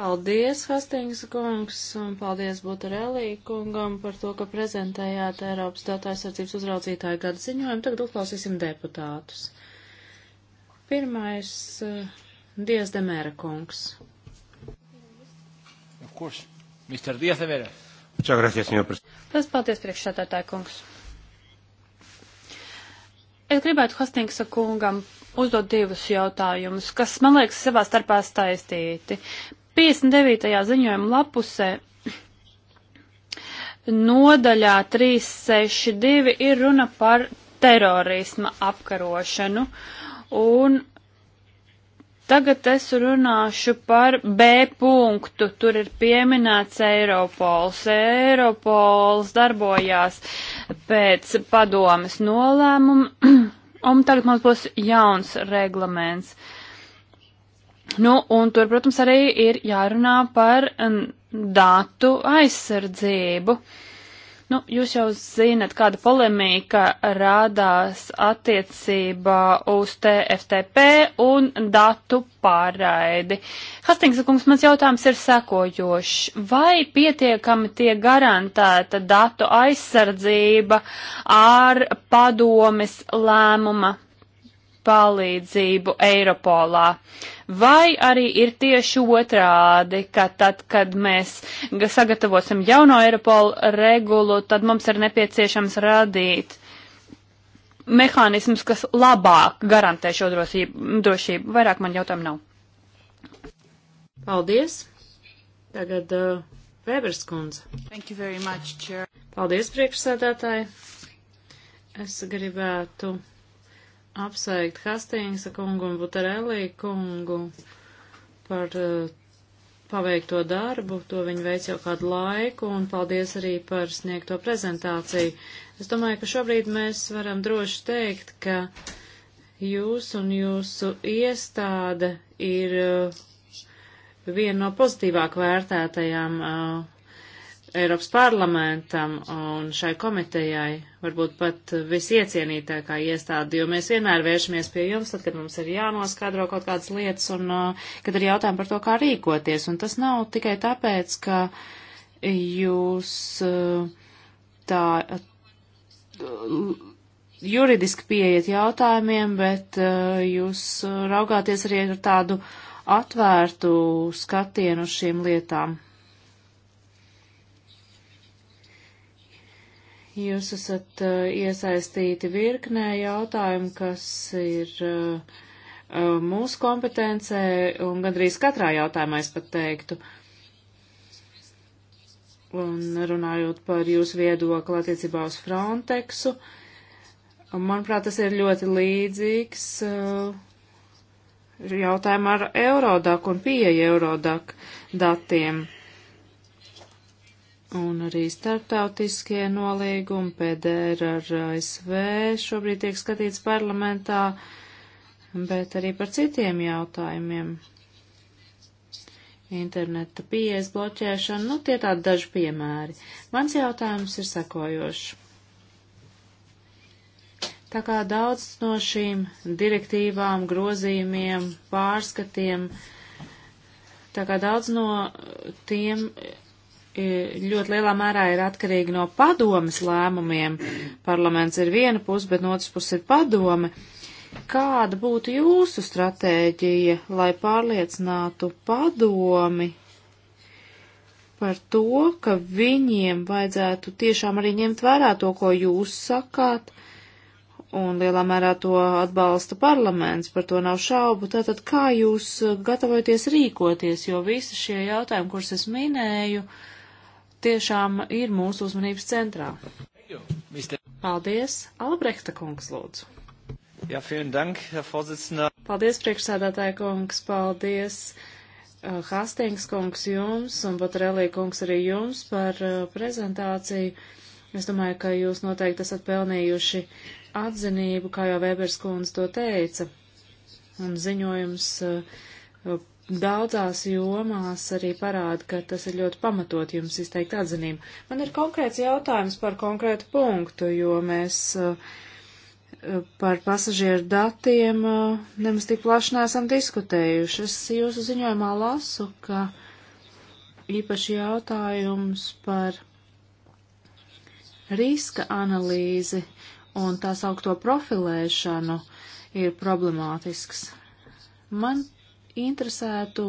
Paldies, Hastings kungs, un paldies Butarelī kungam par to, ka prezentējāt Eiropas datu aizsardzības uzraudzītāju gada ziņojumu. Tagad uzklausīsim deputātus. Pirmais uh, eh, Dievs Demēra kungs. Of course, Mr. Dievs Demēra. Paldies, priekšsētātāju kungs. Es gribētu Hastings kungam uzdot divus jautājumus, kas, man liekas, savā starpā saistīti. 59. ziņojuma lapusē nodaļā 362 ir runa par terorisma apkarošanu. Un tagad es runāšu par B punktu. Tur ir pieminēts Eiropols. Eiropols darbojās pēc padomas nolēmuma, un tagad mums būs jauns reglaments. Nu, un tur, protams, arī ir jārunā par datu aizsardzību. Uh, Nu, jūs jau zinat, kāda polemīka rādās attiecībā uz TFTP un datu pārraidi. Hastings kungs, mans jautājums ir sekojošs. Vai pietiekami tiek garantēta datu aizsardzība ar padomes lēmuma palīdzību Eiropolā. Vai arī ir tieši otrādi, ka tad, kad mēs sagatavosim jauno Eiropolu regulu, tad mums ir nepieciešams radīt mehānismus, kas labāk garantē šo drošību. drošību. Vairāk man jautājumu nav. Paldies. Tagad uh, Vēbers kundze. Thank you very much, Chair. Paldies, priekšsēdētāji. Es gribētu apsveikt Hastingsa kungu un Butarelī kungu par uh, paveikto darbu, to viņi veic jau kādu laiku, un paldies arī par sniegto prezentāciju. Es domāju, ka šobrīd mēs varam droši teikt, ka jūs un jūsu iestāde ir uh, viena no pozitīvāk vērtētajām uh, Eiropas parlamentam un šai komitejai varbūt pat visiecienītākā iestāde, jo mēs vienmēr vēršamies pie jums, tad, kad mums ir jānoskadro kaut kādas lietas un uh, kad ir jautājumi par to, kā rīkoties. Un tas nav tikai tāpēc, ka jūs uh, tā uh, juridiski pieiet jautājumiem, bet uh, jūs uh, raugāties arī ar tādu atvērtu skatienu uz šīm lietām. Jūs esat eh, iesaistīti virknē jautājumu, kas ir eh, eh, mūsu kompetencē un gandrīz katrā jautājumā es pat teiktu. Un runājot par jūsu viedokli attiecībā uz Frontexu, manuprāt, tas ir ļoti līdzīgs jautājumu ar Eurodaku un pieeja Eurodaku datiem. Un arī starptautiskie nolīgumi PDR ar ASV šobrīd tiek skatīts parlamentā, bet arī par citiem jautājumiem. Interneta pieejas bloķēšana, nu tie tādi daži piemēri. Mans jautājums ir sekojošs. Tā kā daudz no šīm direktīvām, grozījumiem, pārskatiem, tā kā daudz no tiem ļoti lielā mērā ir atkarīgi no padomes lēmumiem. Parlaments ir viena puse, bet no otras puses ir padome. Kāda būtu jūsu stratēģija, lai pārliecinātu padomi par to, ka viņiem vajadzētu tiešām arī ņemt vērā to, ko jūs sakāt, un lielā mērā to atbalsta parlaments, par to nav šaubu. Tātad, kā jūs gatavojaties rīkoties, jo visi šie jautājumi, kurus es minēju, uh, tiešām ir mūsu uzmanības centrā. Paldies, Albrehta kungs, lūdzu. Ja, dank, paldies, priekšsēdētāja kungs, paldies. Uh, Hastings kungs jums un Botarelī kungs arī jums par uh, prezentāciju. Es domāju, ka jūs noteikti esat pelnījuši atzinību, kā jau Vēbers kundze to teica. Un ziņojums uh, daudzās jomās arī parāda, ka tas ir ļoti pamatot jums izteikt atzinību. Man ir konkrēts jautājums par konkrētu punktu, jo mēs eh, par pasažieru datiem eh, nemaz tik plaši neesam diskutējuši. Es jūsu ziņojumā lasu, ka īpaši jautājums par riska analīzi un tās augto profilēšanu ir problemātisks. Man interesētu,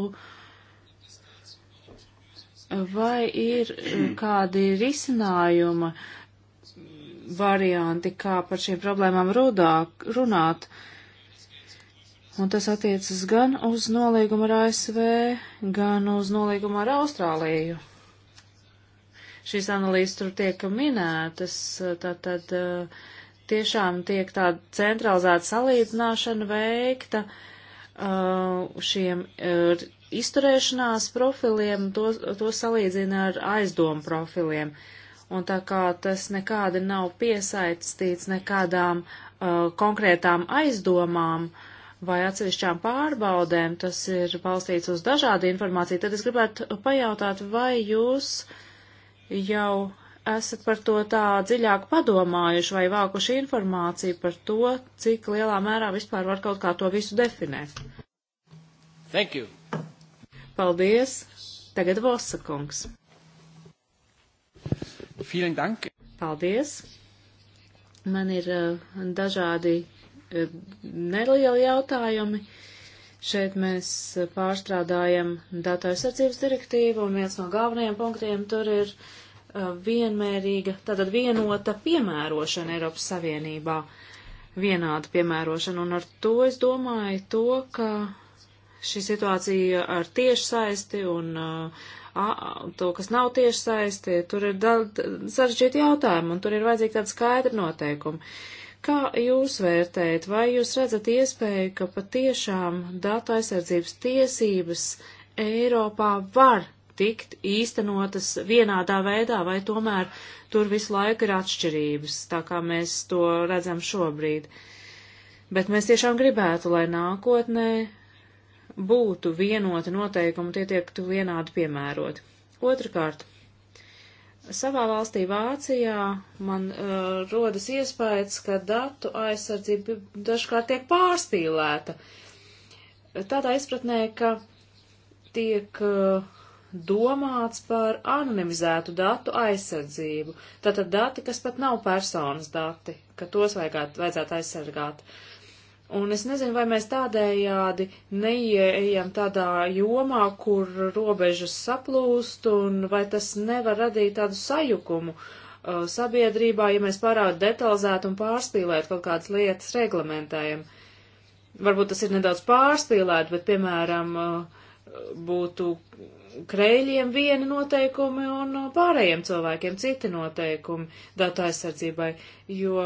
vai ir eh, kādi risinājuma varianti, kā par šīm problēmām rudāk, runāt. Un tas attiecas gan uz nolīgumu ar ASV, gan uz nolīgumu ar Austrāliju. Šīs analīzes tur tiek minētas, tātad eh, tiešām tiek tāda centralizēta salīdzināšana veikta, uh, Uh, šiem uh, izturēšanās profiliem, to, to salīdzina ar aizdomu profiliem. Un tā kā tas nekādi nav piesaistīts nekādām uh, konkrētām aizdomām vai atsevišķām pārbaudēm, tas ir balstīts uz dažādu informāciju, tad es gribētu pajautāt, vai jūs jau esat par to tā dziļāk padomājuši vai vākuši informāciju par to, cik lielā mērā vispār var kaut kā to visu definēt? Thank you. Paldies. Tagad Vosa kungs. Vielen dank. Paldies. Man ir uh, dažādi uh, nelieli jautājumi. Šeit mēs pārstrādājam datu aizsardzības direktīvu, un viens no galvenajiem punktiem tur ir uh, Uh, vienmērīga, tātad vienota piemērošana Eiropas Savienībā, vienāda piemērošana, un ar to es domāju to, ka šī situācija ar tiešsaisti un uh, to, kas nav tiešsaisti, tur ir sarežģīti jautājumi, un tur ir vajadzīgi tāda skaidra noteikuma. Kā jūs vērtējat, vai jūs redzat iespēju, ka patiešām datu aizsardzības tiesības Eiropā var tikt īstenotas vienādā veidā, vai tomēr tur visu laiku ir atšķirības, tā kā mēs to redzam šobrīd. Bet mēs tiešām gribētu, lai nākotnē būtu vienoti noteikumi, tie tiektu vienādi piemēroti. Otrakārt, savā valstī Vācijā man uh, rodas iespējas, ka datu aizsardzība dažkārt tiek pārspīlēta. Tādā izpratnē, ka tiek uh, domāts par anonimizētu datu aizsardzību. Tātad dati, kas pat nav personas dati, ka tos vajagāt, vajadzētu aizsargāt. Un es nezinu, vai mēs tādējādi neieejam tādā jomā, kur robežas saplūst, un vai tas nevar radīt tādu sajukumu uh, sabiedrībā, ja mēs pārāk detalizēt un pārspīlēt kaut kādas lietas reglamentējam. Varbūt tas ir nedaudz pārspīlēt, bet, piemēram, uh, būtu krēļiem vieni noteikumi un pārējiem cilvēkiem citi noteikumi datu aizsardzībai, jo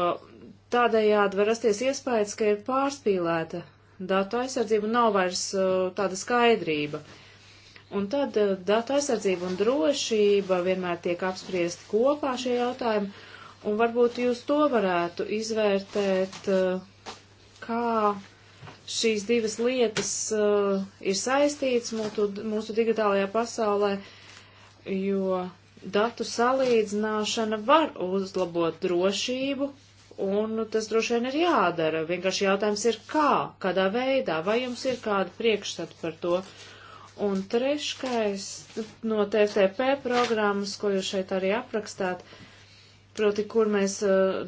tādējādi var rasties iespējas, ka ir pārspīlēta datu aizsardzība un nav vairs uh, tāda skaidrība. Un tad uh, datu aizsardzība un drošība vienmēr tiek apspriesti kopā šie jautājumi, un varbūt jūs to varētu izvērtēt, uh, kā šīs divas lietas uh, ir saistītas mūsu, mūsu digitālajā pasaulē, jo datu salīdzināšana var uzlabot drošību, un tas droši vien ir jādara. Vienkārši jautājums ir kā, kādā veidā, vai jums ir kāda priekšstata par to. Un trešais nu, no TFTP programmas, ko jūs šeit arī aprakstāt, uh, proti, kur mēs uh,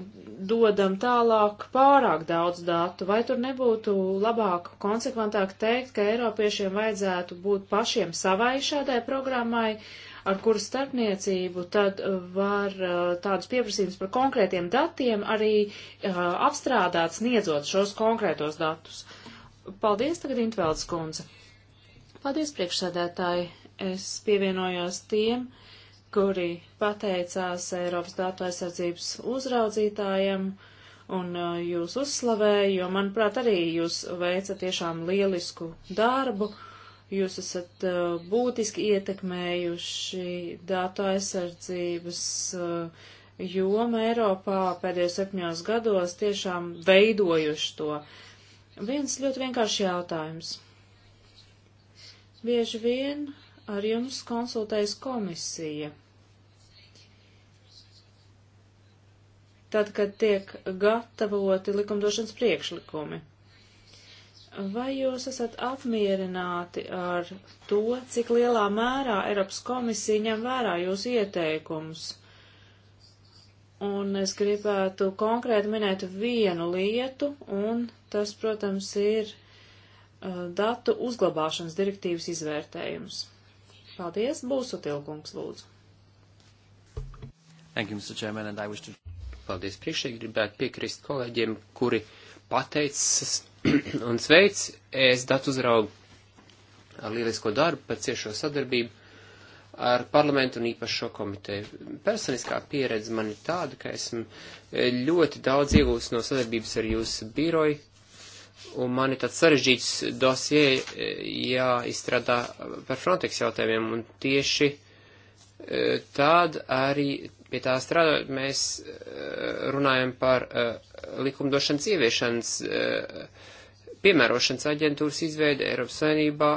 dodam tālāk pārāk daudz datu, vai tur nebūtu labāk, konsekventāk teikt, ka Eiropiešiem vajadzētu būt pašiem savai šādai programmai, ar kuru starpniecību tad eh, var uh, tādus pieprasījumus par konkrētiem datiem arī uh, apstrādāt, sniedzot šos konkrētos datus. Paldies, tagad Intveldes kundze. Paldies, priekšsēdētāji. Es pievienojos tiem, uh, kuri pateicās Eiropas datu aizsardzības uzraudzītājiem un uh, jūs uzslavēju, jo, manuprāt, arī jūs veicat tiešām lielisku darbu. Jūs esat uh, būtiski ietekmējuši datu aizsardzības uh, jomu Eiropā pēdējos septņos gados, tiešām veidojuši to. Viens ļoti vienkāršs jautājums. Bieži vien ar jums konsultējas komisija. Tad, kad tiek gatavoti likumdošanas priekšlikumi. Vai jūs esat apmierināti ar to, cik lielā mērā Eiropas komisija ņem vērā jūsu ieteikumus? Un es gribētu konkrēti minēt vienu lietu, un tas, protams, ir uh, datu uzglabāšanas direktīvas izvērtējums. Paldies, būsu tilkungs, lūdzu. Thank you, Mr. Chairman, and I wish to... Paldies, priekšēji gribētu piekrist kolēģiem, kuri pateicas un sveic ES datu uzraugu ar lielisko darbu, par ciešo sadarbību ar parlamentu un īpašo komiteju. Personiskā pieredze man ir tāda, ka esmu ļoti daudz iegūst no sadarbības ar jūsu biroju, Un man ir tāds sarežģīts dosie e, jāizstrādā par Frontex jautājumiem, un tieši e, tād arī pie tā strādājot mēs e, runājam par likumdošanas ieviešanas piemērošanas aģentūras izveide Eiropas Savienībā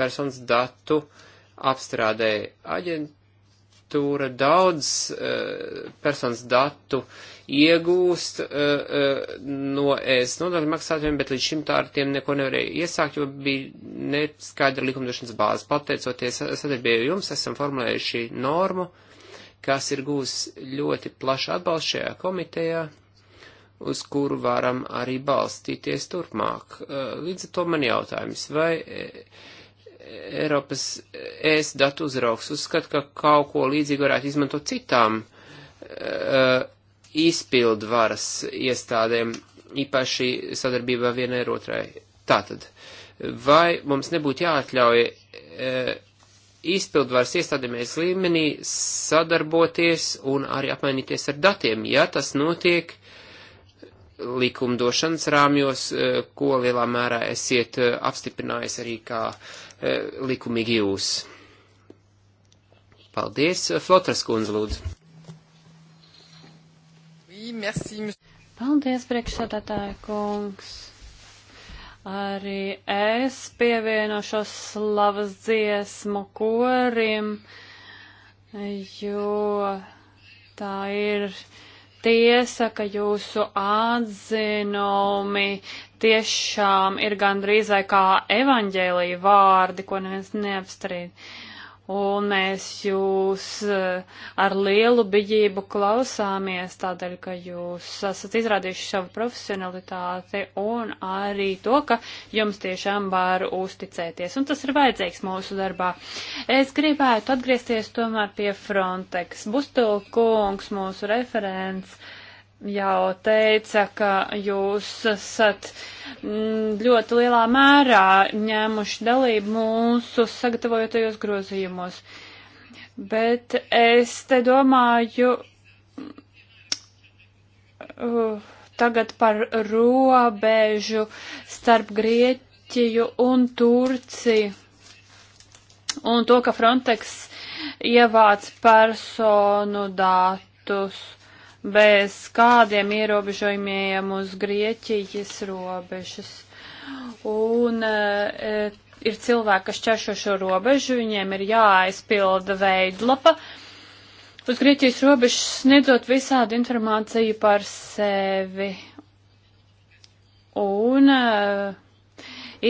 personas datu apstrādē aģentūra daudz personas datu uh, iegūst uh, uh, no es nodokļu maksātājiem, bet līdz šim tā ar tiem neko nevarēja iesākt, jo bija neskaidra likumdošanas bāze. Pateicoties sadarbībai jums, esam formulējuši normu, kas ir gūs ļoti plašu atbalstu šajā komitejā, uz kuru varam arī balstīties turpmāk. Uh, līdz ar to man jautājums, vai. Uh, Eiropas ēst datu uzrauks uzskata, ka kaut ko līdzīgu varētu izmantot citām uh, izpildvaras iestādēm, īpaši sadarbībā vienai ar otrai. Tātad, vai mums nebūtu jāatļauj e, izpildvaras iestādēmies līmenī sadarboties un arī apmainīties ar datiem, ja tas notiek likumdošanas rāmjos, e, ko lielā mērā esiet e, apstiprinājis arī kā e, likumīgi jūs? Paldies, Flotras kundze, lūdzu merci. Paldies, priekšsādātāja kungs. Arī es pievienošos slavas dziesmu korim, jo tā ir tiesa, ka jūsu atzinumi tiešām ir gandrīz vai kā evaņģēlīja vārdi, ko neviens neapstrīd un mēs jūs eh, ar lielu biģību klausāmies tādēļ, ka jūs esat izrādījuši savu profesionalitāti un arī to, ka jums tiešām var uzticēties, un tas ir vajadzīgs mūsu darbā. Es gribētu atgriezties tomēr pie Frontex. Bustul kungs, mūsu referents jau teica, ka jūs esat mm, ļoti lielā mērā ņēmuši dalību mūsu sagatavojotajos grozījumos. Bet es te domāju uh, tagad par robežu starp Grieķiju un Turciju un to, ka Frontex ievāc personu datus. Uh, bez kādiem ierobežojumiem uz Grieķijas robežas. Un e, e, ir cilvēki, kas čeršo šo robežu, viņiem ir jāaizpilda veidlapa. Uz Grieķijas robežas sniedzot visādu informāciju par sevi. Un e,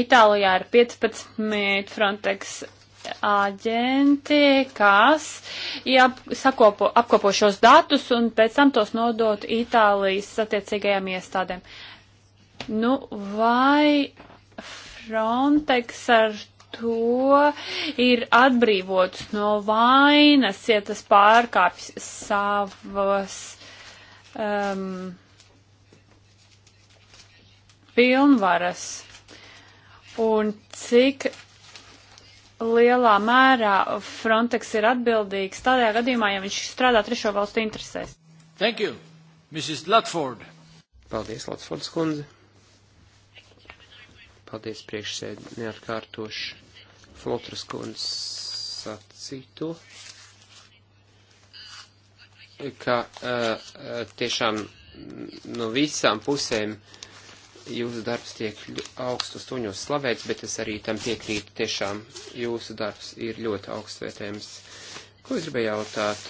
Itālijā ir 15 Frontex aģenti, kas apkopo, apkopo šos datus un pēc tam tos nodot Itālijas attiecīgajām iestādēm. Nu, vai Frontex ar to ir atbrīvots no vainas, ja tas pārkāpj savas um, pilnvaras? Un cik lielā mērā Frontex ir atbildīgs tādā gadījumā, ja viņš strādā trešo valstu interesēs. Thank you, Mrs. Latford. Paldies, Latfords kundze. Paldies, priekšsēd, neatkārtoši. Flotras kundze sacīto, ka uh, tiešām mm, no visām pusēm uh, jūsu darbs tiek augstu stuņos slavēts, bet es arī tam piekrītu, tiešām jūsu darbs ir ļoti augstvērtējams. Ko es gribēju jautāt?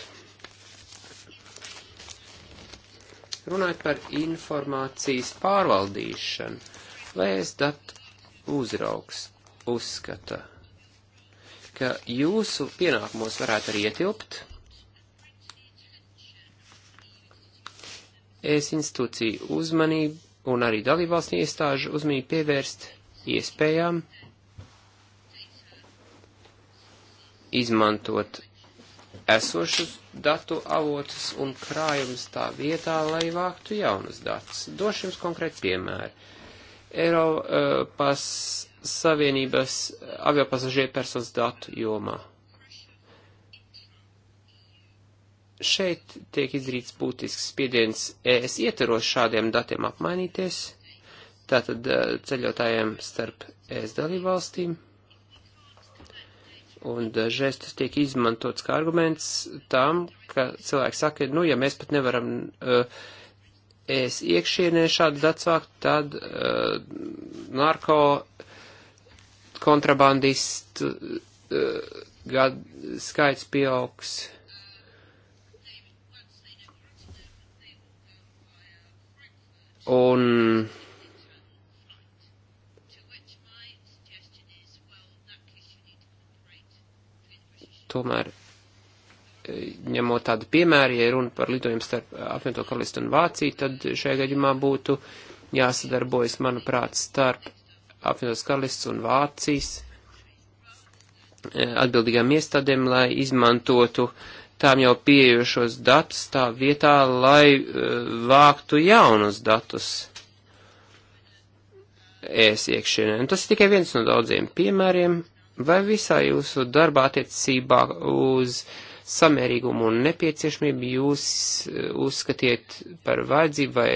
Runājot par informācijas pārvaldīšanu, vai es datu uzraugs uzskata, ka jūsu pienākumos varētu arī ietilpt es institūciju uzmanību un arī dalībvalsts iestāžu uzmanību pievērst iespējām izmantot esošus datu avotus un krājumus tā vietā, lai vāktu jaunus datus. Došu jums konkrēti piemēru. Eiropas Savienības aviopasažieru personas datu jomā. Šeit tiek izdarīts būtisks spiediens ES ietveros šādiem datiem apmainīties, tātad eh, ceļotājiem starp ES dalībvalstīm un dažreiz tas tiek izmantots kā arguments tam, ka cilvēki saka, nu, ja mēs pat nevaram uh, eh, ēst e iekšienē šādu dacvāku, tad uh, narko kontrabandistu uh, gad, skaits pieaugs. Uh, Un tomēr, e, ņemot tādu piemēru, ja runa par lidojumu starp apvienoto karalistu un Vāciju, tad šajā gadījumā būtu jāsadarbojas, manuprāt, starp apvienotās karalists un Vācijas e, atbildīgām iestādēm, lai izmantotu uh, tām jau pieejušos datus tā vietā, lai eh, vāktu jaunus datus ēs iekšienē. Un tas ir tikai viens no daudziem piemēriem, vai visā jūsu darbā attiecībā uz samērīgumu un nepieciešamību jūs eh, uzskatiet par vajadzību vai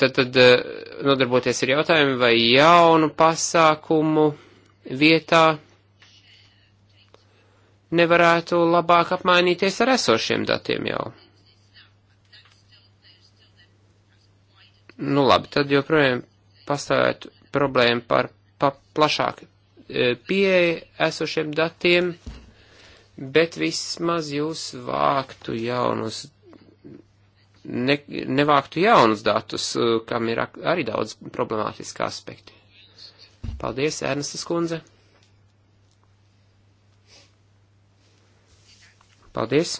tad, tad eh, nodarboties ar jautājumu vai jaunu pasākumu vietā nevarētu labāk apmainīties ar esošiem datiem jau. Nu labi, tad joprojām pastāvētu problēma par pa plašāku e, pieeja esošiem datiem, bet vismaz jūs vāktu jaunus, ne, nevāktu jaunus datus, e, kam ir arī daudz problemātiski aspekti. Paldies, Ernestas kundze! Paldies!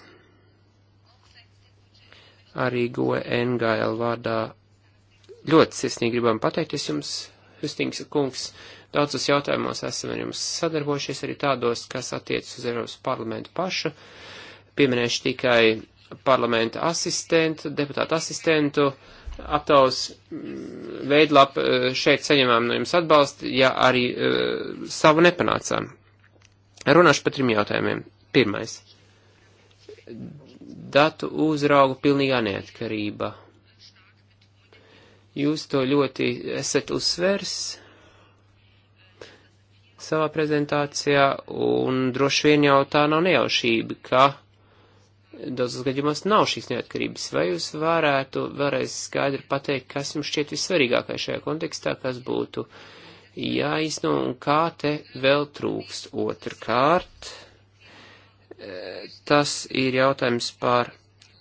Arī GOE NGL vārdā ļoti sirsnīgi gribam pateikties jums, Hustings kungs. Daudzos jautājumos esam ar jums sadarbojušies, arī tādos, kas attiecas uz Eiropas parlamentu pašu. Pieminēšu tikai parlamenta asistentu, deputātu asistentu, aptaus mm, veidlap eh, šeit saņemām no jums atbalstu, ja arī eh, savu nepanācām. Runāšu par trim jautājumiem. Pirmais datu uzraugu pilnīgā neatkarība. Jūs to ļoti esat uzsvers savā prezentācijā, un droši vien jau tā nav nejaušība, ka daudzos gadījumos nav šīs neatkarības. Vai jūs varētu vēlreiz skaidri pateikt, kas jums šķiet vissvarīgākais šajā kontekstā, kas būtu jāizno un kā te vēl trūkst otrkārt? tas ir jautājums par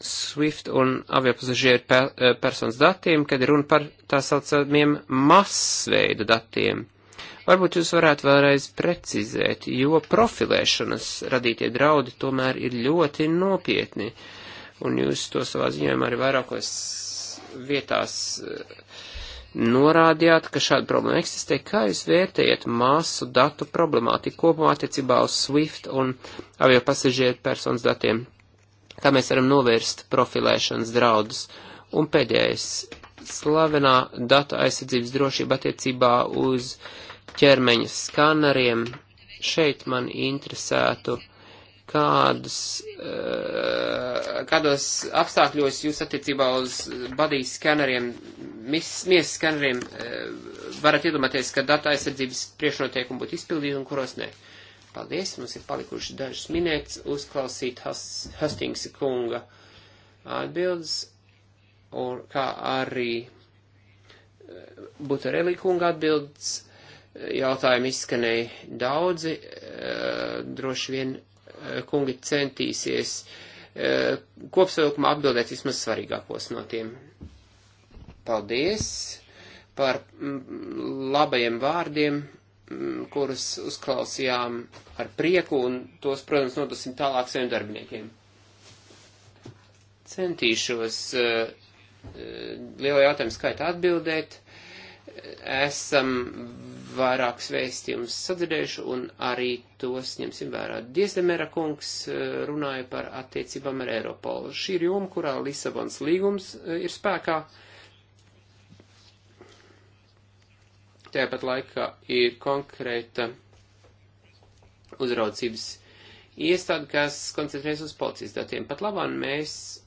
SWIFT un aviopasažieru pe eh, personas datiem, kad ir runa par tā saucamiem masveida datiem. Varbūt jūs varētu vēlreiz precizēt, jo profilēšanas radītie draudi tomēr ir ļoti nopietni, un jūs to savā ziņojumā arī vairākos vietās uh, norādījāt, ka šāda problēma eksistē. Kā jūs vērtējat māsu datu problemātiku kopumā attiecībā uz SWIFT un avio pasažieru personas datiem? Kā mēs varam novērst profilēšanas draudus? Un pēdējais, slavenā data aizsardzības drošība attiecībā uz ķermeņa skaneriem. Šeit man interesētu kādas, eh, kādos apstākļos jūs attiecībā uz badijas skaneriem, miesas skaneriem eh, varat iedomāties, ka data aizsardzības priekšnoteikumi būtu izpildīti un kuros nē. Paldies, mums ir palikuši dažas minētas uzklausīt Hastings kunga atbildes, un kā arī eh, Butarelī kunga atbildes. Jautājumi izskanēja daudzi, droši vien Eh, kungi centīsies eh, kopsavilkumā atbildēt vismaz svarīgākos no tiem. Paldies par mm, labajiem vārdiem, mm, kurus uzklausījām ar prieku un tos, protams, nodosim tālāk saviem darbiniekiem. Centīšos eh, lielā jautājuma skaita atbildēt. Esam vairākus vēstījumus sadzirdējuši un arī tos ņemsim vērā. Diezdemēra kungs e, runāja par attiecībām ar Eiropolu. Šī ir joma, kurā Lisabons līgums e, ir spēkā. Tāpat laikā ir konkrēta uzraudzības iestāde, kas koncentrēs uz policijas datiem. Pat labāk mēs e,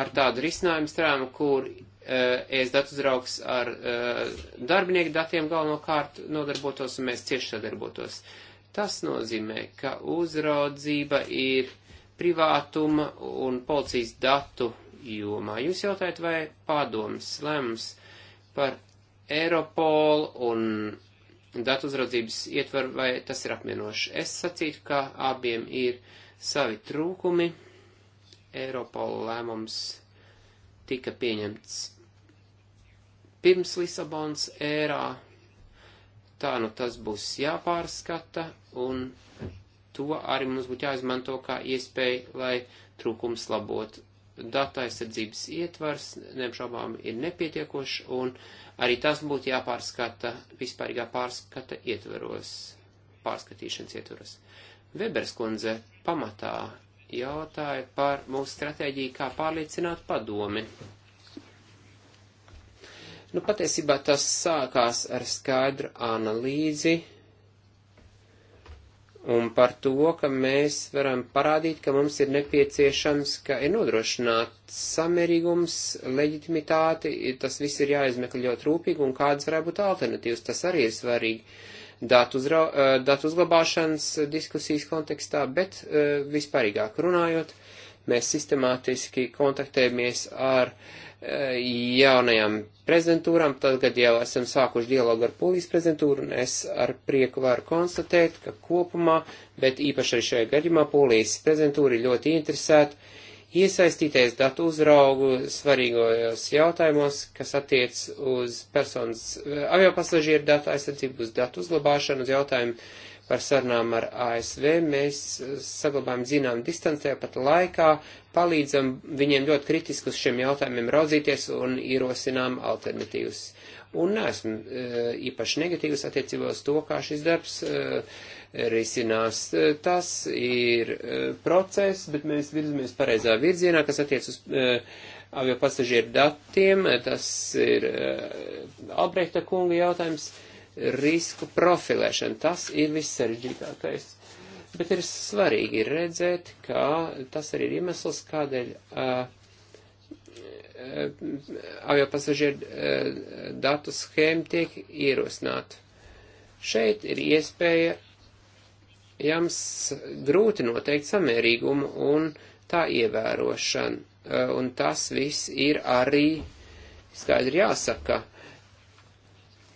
ar tādu risinājumu strādājam, kur es eh, datu draugs ar eh, darbinieku datiem galvenokārt nodarbotos un mēs cieši sadarbotos. Tas nozīmē, ka uzraudzība ir privātuma un policijas datu jomā. Jūs jautājat, vai padoms lems par Eiropolu un datu uzraudzības ietvaru, vai tas ir apmienoši. Es sacītu, ka abiem ir savi trūkumi. Eiropola lēmums tika pieņemts pirms Lisabonas ērā. Tā nu tas būs jāpārskata, un to arī mums būtu jāizmanto kā iespēja, lai trūkums labot. Data aizsardzības ietvars neapšaubām ir nepietiekošs, un arī tas būtu jāpārskata vispārīgā pārskata ietveros, pārskatīšanas ietveros. Webers kundze pamatā jautāja par mūsu stratēģiju, kā pārliecināt padomi Nu, patiesībā tas sākās ar skaidru analīzi un par to, ka mēs varam parādīt, ka mums ir nepieciešams, ka ir nodrošināt samērīgums, leģitimitāti, tas viss ir jāizmeklē ļoti rūpīgi un kādas varētu būt alternatīvas, tas arī ir svarīgi. Datu, uzra, datu uzglabāšanas diskusijas kontekstā, bet vispārīgāk runājot, mēs sistemātiski kontaktējamies ar uh, jaunajām prezidentūrām, tad, kad jau esam sākuši dialogu ar polijas prezidentūru, un es ar prieku varu konstatēt, ka kopumā, bet īpaši arī šajā gadījumā polijas prezidentūra ir ļoti interesēta iesaistīties datu uzraugu svarīgojos jautājumos, kas attiec uz personas aviopasažieru datu aizsardzību, uz datu uzglabāšanu, uz jautājumu par sarunām ar ASV, mēs eh, saglabājam zinām distancē, pat laikā palīdzam viņiem ļoti kritiski uz šiem jautājumiem raudzīties un ierosinām alternatīvas. Un neesmu eh, īpaši negatīvs attiecībā uz to, kā šis darbs eh, risinās. Tas ir process, bet mēs virzamies pareizā virzienā, kas attiec uz avio pasažieru datiem. Tas ir Albrehta kunga jautājums. Uh, risku profilēšana. Tas ir vissarežģītākais. Bet ir svarīgi redzēt, ka tas arī ir iemesls, kādēļ aviopasažieru datu schēma tiek ierosināta. Šeit ir iespēja jams grūti noteikt samērīgumu un tā ievērošanu, un tas viss ir arī skaidri jāsaka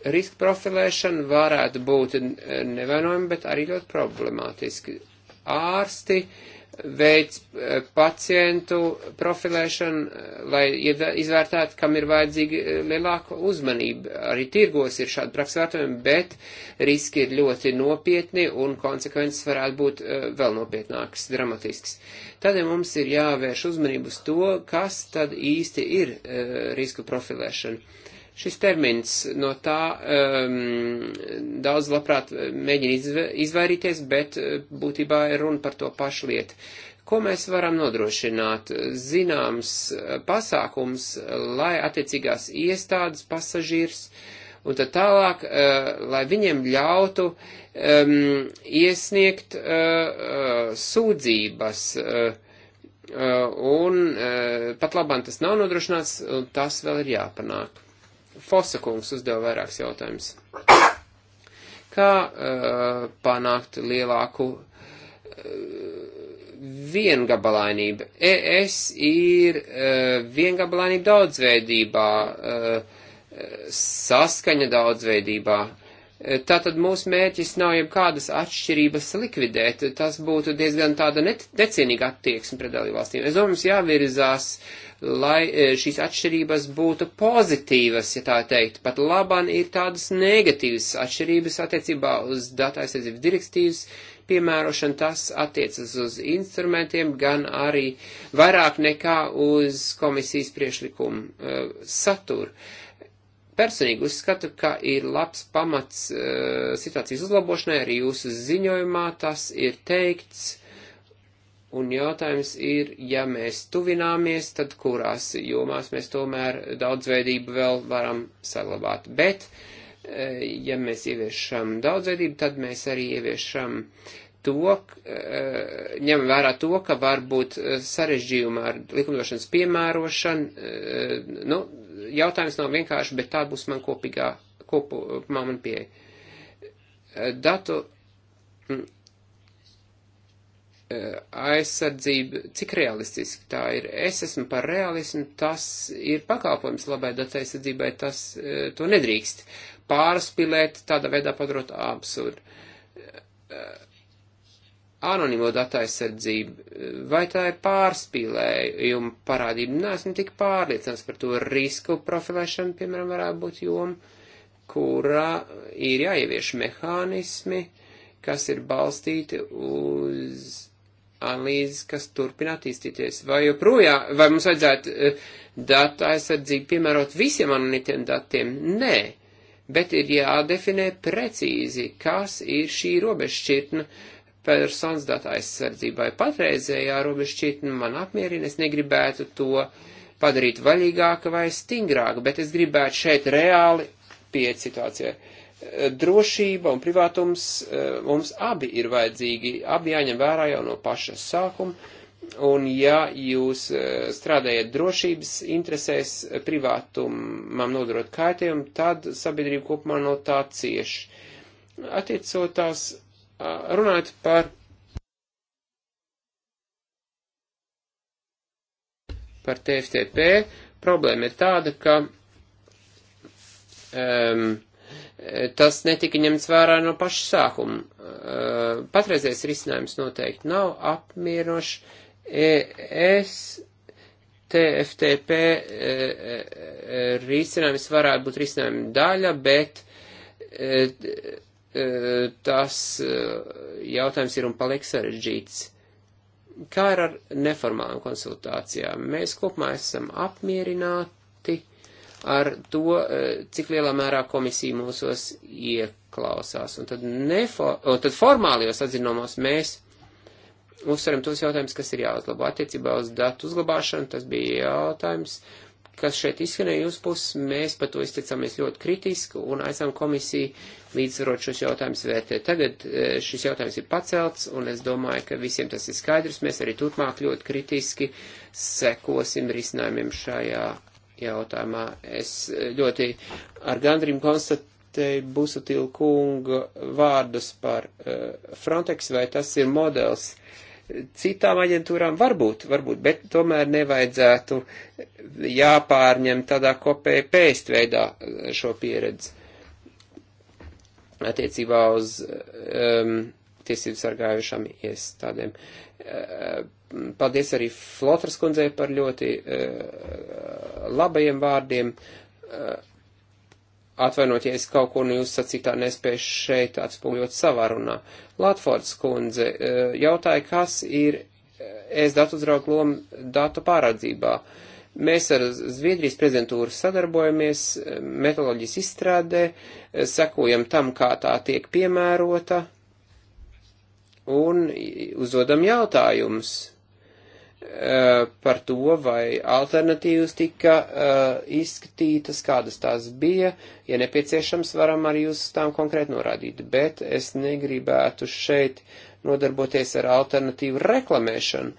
riska profilēšana varētu būt nevainojama, bet arī ļoti problemātiski. Ārsti veids eh, pacientu profilēšanu, eh, lai izvērtētu, kam ir vajadzīga eh, lielāka uzmanība. Arī tirgos ir šādi praksvērtojumi, bet riski ir ļoti nopietni un konsekvences varētu būt vēl nopietnākas, dramatiskas. Tādēļ mums ir jāvērš uzmanību uz to, kas tad īsti ir risku profilēšana Šis termins no tā um, daudz labprāt mēģina izvairīties, bet eh, būtībā ir runa par to pašu lietu. Ko mēs varam nodrošināt? Zināms eh, pasākums, lai attiecīgās iestādes pasažīrs un tad tālāk, uh, lai viņiem ļautu um, iesniegt uh, uh, sūdzības. Uh, un pat labāk tas nav nodrošināts, un tas vēl ir jāpanāk. Fosakungs uzdeva vairākus jautājumus. Kā uh, panākt lielāku uh, viengabalainību? ES ir uh, viengabalainība daudzveidībā, uh, uh saskaņa daudzveidībā. Tātad mūsu mērķis nav jau kādas atšķirības likvidēt, tas būtu diezgan tāda necienīga attieksme pret dalībvalstīm. Es domāju, mums jāvirzās, lai e, šīs atšķirības būtu pozitīvas, ja tā teikt. Pat labāk ir tādas negatīvas atšķirības attiecībā uz datu aizsardzības direktīvas piemērošanu, tas attiecas uz instrumentiem, gan arī vairāk nekā uz komisijas priešlikumu e, saturu personīgi uzskatu, ka ir labs pamats uh, situācijas uzlabošanai, arī jūsu ziņojumā tas ir teikts. Un jautājums ir, ja mēs tuvināmies, tad kurās jomās mēs tomēr daudzveidību vēl varam saglabāt. Bet, uh, ja mēs ieviešam daudzveidību, tad mēs arī ieviešam to, uh, eh, ņem vērā to, ka var būt sarežģījumi ar likumdošanas piemērošanu, nu, jautājums nav vienkārši, bet tā būs man kopīgā, kopumā man pieeja. Datu mm, aizsardzība, cik realistiski tā ir. Es esmu par realismu, tas ir pakalpojums labai datu aizsardzībai, tas e, to nedrīkst pārspīlēt, tādā veidā padarot absurdu. E, anonimo datu aizsardzība, vai tā ir pārspīlējuma parādība, neesmu tik pārliecināts par to risku profilēšanu, piemēram, varētu būt joma, kurā ir jāievieš mehānismi, kas ir balstīti uz analīzes, kas turpina attīstīties. Vai joprojām, vai mums vajadzētu eh, datu aizsardzību piemērot visiem anonitiem datiem? Nē, bet ir jādefinē precīzi, kas ir šī robežšķirtne. Uh, personas datu aizsardzībai. Patreizējā robežšķītne man apmierina, es negribētu to padarīt vaļīgāka vai stingrāka, bet es gribētu šeit reāli pieiet situācijai. Drošība un privātums eh, mums abi ir vajadzīgi, abi jāņem vērā jau no paša sākuma, un ja jūs eh, strādājat drošības interesēs eh, privātumam nodarot kaitējumu, tad sabiedrība kopumā no tā cieši. Attiecotās runājot par, par TFTP, problēma ir tāda, ka um, tas netika ņemts vērā no paša sākuma. Uh, patreizies risinājums noteikti nav apmierinošs. ES TFTP e, e, e, risinājums varētu būt risinājuma daļa, bet e, E, tas e, jautājums ir un paliek sarežģīts. Kā ir ar neformālām konsultācijām? Mēs kopumā esam apmierināti ar to, e, cik lielā mērā komisija mūsos ieklausās. Un tad, nefo, un tad formālajos atzinomos mēs uzsveram tos jautājumus, kas ir jāuzlabo attiecībā uz datu uzglabāšanu. Tas bija jautājums. Uh, kas šeit izskanēja jūsu puses, mēs par to izteicamies ļoti kritiski un aicinām komisiju līdzsvarot šos jautājumus vērtēt. Tagad e, šis jautājums ir pacelts, un es domāju, ka visiem tas ir skaidrs. Mēs arī turpmāk ļoti kritiski sekosim risinājumiem šajā jautājumā. Es e, ļoti ar gandrību konstatēju Busutilkunga vārdus par e, Frontex, vai tas ir modelis. Uh, citām aģentūrām varbūt, varbūt, bet tomēr nevajadzētu jāpārņem tādā kopēja pēst veidā eh, šo pieredzi attiecībā uz um, tiesību sargājušām iestādēm. Uh, paldies arī Flotras kundzei par ļoti uh, labajiem vārdiem. Uh, Atvainojiet, ja es kaut ko no jūsu sacītā nespēju šeit atspūļot savā runā. Latfords kundze eh, jautāja, kas ir eh, es datu uzraugu lomu datu pārādzībā. Mēs ar Zviedrijas prezidentūru sadarbojamies eh, metoloģijas izstrādē, sekojam tam, kā tā tiek piemērota un uzdodam jautājumus Eh, par to, vai alternatīvas tika eh, izskatītas, kādas tās bija. Ja nepieciešams, varam arī uz tām konkrēti norādīt, bet es negribētu šeit nodarboties ar alternatīvu reklamēšanu.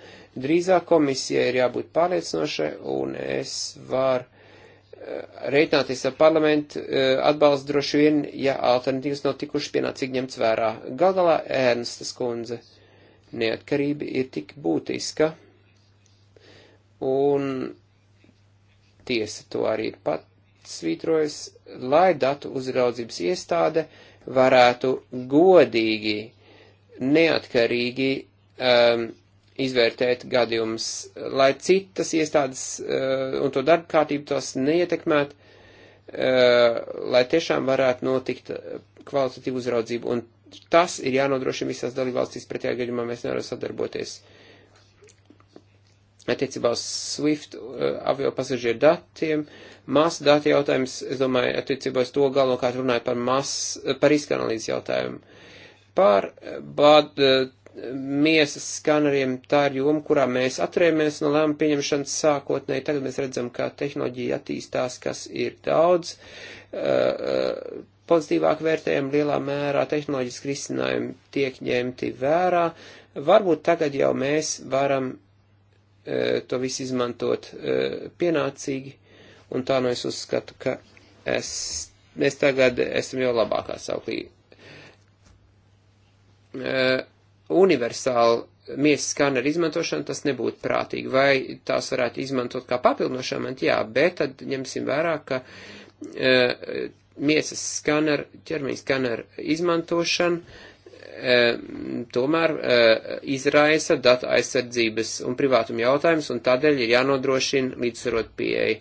Drīzāk komisijai ir jābūt pārliecinošai, un es varu eh, reiķināties ar parlamentu atbalstu droši vien, ja alternatīvas nav tikuši pienācīgi ņemts vērā. Galgalā Ērnstas kundze neatkarība ir tik būtiska un tiesa to arī pat svītrojas, lai datu uzraudzības iestāde varētu godīgi, neatkarīgi um, izvērtēt gadījumus, lai citas iestādes uh, un to darba kārtību tos neietekmētu, uh, lai tiešām varētu notikt kvalitatīva uzraudzība. Un tas ir jānodrošina visās dalībvalstīs, pretējā gadījumā mēs nevaram sadarboties. Uh, attiecībā uz SWIFT uh, avio pasažieru datiem, masu dati jautājums, es domāju, attiecībā uz to galvenokārt runāju par mas, uh, par izkanalīzes jautājumu. Par uh, bad miesas skaneriem tā ir joma, kurā mēs atrēmies no lēmu pieņemšanas sākotnēji. Tagad mēs redzam, ka tehnoloģija attīstās, kas ir daudz. Uh, pozitīvāk vērtējam, lielā mērā tehnoloģiski risinājumi tiek ņemti vērā. Varbūt tagad jau mēs varam E, to visu izmantot e, pienācīgi, un tā no nu es uzskatu, ka es, mēs tagad esam jau labākā sauklī. E, universāli miesas skaneru izmantošana tas nebūtu prātīgi, vai tās varētu izmantot kā papildinošā mantu, jā, bet tad ņemsim vērā, ka miesas skaneru, ķermeņa skaneru izmantošana Eh, tomēr eh, izraisa datu aizsardzības un privātuma jautājums, un tādēļ ir jānodrošina līdzsvarot pieeja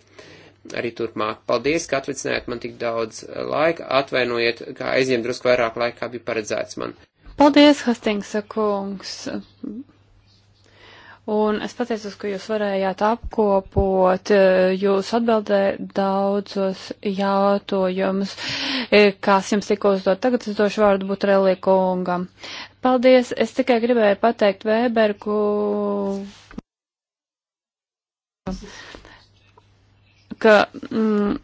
arī turpmāk. Paldies, ka atlicinājāt man tik daudz eh, laika, atvainojiet, ka aizņem drusku vairāk laika, kā bija paredzēts man. Paldies, Hastings kungs! Un es pateicos, ka jūs varējāt apkopot e, jūs atbildē daudzos jautājumus, e, kas jums tika uzdot. Tagad es došu vārdu Butrelī kungam. Paldies, es tikai gribēju pateikt Vēberku. ka mm,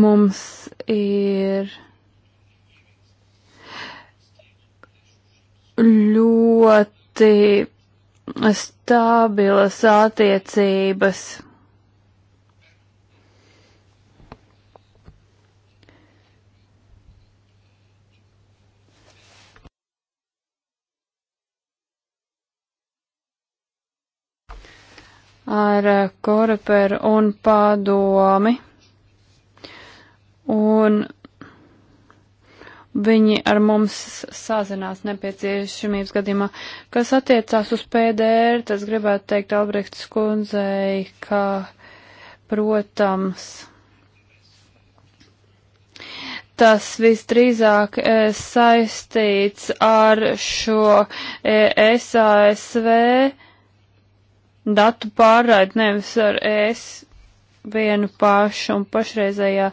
mums ir ļoti stabilas attiecības. ar eh, koreperu un padomi. Un Viņi ar mums sāzinās nepieciešamības gadījumā. Kas attiecās uz PDR, tas gribētu teikt Albrechts kundzei, ka, protams, tas visdrīzāk e, saistīts ar šo e, SASV datu pārraidi, nevis ar ES vienu pašu, un pašreizējā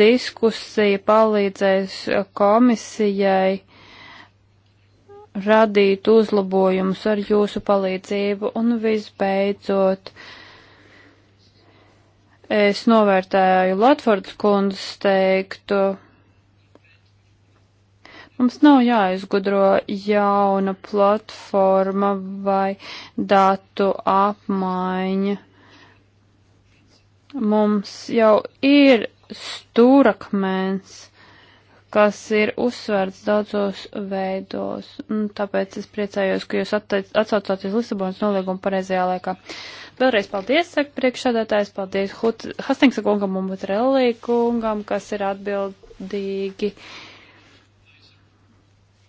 diskusija palīdzēs komisijai radīt uzlabojumus ar jūsu palīdzību, un visbeidzot, es novērtēju Latvārds kundzes teiktu, mums nav jāizgudro jauna platforma vai datu apmaiņa. Mums jau ir stūrakmens, kas ir uzsvērts daudzos veidos. Un tāpēc es priecājos, ka jūs atsaucāties Lisabonas noliegumu pareizajā laikā. Vēlreiz paldies, saka priekšsādātājs, paldies Hut Hastingsa kungam un Butrellī kungam, kas ir atbildīgi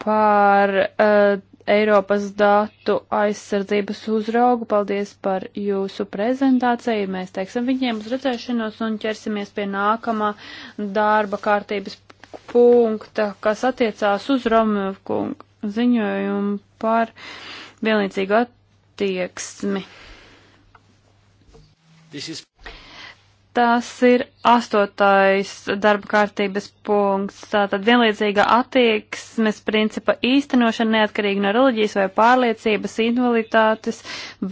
par uh, Eiropas datu aizsardzības uzraugu. Paldies par jūsu prezentāciju. Mēs teiksim viņiem uz redzēšanos un ķersimies pie nākamā darba kārtības punkta, kas attiecās uz Romevkungu ziņojumu par vienlīdzīgu attieksmi. Is... Tas ir astotais darba kārtības punkts. Tātad vienlīdzīga attieksmes principa īstenošana neatkarīgi no reliģijas vai pārliecības, invaliditātes,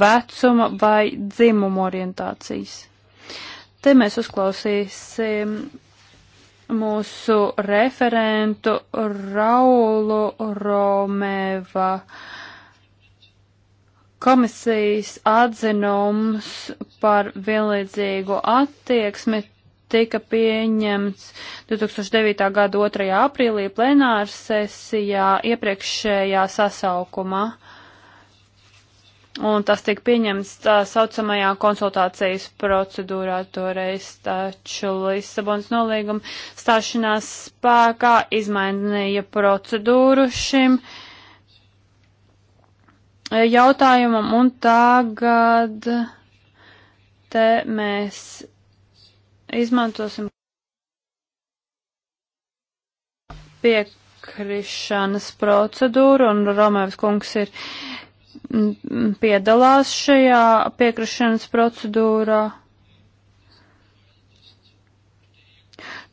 vecuma vai dzimuma orientācijas. Te mēs uzklausīsim mūsu referentu Raulu Romeva. Uh, Komisijas atzinums par vienlīdzīgu attieksmi tika pieņemts 2009. gada 2. aprīlī plenāra sesijā iepriekšējā sasaukumā. Un tas tika pieņemts tā saucamajā konsultācijas procedūrā toreiz, taču Lisabons nolīguma stāšanās spēkā izmainīja procedūru šim uh, jautājumam, un tagad te mēs izmantosim piekrišanas procedūru, un Romēvs kungs ir piedalās šajā piekrišanas procedūrā.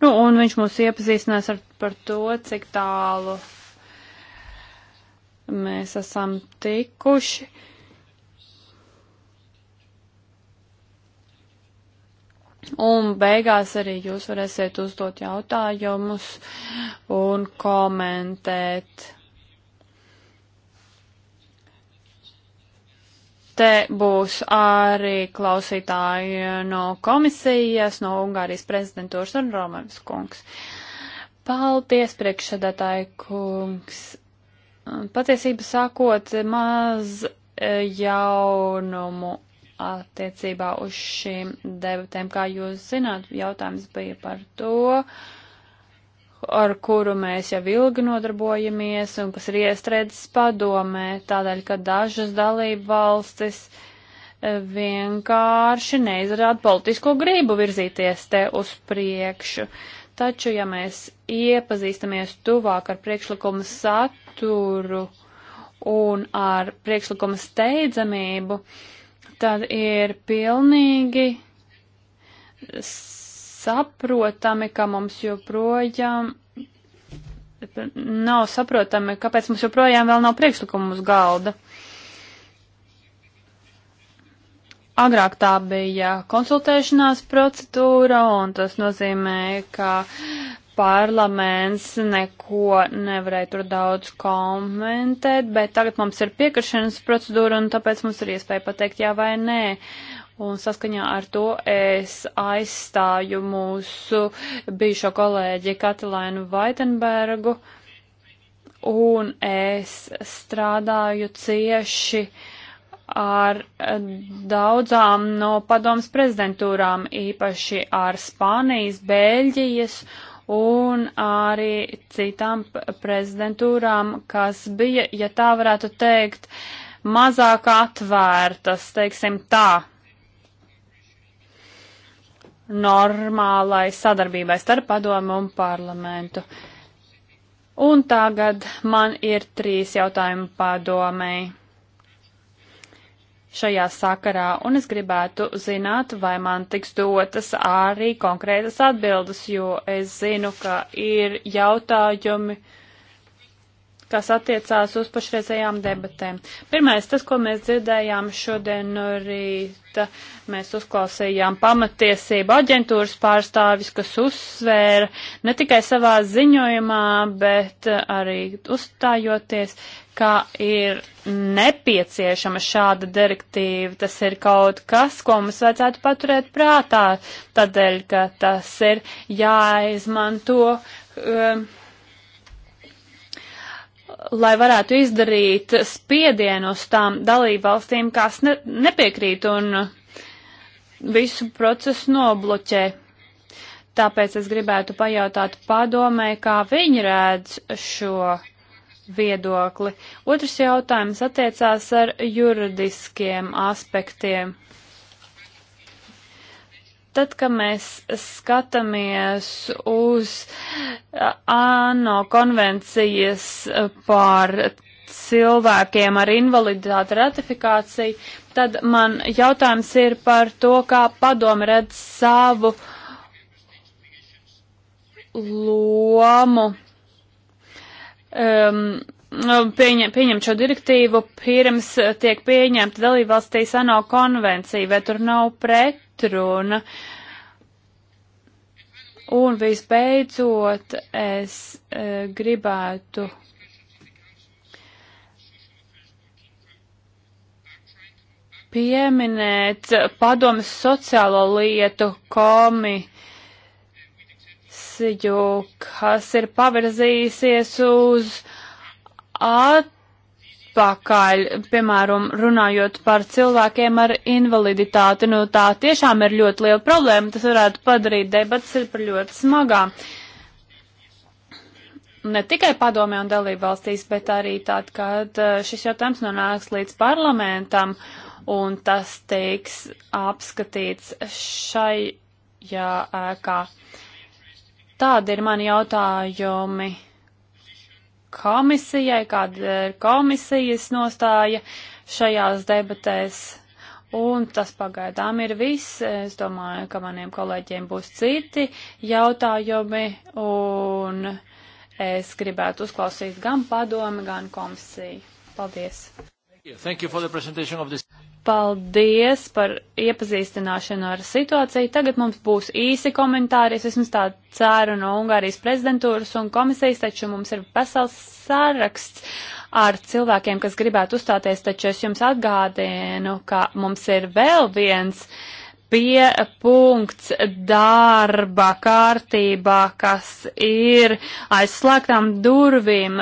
Nu, un viņš mūs iepazīstinās ar, par to, cik tālu mēs esam tikuši. Un beigās arī jūs varēsiet uzdot jautājumus un komentēt. Te būs arī klausītāji no komisijas, no Ungārijas prezidentūras un Romanis kungs. Paldies, priekšsēdētāji kungs. Patiesība sākot maz e, jaunumu attiecībā uz šīm debatēm. Kā jūs zināt, jautājums bija par to, ar kuru mēs jau ilgi nodarbojamies un kas ir iestrēdzis padomē, tādēļ, ka dažas dalība valstis e, vienkārši neizrāda politisko gribu virzīties te uz priekšu. Uh, Taču, ja mēs iepazīstamies tuvāk ar priekšlikuma saturu un ar priekšlikuma steidzamību, tad ir pilnīgi saprotami, ka mums joprojām nav saprotami, kāpēc mums joprojām vēl nav priekšlikumu uz galda. Agrāk tā bija konsultēšanās procedūra, un tas nozīmē, ka parlaments neko nevarēja tur daudz komentēt, bet tagad mums ir piekrišanas procedūra, un tāpēc mums ir iespēja pateikt jā vai nē. Un saskaņā ar to es aizstāju mūsu bijušo kolēģi Katilēnu Vaitenbergu, un es strādāju cieši uh, ar eh, daudzām no padomas prezidentūrām, īpaši ar Spānijas, Bēļģijas un arī citām prezidentūrām, kas bija, ja tā varētu teikt, mazāk atvērtas, teiksim tā, normālai sadarbībai starp padomu un parlamentu. Un tagad man ir trīs jautājumi padomēji šajā sakarā, un es gribētu zināt, vai man tiks dotas arī konkrētas atbildes, jo es zinu, ka ir jautājumi, kas attiecās uz pašreizējām debatēm. Pirmais, tas, ko mēs dzirdējām šodien no rīta, mēs uzklausījām pamatiesību aģentūras pārstāvis, kas uzsvēra ne tikai savā ziņojumā, bet arī uzstājoties, ka ir nepieciešama šāda direktīva. Tas ir kaut kas, ko mums vajadzētu paturēt prātā, tādēļ, ka tas ir jāizmanto, um, lai varētu izdarīt spiedienu uz tām dalībvalstīm, kas ne, nepiekrīt un visu procesu nobloķē. Tāpēc es gribētu pajautāt padomē, kā viņi redz šo viedokli. Otrs jautājums attiecās ar juridiskiem aspektiem. Tad, kad mēs skatāmies uz ANO konvencijas par cilvēkiem ar invaliditāti ratifikāciju, tad man jautājums ir par to, kā padomi redz savu lomu um, nu, pieņem, pieņemt šo direktīvu, pirms tiek pieņemta dalībvalstīs ANO konvencija, vai tur nav pretruna. Un visbeidzot, es e, gribētu pieminēt padomas sociālo lietu komiteju situāciju, kas ir pavirzījusies uz atpakaļ, piemēram, runājot par cilvēkiem ar invaliditāti. Nu, tā tiešām ir ļoti liela problēma. Tas varētu padarīt debatas par ļoti smagām. Ne tikai padomē un dalību valstīs, bet arī tad, kad eh, šis jautājums nonāks līdz parlamentam un tas tiks apskatīts šai jā, ēkā. Uh, Tādi ir mani jautājumi komisijai, kāda ir komisijas nostāja šajās debatēs. Un tas pagaidām ir viss. Es domāju, ka maniem kolēģiem būs citi jautājumi, un es gribētu uzklausīt gan padomi, gan komisiju. Paldies! Thank you for the presentation of this. Paldies par iepazīstināšanu ar situāciju. Tagad mums būs īsi komentāri, es vismaz tā ceru no Ungārijas prezidentūras un komisijas, taču mums ir vesels saraksts ar cilvēkiem, kas gribētu uzstāties, taču es jums atgādinu, ka mums ir vēl viens pie punkts darba kārtībā, kas ir aizslēgtām durvīm.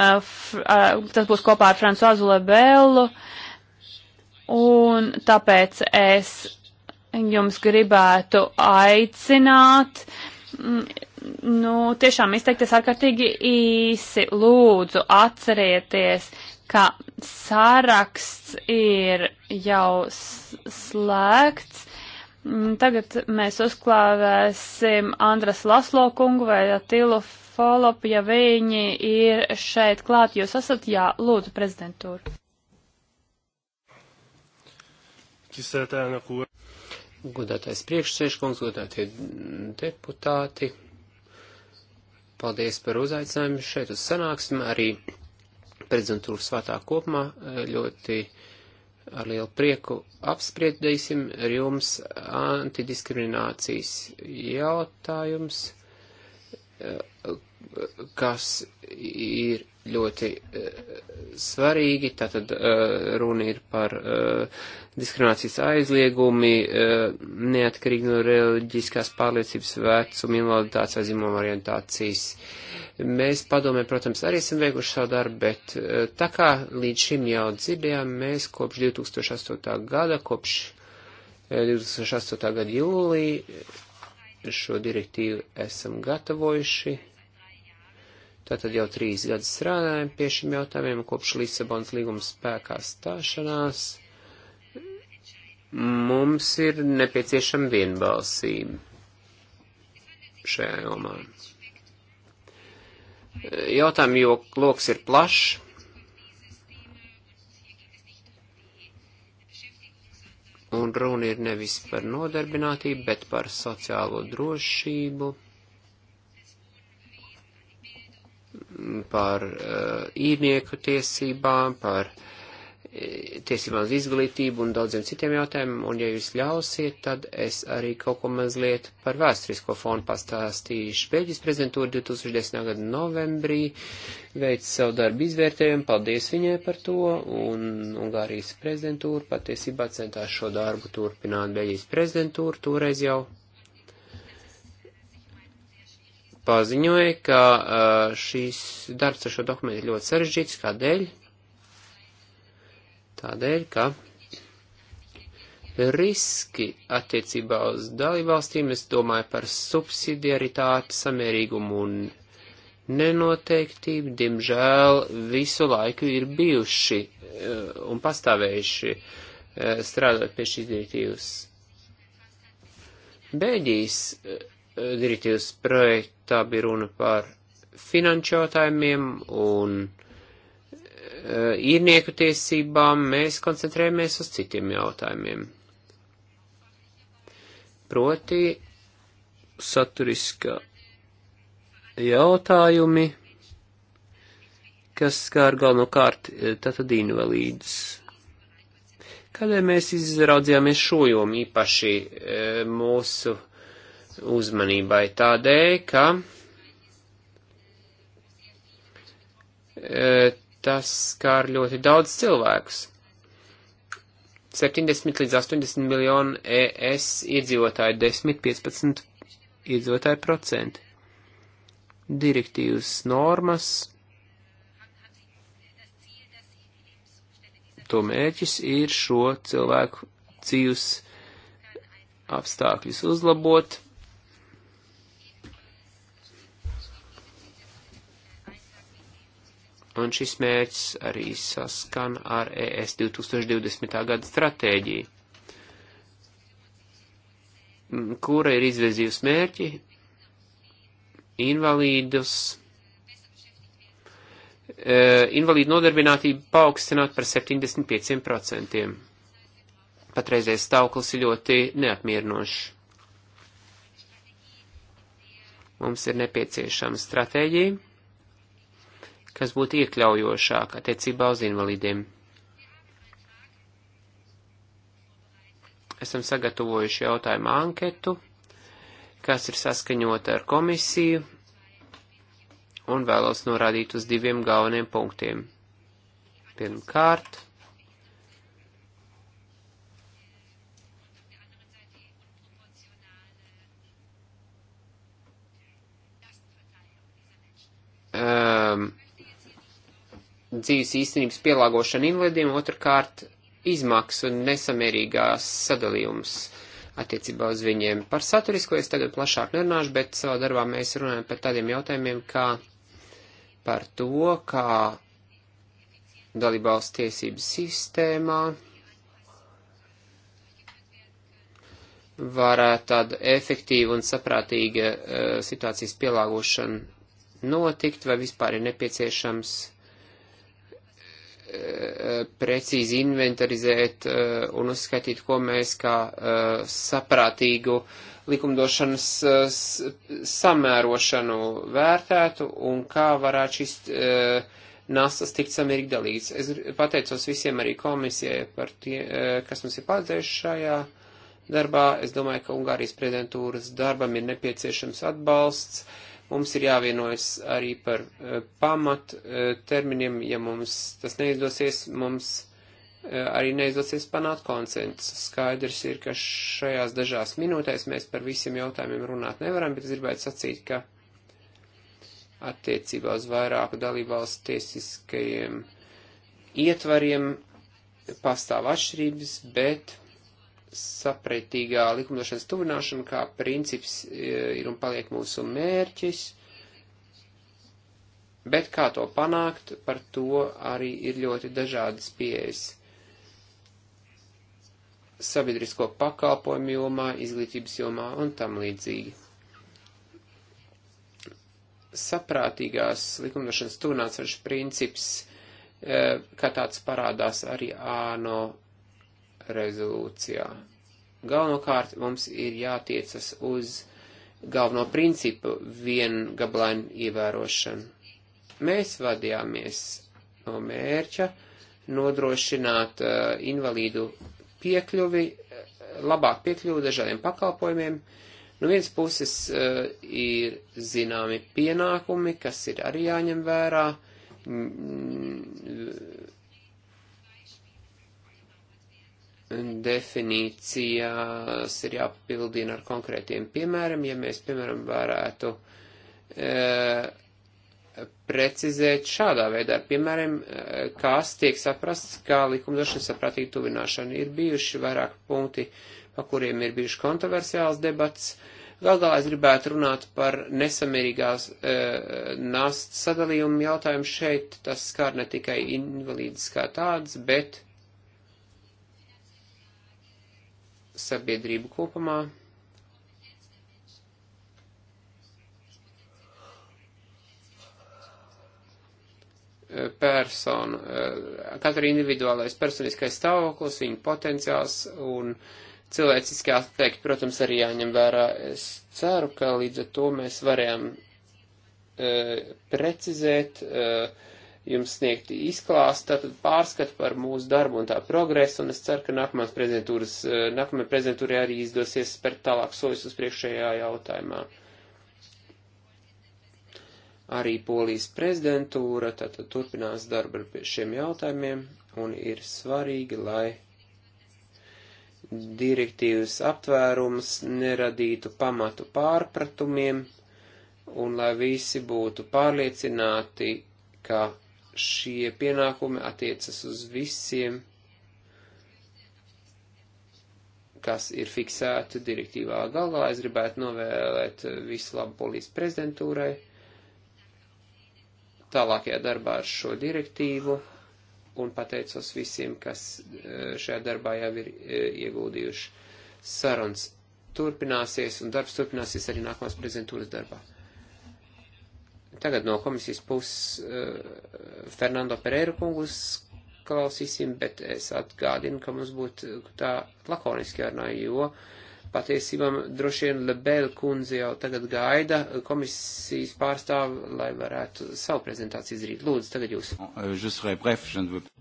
Tas būs kopā ar Francozu Lebelu. Uh, Un tāpēc es jums gribētu aicināt, mm, nu, tiešām izteikties ārkārtīgi īsi. Lūdzu, atcerieties, ka saraksts ir jau slēgts. Mm, tagad mēs uzklāvēsim Andras Laslo kungu vai Atilu Folopu, ja viņi ir šeit klāt. Jūs esat, jā, lūdzu, prezidentūru. tisztelt elnök úr! Godātais priekšsēžkungs, godātie deputāti, paldies par uzaicinājumu šeit uz sanāksmi, arī prezidentūru svētā kopumā ļoti ar lielu prieku apspriedīsim ar jums antidiskriminācijas jautājums, kas ir ļoti eh, svarīgi. Tātad eh, runa ir par eh, diskriminācijas aizliegumi, neatkarīgi no reliģiskās pārliecības vecuma, invaliditātes vai zīmuma orientācijas. Mēs padomē, protams, arī esam veikuši savu darbu, bet tā kā līdz šim jau dzirdējām, mēs kopš 2008. gada, kopš 2008. gada jūlija šo direktīvu esam gatavojuši Tātad jau trīs gadus strādājam pie šiem jautājumiem kopš Lisabonas līguma spēkā stāšanās. Mums ir nepieciešama vienbalsība šajā jomā. Jautājumu jo loks ir plašs. Un runa ir nevis par nodarbinātību, bet par sociālo drošību par eh, īrnieku tiesībām, par eh, tiesībām uz izglītību un daudziem citiem jautājumiem, un ja jūs ļausiet, tad es arī kaut ko mazliet par vēsturisko fonu pastāstīšu. Beļģijas prezidentūra 2010. gada novembrī veic savu darbu izvērtējumu, paldies viņai par to, un Ungārijas prezidentūra patiesībā centās šo darbu turpināt. Beļģijas prezidentūra toreiz jau paziņoja, ka uh, šīs darbs ar šo dokumentu ir ļoti sarežģīts. Kādēļ? Tādēļ, ka riski attiecībā uz dalībvalstīm, es domāju par subsidiaritāti, samērīgumu un nenoteiktību, dimžēl visu laiku ir bijuši uh, un pastāvējuši uh, strādājot pie šīs direktīvas. Bēģijas direktīvas projektā bija runa par finanšu jautājumiem un eh, īrnieku tiesībām, mēs koncentrējamies uz citiem jautājumiem. Proti, saturiska jautājumi, kas skār galvenokārt eh, tātad invalīdus. Kādēļ mēs izraudzījāmies šo jomu īpaši eh, mūsu uzmanībai tādēļ, ka e, tas skār ļoti daudz cilvēkus. 70 līdz 80 miljonu ES iedzīvotāju, 10-15 iedzīvotāju procenti. Direktīvas normas. To mērķis ir šo cilvēku dzīves apstākļus uzlabot, un šis mērķis arī saskan ar e ES 2020. gada stratēģiju, kura ir izvirzījusi mērķi invalīdus, e, invalīdu nodarbinātību paaugstināt par 75%. Patreizējais stāvoklis ir ļoti neapmierinošs. Mums ir nepieciešama stratēģija kas būtu iekļaujošāk attiecībā uz invalīdiem. Esam sagatavojuši jautājumu anketu, kas ir saskaņota ar komisiju, un vēlos norādīt uz diviem galveniem punktiem. Pirmkārt, um, dzīves īstenības pielāgošana invalidiem, otrkārt izmaksu un nesamērīgās sadalījums attiecībā uz viņiem. Par saturisko es tagad plašāk nerunāšu, bet savā darbā mēs runājam par tādiem jautājumiem, kā par to, kā dalībvalsts tiesības sistēmā varētu tāda efektīva un saprātīga eh, situācijas pielāgošana notikt, vai vispār ir nepieciešams precīzi inventarizēt eh, un uzskatīt, ko mēs kā eh, saprātīgu likumdošanas eh, samērošanu vērtētu un kā varētu šis nastas tikt samierīgi dalīts. Es pateicos visiem arī komisijai par tie, kas mums ir palīdzējuši šajā darbā. Es domāju, ka Ungārijas prezidentūras darbam ir nepieciešams atbalsts. Uh, Mums ir jāvienojas arī par uh, pamat uh, terminiem, ja mums tas neizdosies, mums uh, arī neizdosies panākt konsensus. Skaidrs ir, ka šajās dažās minūtēs mēs par visiem jautājumiem runāt nevaram, bet es gribētu sacīt, ka attiecībā uz vairāku dalībvalstu tiesiskajiem ietvariem pastāv atšķirības, bet sapretīgā likumdošanas tuvināšana, kā princips e, ir un paliek mūsu mērķis, bet kā to panākt, par to arī ir ļoti dažādas pieejas. Sabiedrisko pakalpojumu jomā, izglītības jomā un tam līdzīgi. Saprātīgās likumdošanas tuvināšanas princips e, kā tāds parādās arī āno rezolūcijā. Galvenokārt mums ir jātiecas uz galveno principu vienu gabalainu ievērošanu. Mēs vadījāmies no mērķa nodrošināt uh, invalīdu piekļuvi, eh, labāk piekļuvi dažādiem pakalpojumiem. No nu, vienas puses uh, ir zināmi pienākumi, kas ir arī jāņem vērā, definīcijas ir jāpildina ar konkrētiem piemēram, ja mēs, piemēram, varētu e, precizēt šādā veidā, ar piemēram, e, kas tiek saprasts, kā likumdošana saprātīgi tuvināšana ir bijuši vairāk punkti, pa kuriem ir bijuši kontroversiāls debats. Gal galā es gribētu runāt par nesamierīgās e, nastas sadalījumu jautājumu šeit. Tas skar ne tikai invalīdus kā tāds, bet sabiedrību kopumā. personu, katra individuālais personiskais stāvoklis, viņa potenciāls un cilvēciskie aspekti, protams, arī jāņem vērā. Es ceru, ka līdz ar to mēs varējām uh, precizēt uh, jums sniegt izklāstu, tātad pārskatu par mūsu darbu un tā progresu, un es ceru, ka nākamās prezidentūras, eh, nākamajā prezidentūrā arī izdosies spērt tālāk soļus uz priekšējā jautājumā. Arī Polijas prezidentūra tātad turpinās darbu ar šiem jautājumiem, un ir svarīgi, lai direktīvas aptvērums neradītu pamatu pārpratumiem, un lai visi būtu pārliecināti, ka šie pienākumi attiecas uz visiem, kas ir fiksēti direktīvā. Galvā es gribētu novēlēt visu labu polijas prezidentūrai tālākajā darbā ar šo direktīvu un pateicos visiem, kas e, šajā darbā jau ir e, ieguldījuši sarunas turpināsies un darbs turpināsies arī nākamās prezidentūras darbā. Tagad no komisijas puses uh, Fernando Pereiru kungus klausīsim, bet es atgādinu, ka mums būtu tā lakoniski jārunā, jo patiesībā droši vien Lebel kundze jau tagad gaida komisijas pārstāvu, lai varētu savu prezentāciju izdarīt. Lūdzu, tagad jūs.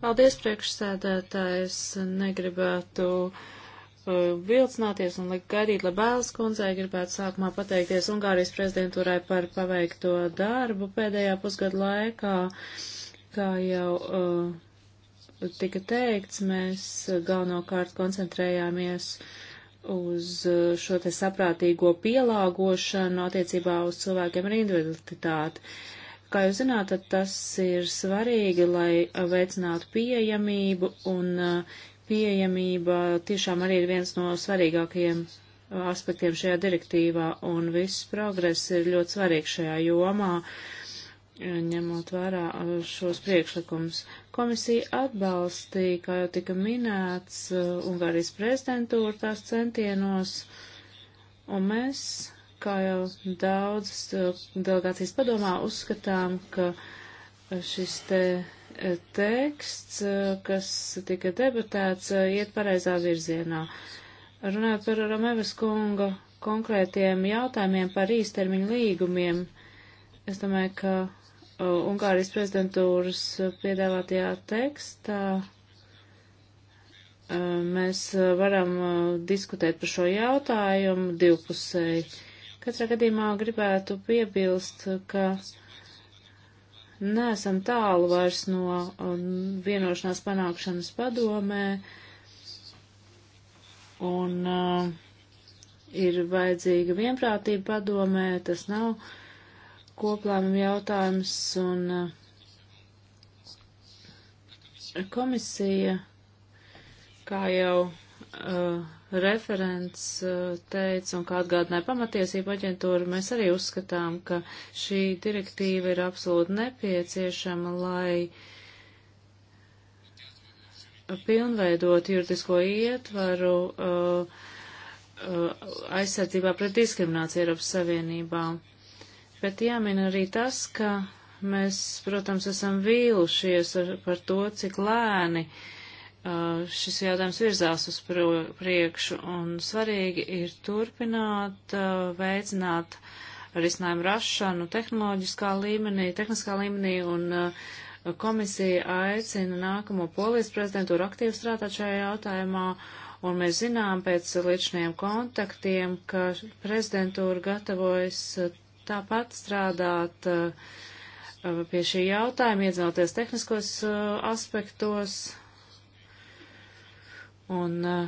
Paldies, priekšsēdētājs. Negribētu. Uh, Uh, vilcināties un gaidīt Labēlas kundzei, gribētu sākumā pateikties Ungārijas prezidentūrai par paveikto darbu pēdējā pusgada laikā. Kā jau uh, tika teikts, mēs galvenokārt koncentrējāmies uz uh, šo te saprātīgo pielāgošanu attiecībā uz cilvēkiem ar individualitāti. Kā jūs zināt, tas ir svarīgi, lai veicinātu pieejamību un uh, Pieejamība tiešām arī ir viens no svarīgākajiem uh, aspektiem šajā direktīvā, un viss progress ir ļoti svarīgs šajā jomā, uh, ņemot vērā uh, šos priekšlikumus. Komisija atbalstīja, kā jau tika minēts, Ungārijas prezidentūra tās centienos, un mēs, kā jau daudzas delegācijas padomā, uzskatām, ka šis te teksts, eh, kas tika debatēts, eh, iet pareizā virzienā. Runājot par Romevas kunga konkrētiem jautājumiem par īstermiņu līgumiem, es domāju, ka eh, Ungārijas prezidentūras piedāvātajā tekstā mēs varam diskutēt par šo jautājumu divpusēji. Katrā gadījumā gribētu piebilst, ka neesam tālu vairs no um, vienošanās panākšanas padomē, un uh, ir vajadzīga vienprātība padomē, tas nav koplēmuma jautājums, un uh, komisija, kā jau uh, referents uh, teica un kā atgādināja pamatiesība aģentūra, mēs arī uzskatām, ka šī direktīva ir absolūti nepieciešama, lai pilnveidot juridisko ietvaru uh, uh, aizsardzībā pret diskrimināciju Eiropas Savienībā. Bet jāmin arī tas, ka mēs, protams, esam vīlušies ar, par to, cik lēni uh, Uh, šis jautājums virzās uz priekšu, un svarīgi ir turpināt uh, veicināt risinājumu rašanu tehnoloģiskā līmenī, tehniskā līmenī, un uh, komisija aicina nākamo polijas prezidentūru aktīvi strādāt šajā jautājumā, un mēs zinām pēc līdziniem kontaktiem, ka prezidentūra gatavojas tāpat strādāt pie šī jautājuma, iedzinoties tehniskos aspektos, Un eh,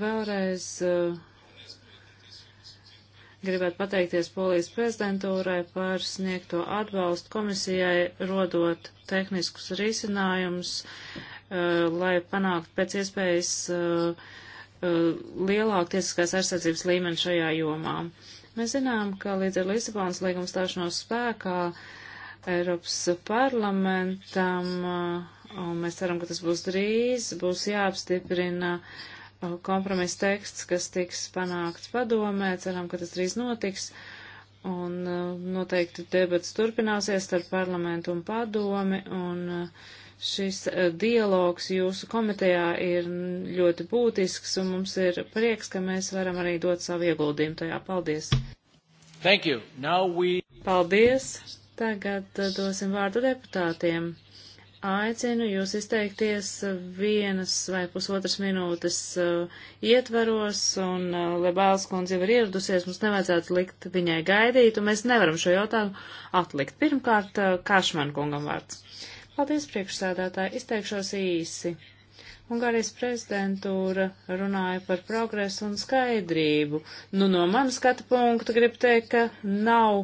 vēlreiz eh, gribētu pateikties Polijas prezidentūrai par sniegto atbalstu komisijai, rodot tehniskus risinājumus, eh, lai panāktu pēc iespējas lielāku tiesiskās aizsardzības līmeni šajā jomā. Mēs zinām, ka līdz ar Lisabonas līguma stāšanos spēkā Eiropas parlamentam un mēs ceram, ka tas būs drīz, būs jāapstiprina uh, kompromisa teksts, kas tiks panākts padomē, ceram, ka tas drīz notiks, un uh, noteikti debats turpināsies starp parlamentu un padomi, un uh, šis dialogs jūsu komitejā ir ļoti būtisks, un mums ir prieks, ka mēs varam arī dot savu ieguldījumu tajā. Paldies! Thank you. Now we... Paldies! Tagad dosim vārdu deputātiem aicinu jūs izteikties vienas vai pusotras minūtes uh, ietvaros, un uh, Lebāls kundze jau ir ieradusies, mums nevajadzētu likt viņai gaidīt, un mēs nevaram šo jautājumu atlikt. Pirmkārt, uh, Kašman kungam vārds. Paldies, priekšsēdētāji, izteikšos īsi. Ungārijas prezidentūra runāja par progresu un skaidrību. Nu, no manas skatu punkta grib teikt, ka nav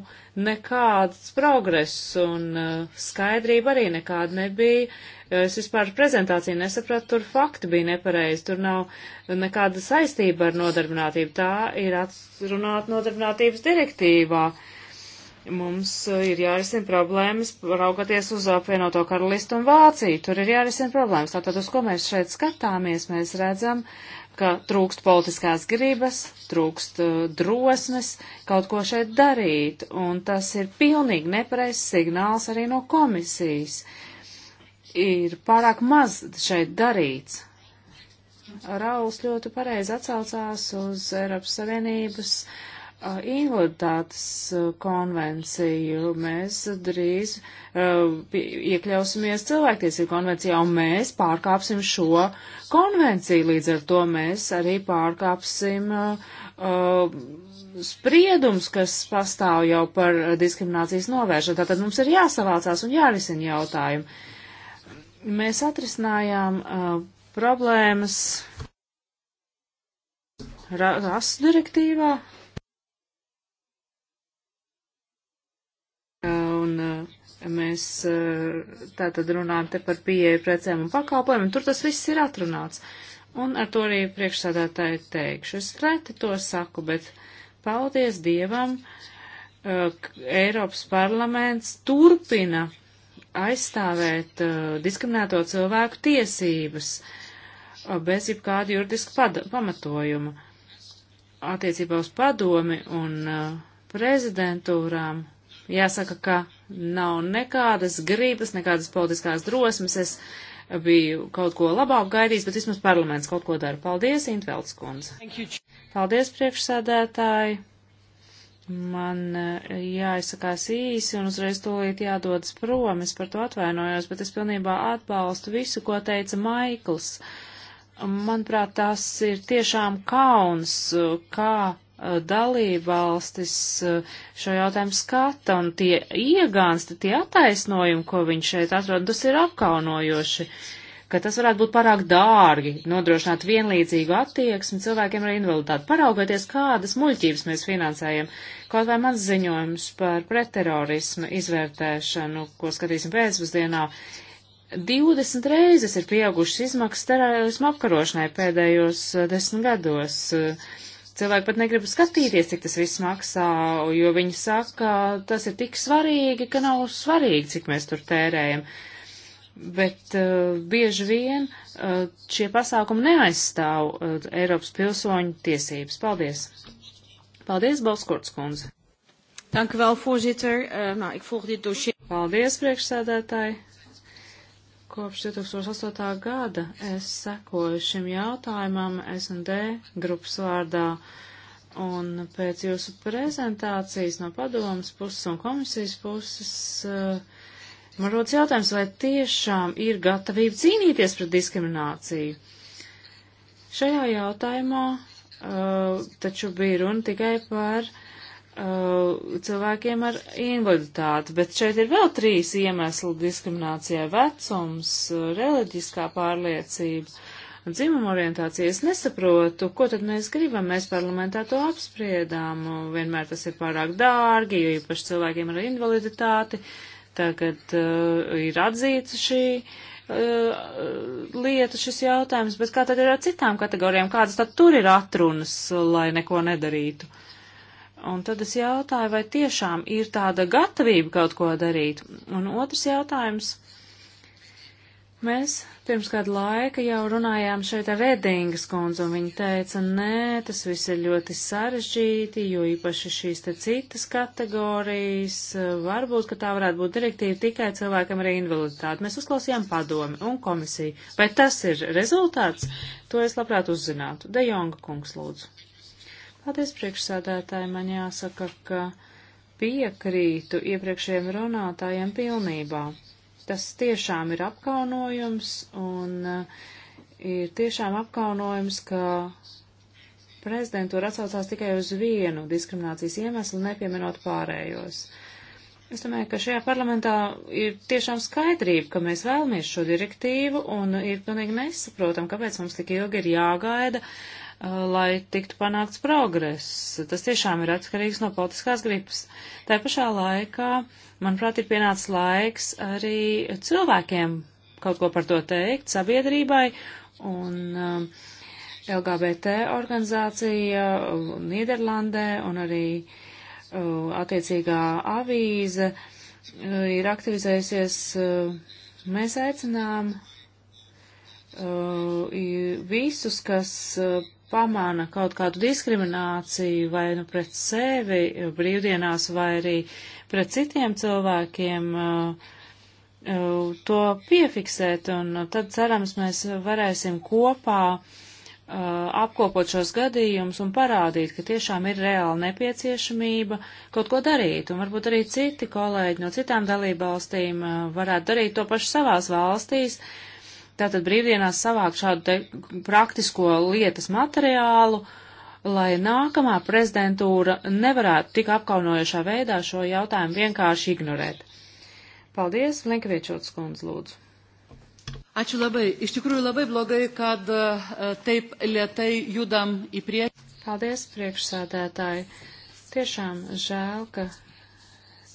nekāds progress un uh, skaidrība arī nekāda nebija. Uh, es vispār prezentāciju nesapratu, tur fakti bija nepareizi, tur nav nekāda saistība ar nodarbinātību. Tā ir atrunāta nodarbinātības direktīvā. Uh, Mums eh, ir jārisina problēmas, raugoties uz apvienoto karalistu un Vāciju. Tur ir jārisina problēmas. Tātad, uz ko mēs šeit skatāmies, mēs redzam, ka trūkst politiskās gribas, trūkst uh, drosmes kaut ko šeit darīt, un tas ir pilnīgi nepareizs signāls arī no komisijas. Ir pārāk maz šeit darīts. Rauls ļoti pareizi atsaucās uz Eiropas Savienības uh, invaliditātes uh, konvenciju. Mēs drīz uh, iekļausimies cilvēktiesību konvencijā un mēs pārkāpsim šo konvenciju. Līdz ar to mēs arī pārkāpsim uh, spriedums, kas pastāv jau par diskriminācijas novēršanu. Tātad mums ir jāsavācās un jārisina jautājumi. Mēs atrisinājām problēmas rasu direktīvā, un eh, mēs eh, tātad runājam te par pieeju precēm un pakalpojumiem, tur tas viss ir atrunāts. Un ar to arī priekšsādātāji teikšu. Es reti to saku, bet paldies Dievam, eh, Eiropas parlaments turpina aizstāvēt diskriminēto cilvēku tiesības bez jebkāda juridiska pamatojuma attiecībā uz padomi un prezidentūrām. Jāsaka, ka nav nekādas gribas, nekādas politiskās drosmes. Es biju kaut ko labāk gaidījis, bet vismaz parlaments kaut ko dara. Paldies, Intvelds kundze. Paldies, priekšsēdētāji. Man eh, jāizsakās īsi un uzreiz tūlīt jādodas prom. Es par to atvainojos, bet es pilnībā atbalstu visu, ko teica Maikls. Manuprāt, tas ir tiešām kauns, eh, kā Eh, dalībvalstis eh, šo jautājumu skata un tie iegānsti, tie attaisnojumi, ko viņš šeit atrod, tas ir apkaunojoši, ka tas varētu būt pārāk dārgi nodrošināt vienlīdzīgu attieksmi cilvēkiem ar invaliditāti. Paraugoties, kādas muļķības mēs finansējam, kaut vai mans ziņojums par pretterorismu izvērtēšanu, ko skatīsim pēcpusdienā, 20 reizes ir pieaugušas izmaksas terorismu apkarošanai pēdējos eh, desmit gados. Uh, cilvēki pat negrib skatīties, cik tas viss maksā, jo viņi saka, tas ir tik svarīgi, ka nav svarīgi, cik mēs tur tērējam. Bet uh, bieži vien uh, šie pasākumi neaizstāv uh, Eiropas pilsoņu tiesības. Paldies! Paldies, Balskurts kundze! Dank u wel, voorzitter. Uh, nou, ik volg dit dossier. Paldies, priekšsēdētāji. Kopš 2008. gada es sekoju šim jautājumam S&D grupas vārdā. Un pēc jūsu prezentācijas no padomas puses un komisijas puses uh, man rodas jautājums, vai tiešām ir gatavība cīnīties pret diskrimināciju. Šajā jautājumā uh, taču bija runa tikai par uh, Uh, cilvēkiem ar invaliditāti, bet šeit ir vēl trīs iemesli diskriminācijai - vecums, uh, reliģiskā pārliecība, dzimuma orientācija. Es nesaprotu, ko tad mēs gribam, mēs parlamentā to apspriedām, vienmēr tas ir pārāk dārgi, jo īpaši cilvēkiem ar invaliditāti tagad uh, ir atzīta šī uh, lieta, šis jautājums, bet kā tad ir ar citām kategorijām, kādas tad tur ir atrunas, lai neko nedarītu? Uh, Un tad es jautāju, vai tiešām ir tāda gatavība kaut ko darīt. Un otrs jautājums. Mēs pirms kādu laiku jau runājām šeit ar Redingas kundzu, un viņa teica, nē, tas viss ir ļoti sarežģīti, jo īpaši šīs te citas kategorijas, varbūt, ka tā varētu būt direktīva tikai cilvēkam ar invaliditāti. Mēs uzklausījām padomi un komisiju. Vai tas ir rezultāts? To es labprāt uzzinātu. De Jonga kungs, lūdzu. Paldies priekšsādātāji, man jāsaka, ka piekrītu iepriekšējiem runātājiem pilnībā. Tas tiešām ir apkaunojums un eh, ir tiešām apkaunojums, ka prezidentūra atsaucās tikai uz vienu diskriminācijas iemeslu, nepieminot pārējos. Es domāju, ka šajā parlamentā ir tiešām skaidrība, ka mēs vēlamies šo direktīvu un ir pilnīgi nesaprotam, kāpēc mums tik ilgi ir jāgaida, Uh, lai tiktu panākts progress. Tas tiešām ir atkarīgs no politiskās gribas. Tā pašā laikā, manuprāt, ir pienācis laiks arī cilvēkiem kaut ko par to teikt, sabiedrībai un um, LGBT organizācija uh, Nīderlandē un arī uh, attiecīgā avīze ir aktivizējusies. Mēs aicinām visus, kas pamana kaut kādu diskrimināciju vai nu pret sevi brīvdienās vai arī pret citiem cilvēkiem, uh, uh, to piefiksēt un uh, tad cerams mēs varēsim kopā apkopot šos gadījumus un parādīt, ka tiešām ir reāla nepieciešamība kaut ko darīt, un varbūt arī citi kolēģi no citām dalībvalstīm varētu darīt to pašu savās valstīs, uh, tātad brīvdienās savākt šādu praktisko lietas materiālu, lai nākamā prezidentūra nevarētu tik apkaunojošā veidā šo jautājumu vienkārši ignorēt. Paldies, Linkaviečots kundz, lūdzu. Ačiū labai. Iš tikrųjų labai blogai, kad e, taip lietai judam į priekį. Paldies, priekšsādētāji. Tiešām žēl, ka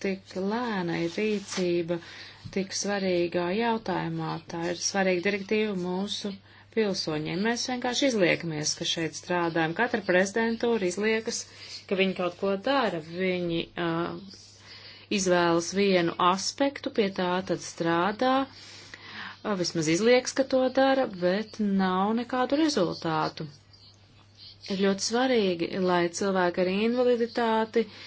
tik lēna ir rīcība. Uh, tik svarīgā jautājumā. Tā ir svarīga direktīva mūsu pilsoņiem. Mēs vienkārši izliekamies, ka šeit strādājam. Katra prezidentūra izliekas, ka viņi kaut ko dara. Viņi uh, izvēlas vienu aspektu, pie tā tad strādā, uh, vismaz izliekas, ka to dara, bet nav nekādu rezultātu. Ir ļoti svarīgi, lai cilvēki ar invaliditāti uh,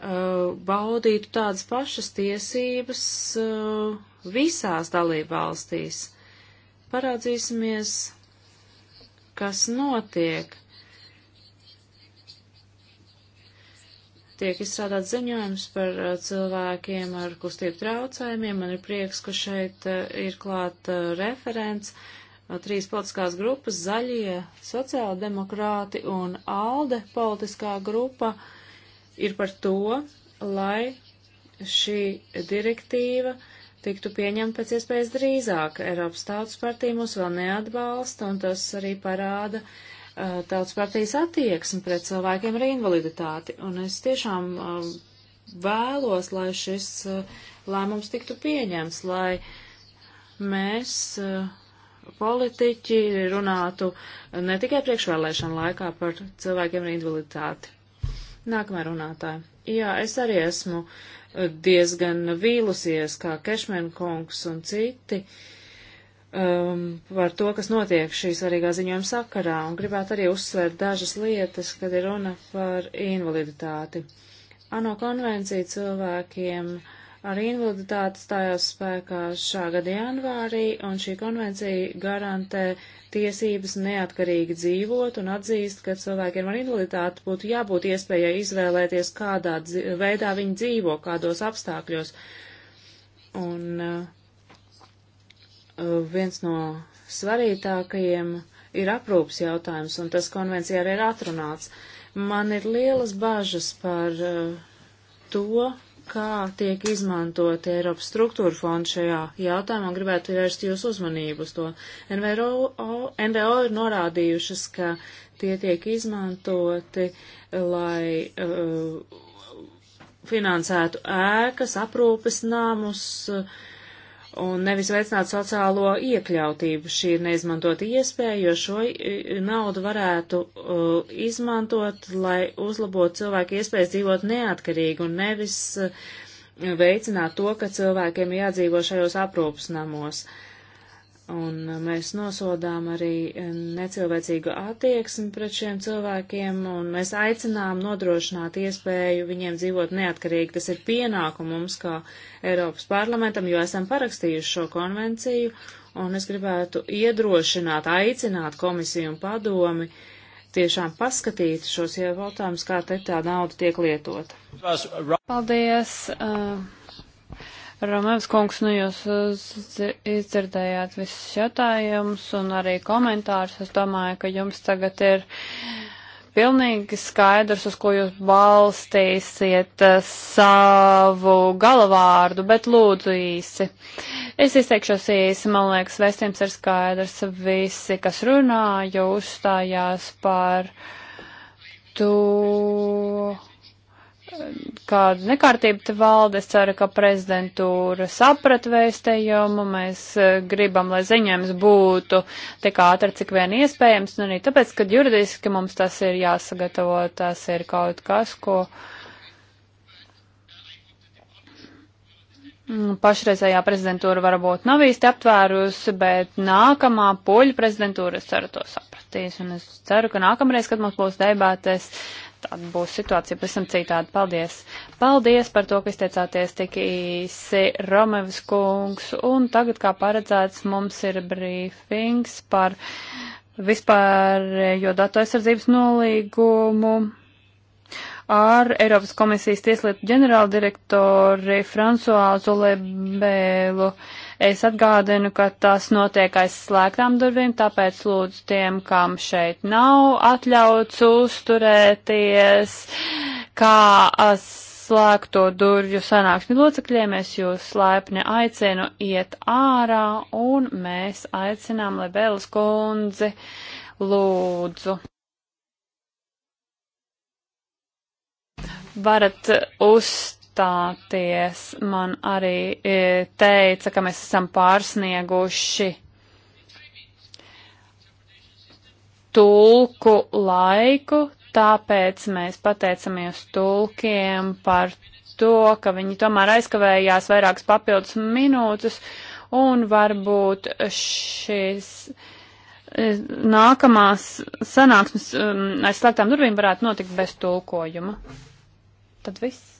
Uh, baudītu tādas pašas tiesības uh, visās dalībvalstīs. Parādzīsimies, kas notiek. Tiek izstrādāts ziņojums par uh, cilvēkiem ar kustību traucējumiem. Man ir prieks, ka šeit ir klāt referents. Trīs politiskās grupas - zaļie, sociāldemokrāti un ALDE politiskā grupa. Uh, ir par to, lai šī direktīva tiktu pieņemta pēc iespējas drīzāk. Eiropas tautas partija mūs vēl neatbalsta, un tas arī parāda uh, tautas partijas attieksmi pret cilvēkiem ar invaliditāti. Un es tiešām uh, vēlos, lai šis uh, lēmums tiktu pieņemts, lai mēs uh, politiķi runātu ne tikai priekšvēlēšana laikā par cilvēkiem ar invaliditāti. Nākamā runātāja. Jā, es arī esmu eh, diezgan vīlusies, kā Kešmen kungs un citi, um, par to, kas notiek šī svarīgā ziņojuma sakarā, un gribētu arī uzsvērt dažas lietas, kad ir runa par invaliditāti. ANO konvencija cilvēkiem ar invaliditāti stājās spēkā šā gada janvārī, un šī konvencija garantē tiesības neatkarīgi dzīvot un atzīst, ka cilvēkiem ar invaliditāti būtu jābūt iespējai izvēlēties, kādā veidā viņi dzīvo, kādos apstākļos. Un uh, viens no svarīgākajiem ir aprūpas jautājums, un tas konvencijā arī ir atrunāts. Man ir lielas bažas par uh, to, kā tiek izmantot Eiropas struktūra fonda šajā jautājumā, gribētu vērst jūsu uzmanību uz to. NVO, NVO ir norādījušas, ka tie tiek izmantoti, lai uh, finansētu ēkas, aprūpes namus, uh, un nevis veicināt sociālo iekļautību. Šī ir neizmantota iespēja, jo šo naudu varētu uh, izmantot, lai uzlabotu cilvēku iespējas dzīvot neatkarīgi un nevis uh, veicināt to, ka cilvēkiem jādzīvo šajos aprūpas namos. Uh, Un mēs nosodām arī necilvēcīgu attieksmi pret šiem cilvēkiem, un mēs aicinām nodrošināt iespēju viņiem dzīvot neatkarīgi. Tas ir pienākums kā Eiropas parlamentam, jo esam parakstījuši šo konvenciju, un es gribētu iedrošināt, aicināt komisiju un padomi tiešām paskatīt šos jautājumus, kā te tā nauda tiek lietota. Paldies! Uh... Romēns kungs, nu jūs eh, izdzirdējāt visus jautājumus un arī komentārus. Es domāju, ka jums tagad ir pilnīgi skaidrs, uz ko jūs balstīsiet eh, savu galvārdu, bet lūdzu īsi. Es izteikšos īsi, man liekas, vēstījums ir skaidrs. Visi, kas runāja, uzstājās par to kāda nekārtība valda. Es ceru, ka prezidentūra saprat vēstījumu. Mēs eh, gribam, lai ziņojums būtu tik ātri, cik vien iespējams. Un arī tāpēc, ka juridiski mums tas ir jāsagatavo, tas ir kaut kas, ko. Mm, pašreizējā prezidentūra varbūt nav īsti aptvērusi, bet nākamā poļu prezidentūra, es ceru, to sapratīs. Un es ceru, ka nākamreiz, kad mums būs debātes, tad būs situācija pavisam citādi. Paldies! Paldies par to, ka izteicāties tik īsi Romevs kungs, un tagad, kā paredzēts, mums ir brīfings par vispārējo datu aizsardzības nolīgumu ar Eiropas komisijas tieslietu ģenerāldirektori Fransuāzu Lebēlu. Es atgādinu, ka tas notiek aiz slēgtām durvīm, tāpēc lūdzu tiem, kam šeit nav atļauts uzturēties, kā slēgto durvju sanāksmi locekļiem, es jūs laipni aicinu iet ārā un mēs aicinām Lebelas kundzi lūdzu. Varat uzstāt uzstāties, man arī e, teica, ka mēs esam pārsnieguši tulku laiku, tāpēc mēs pateicamies tulkiem par to, ka viņi tomēr aizkavējās vairākas papildus minūtes, un varbūt šīs e, nākamās sanāksmes um, aiz slēgtām durvīm varētu notikt bez tulkojuma. Tad viss.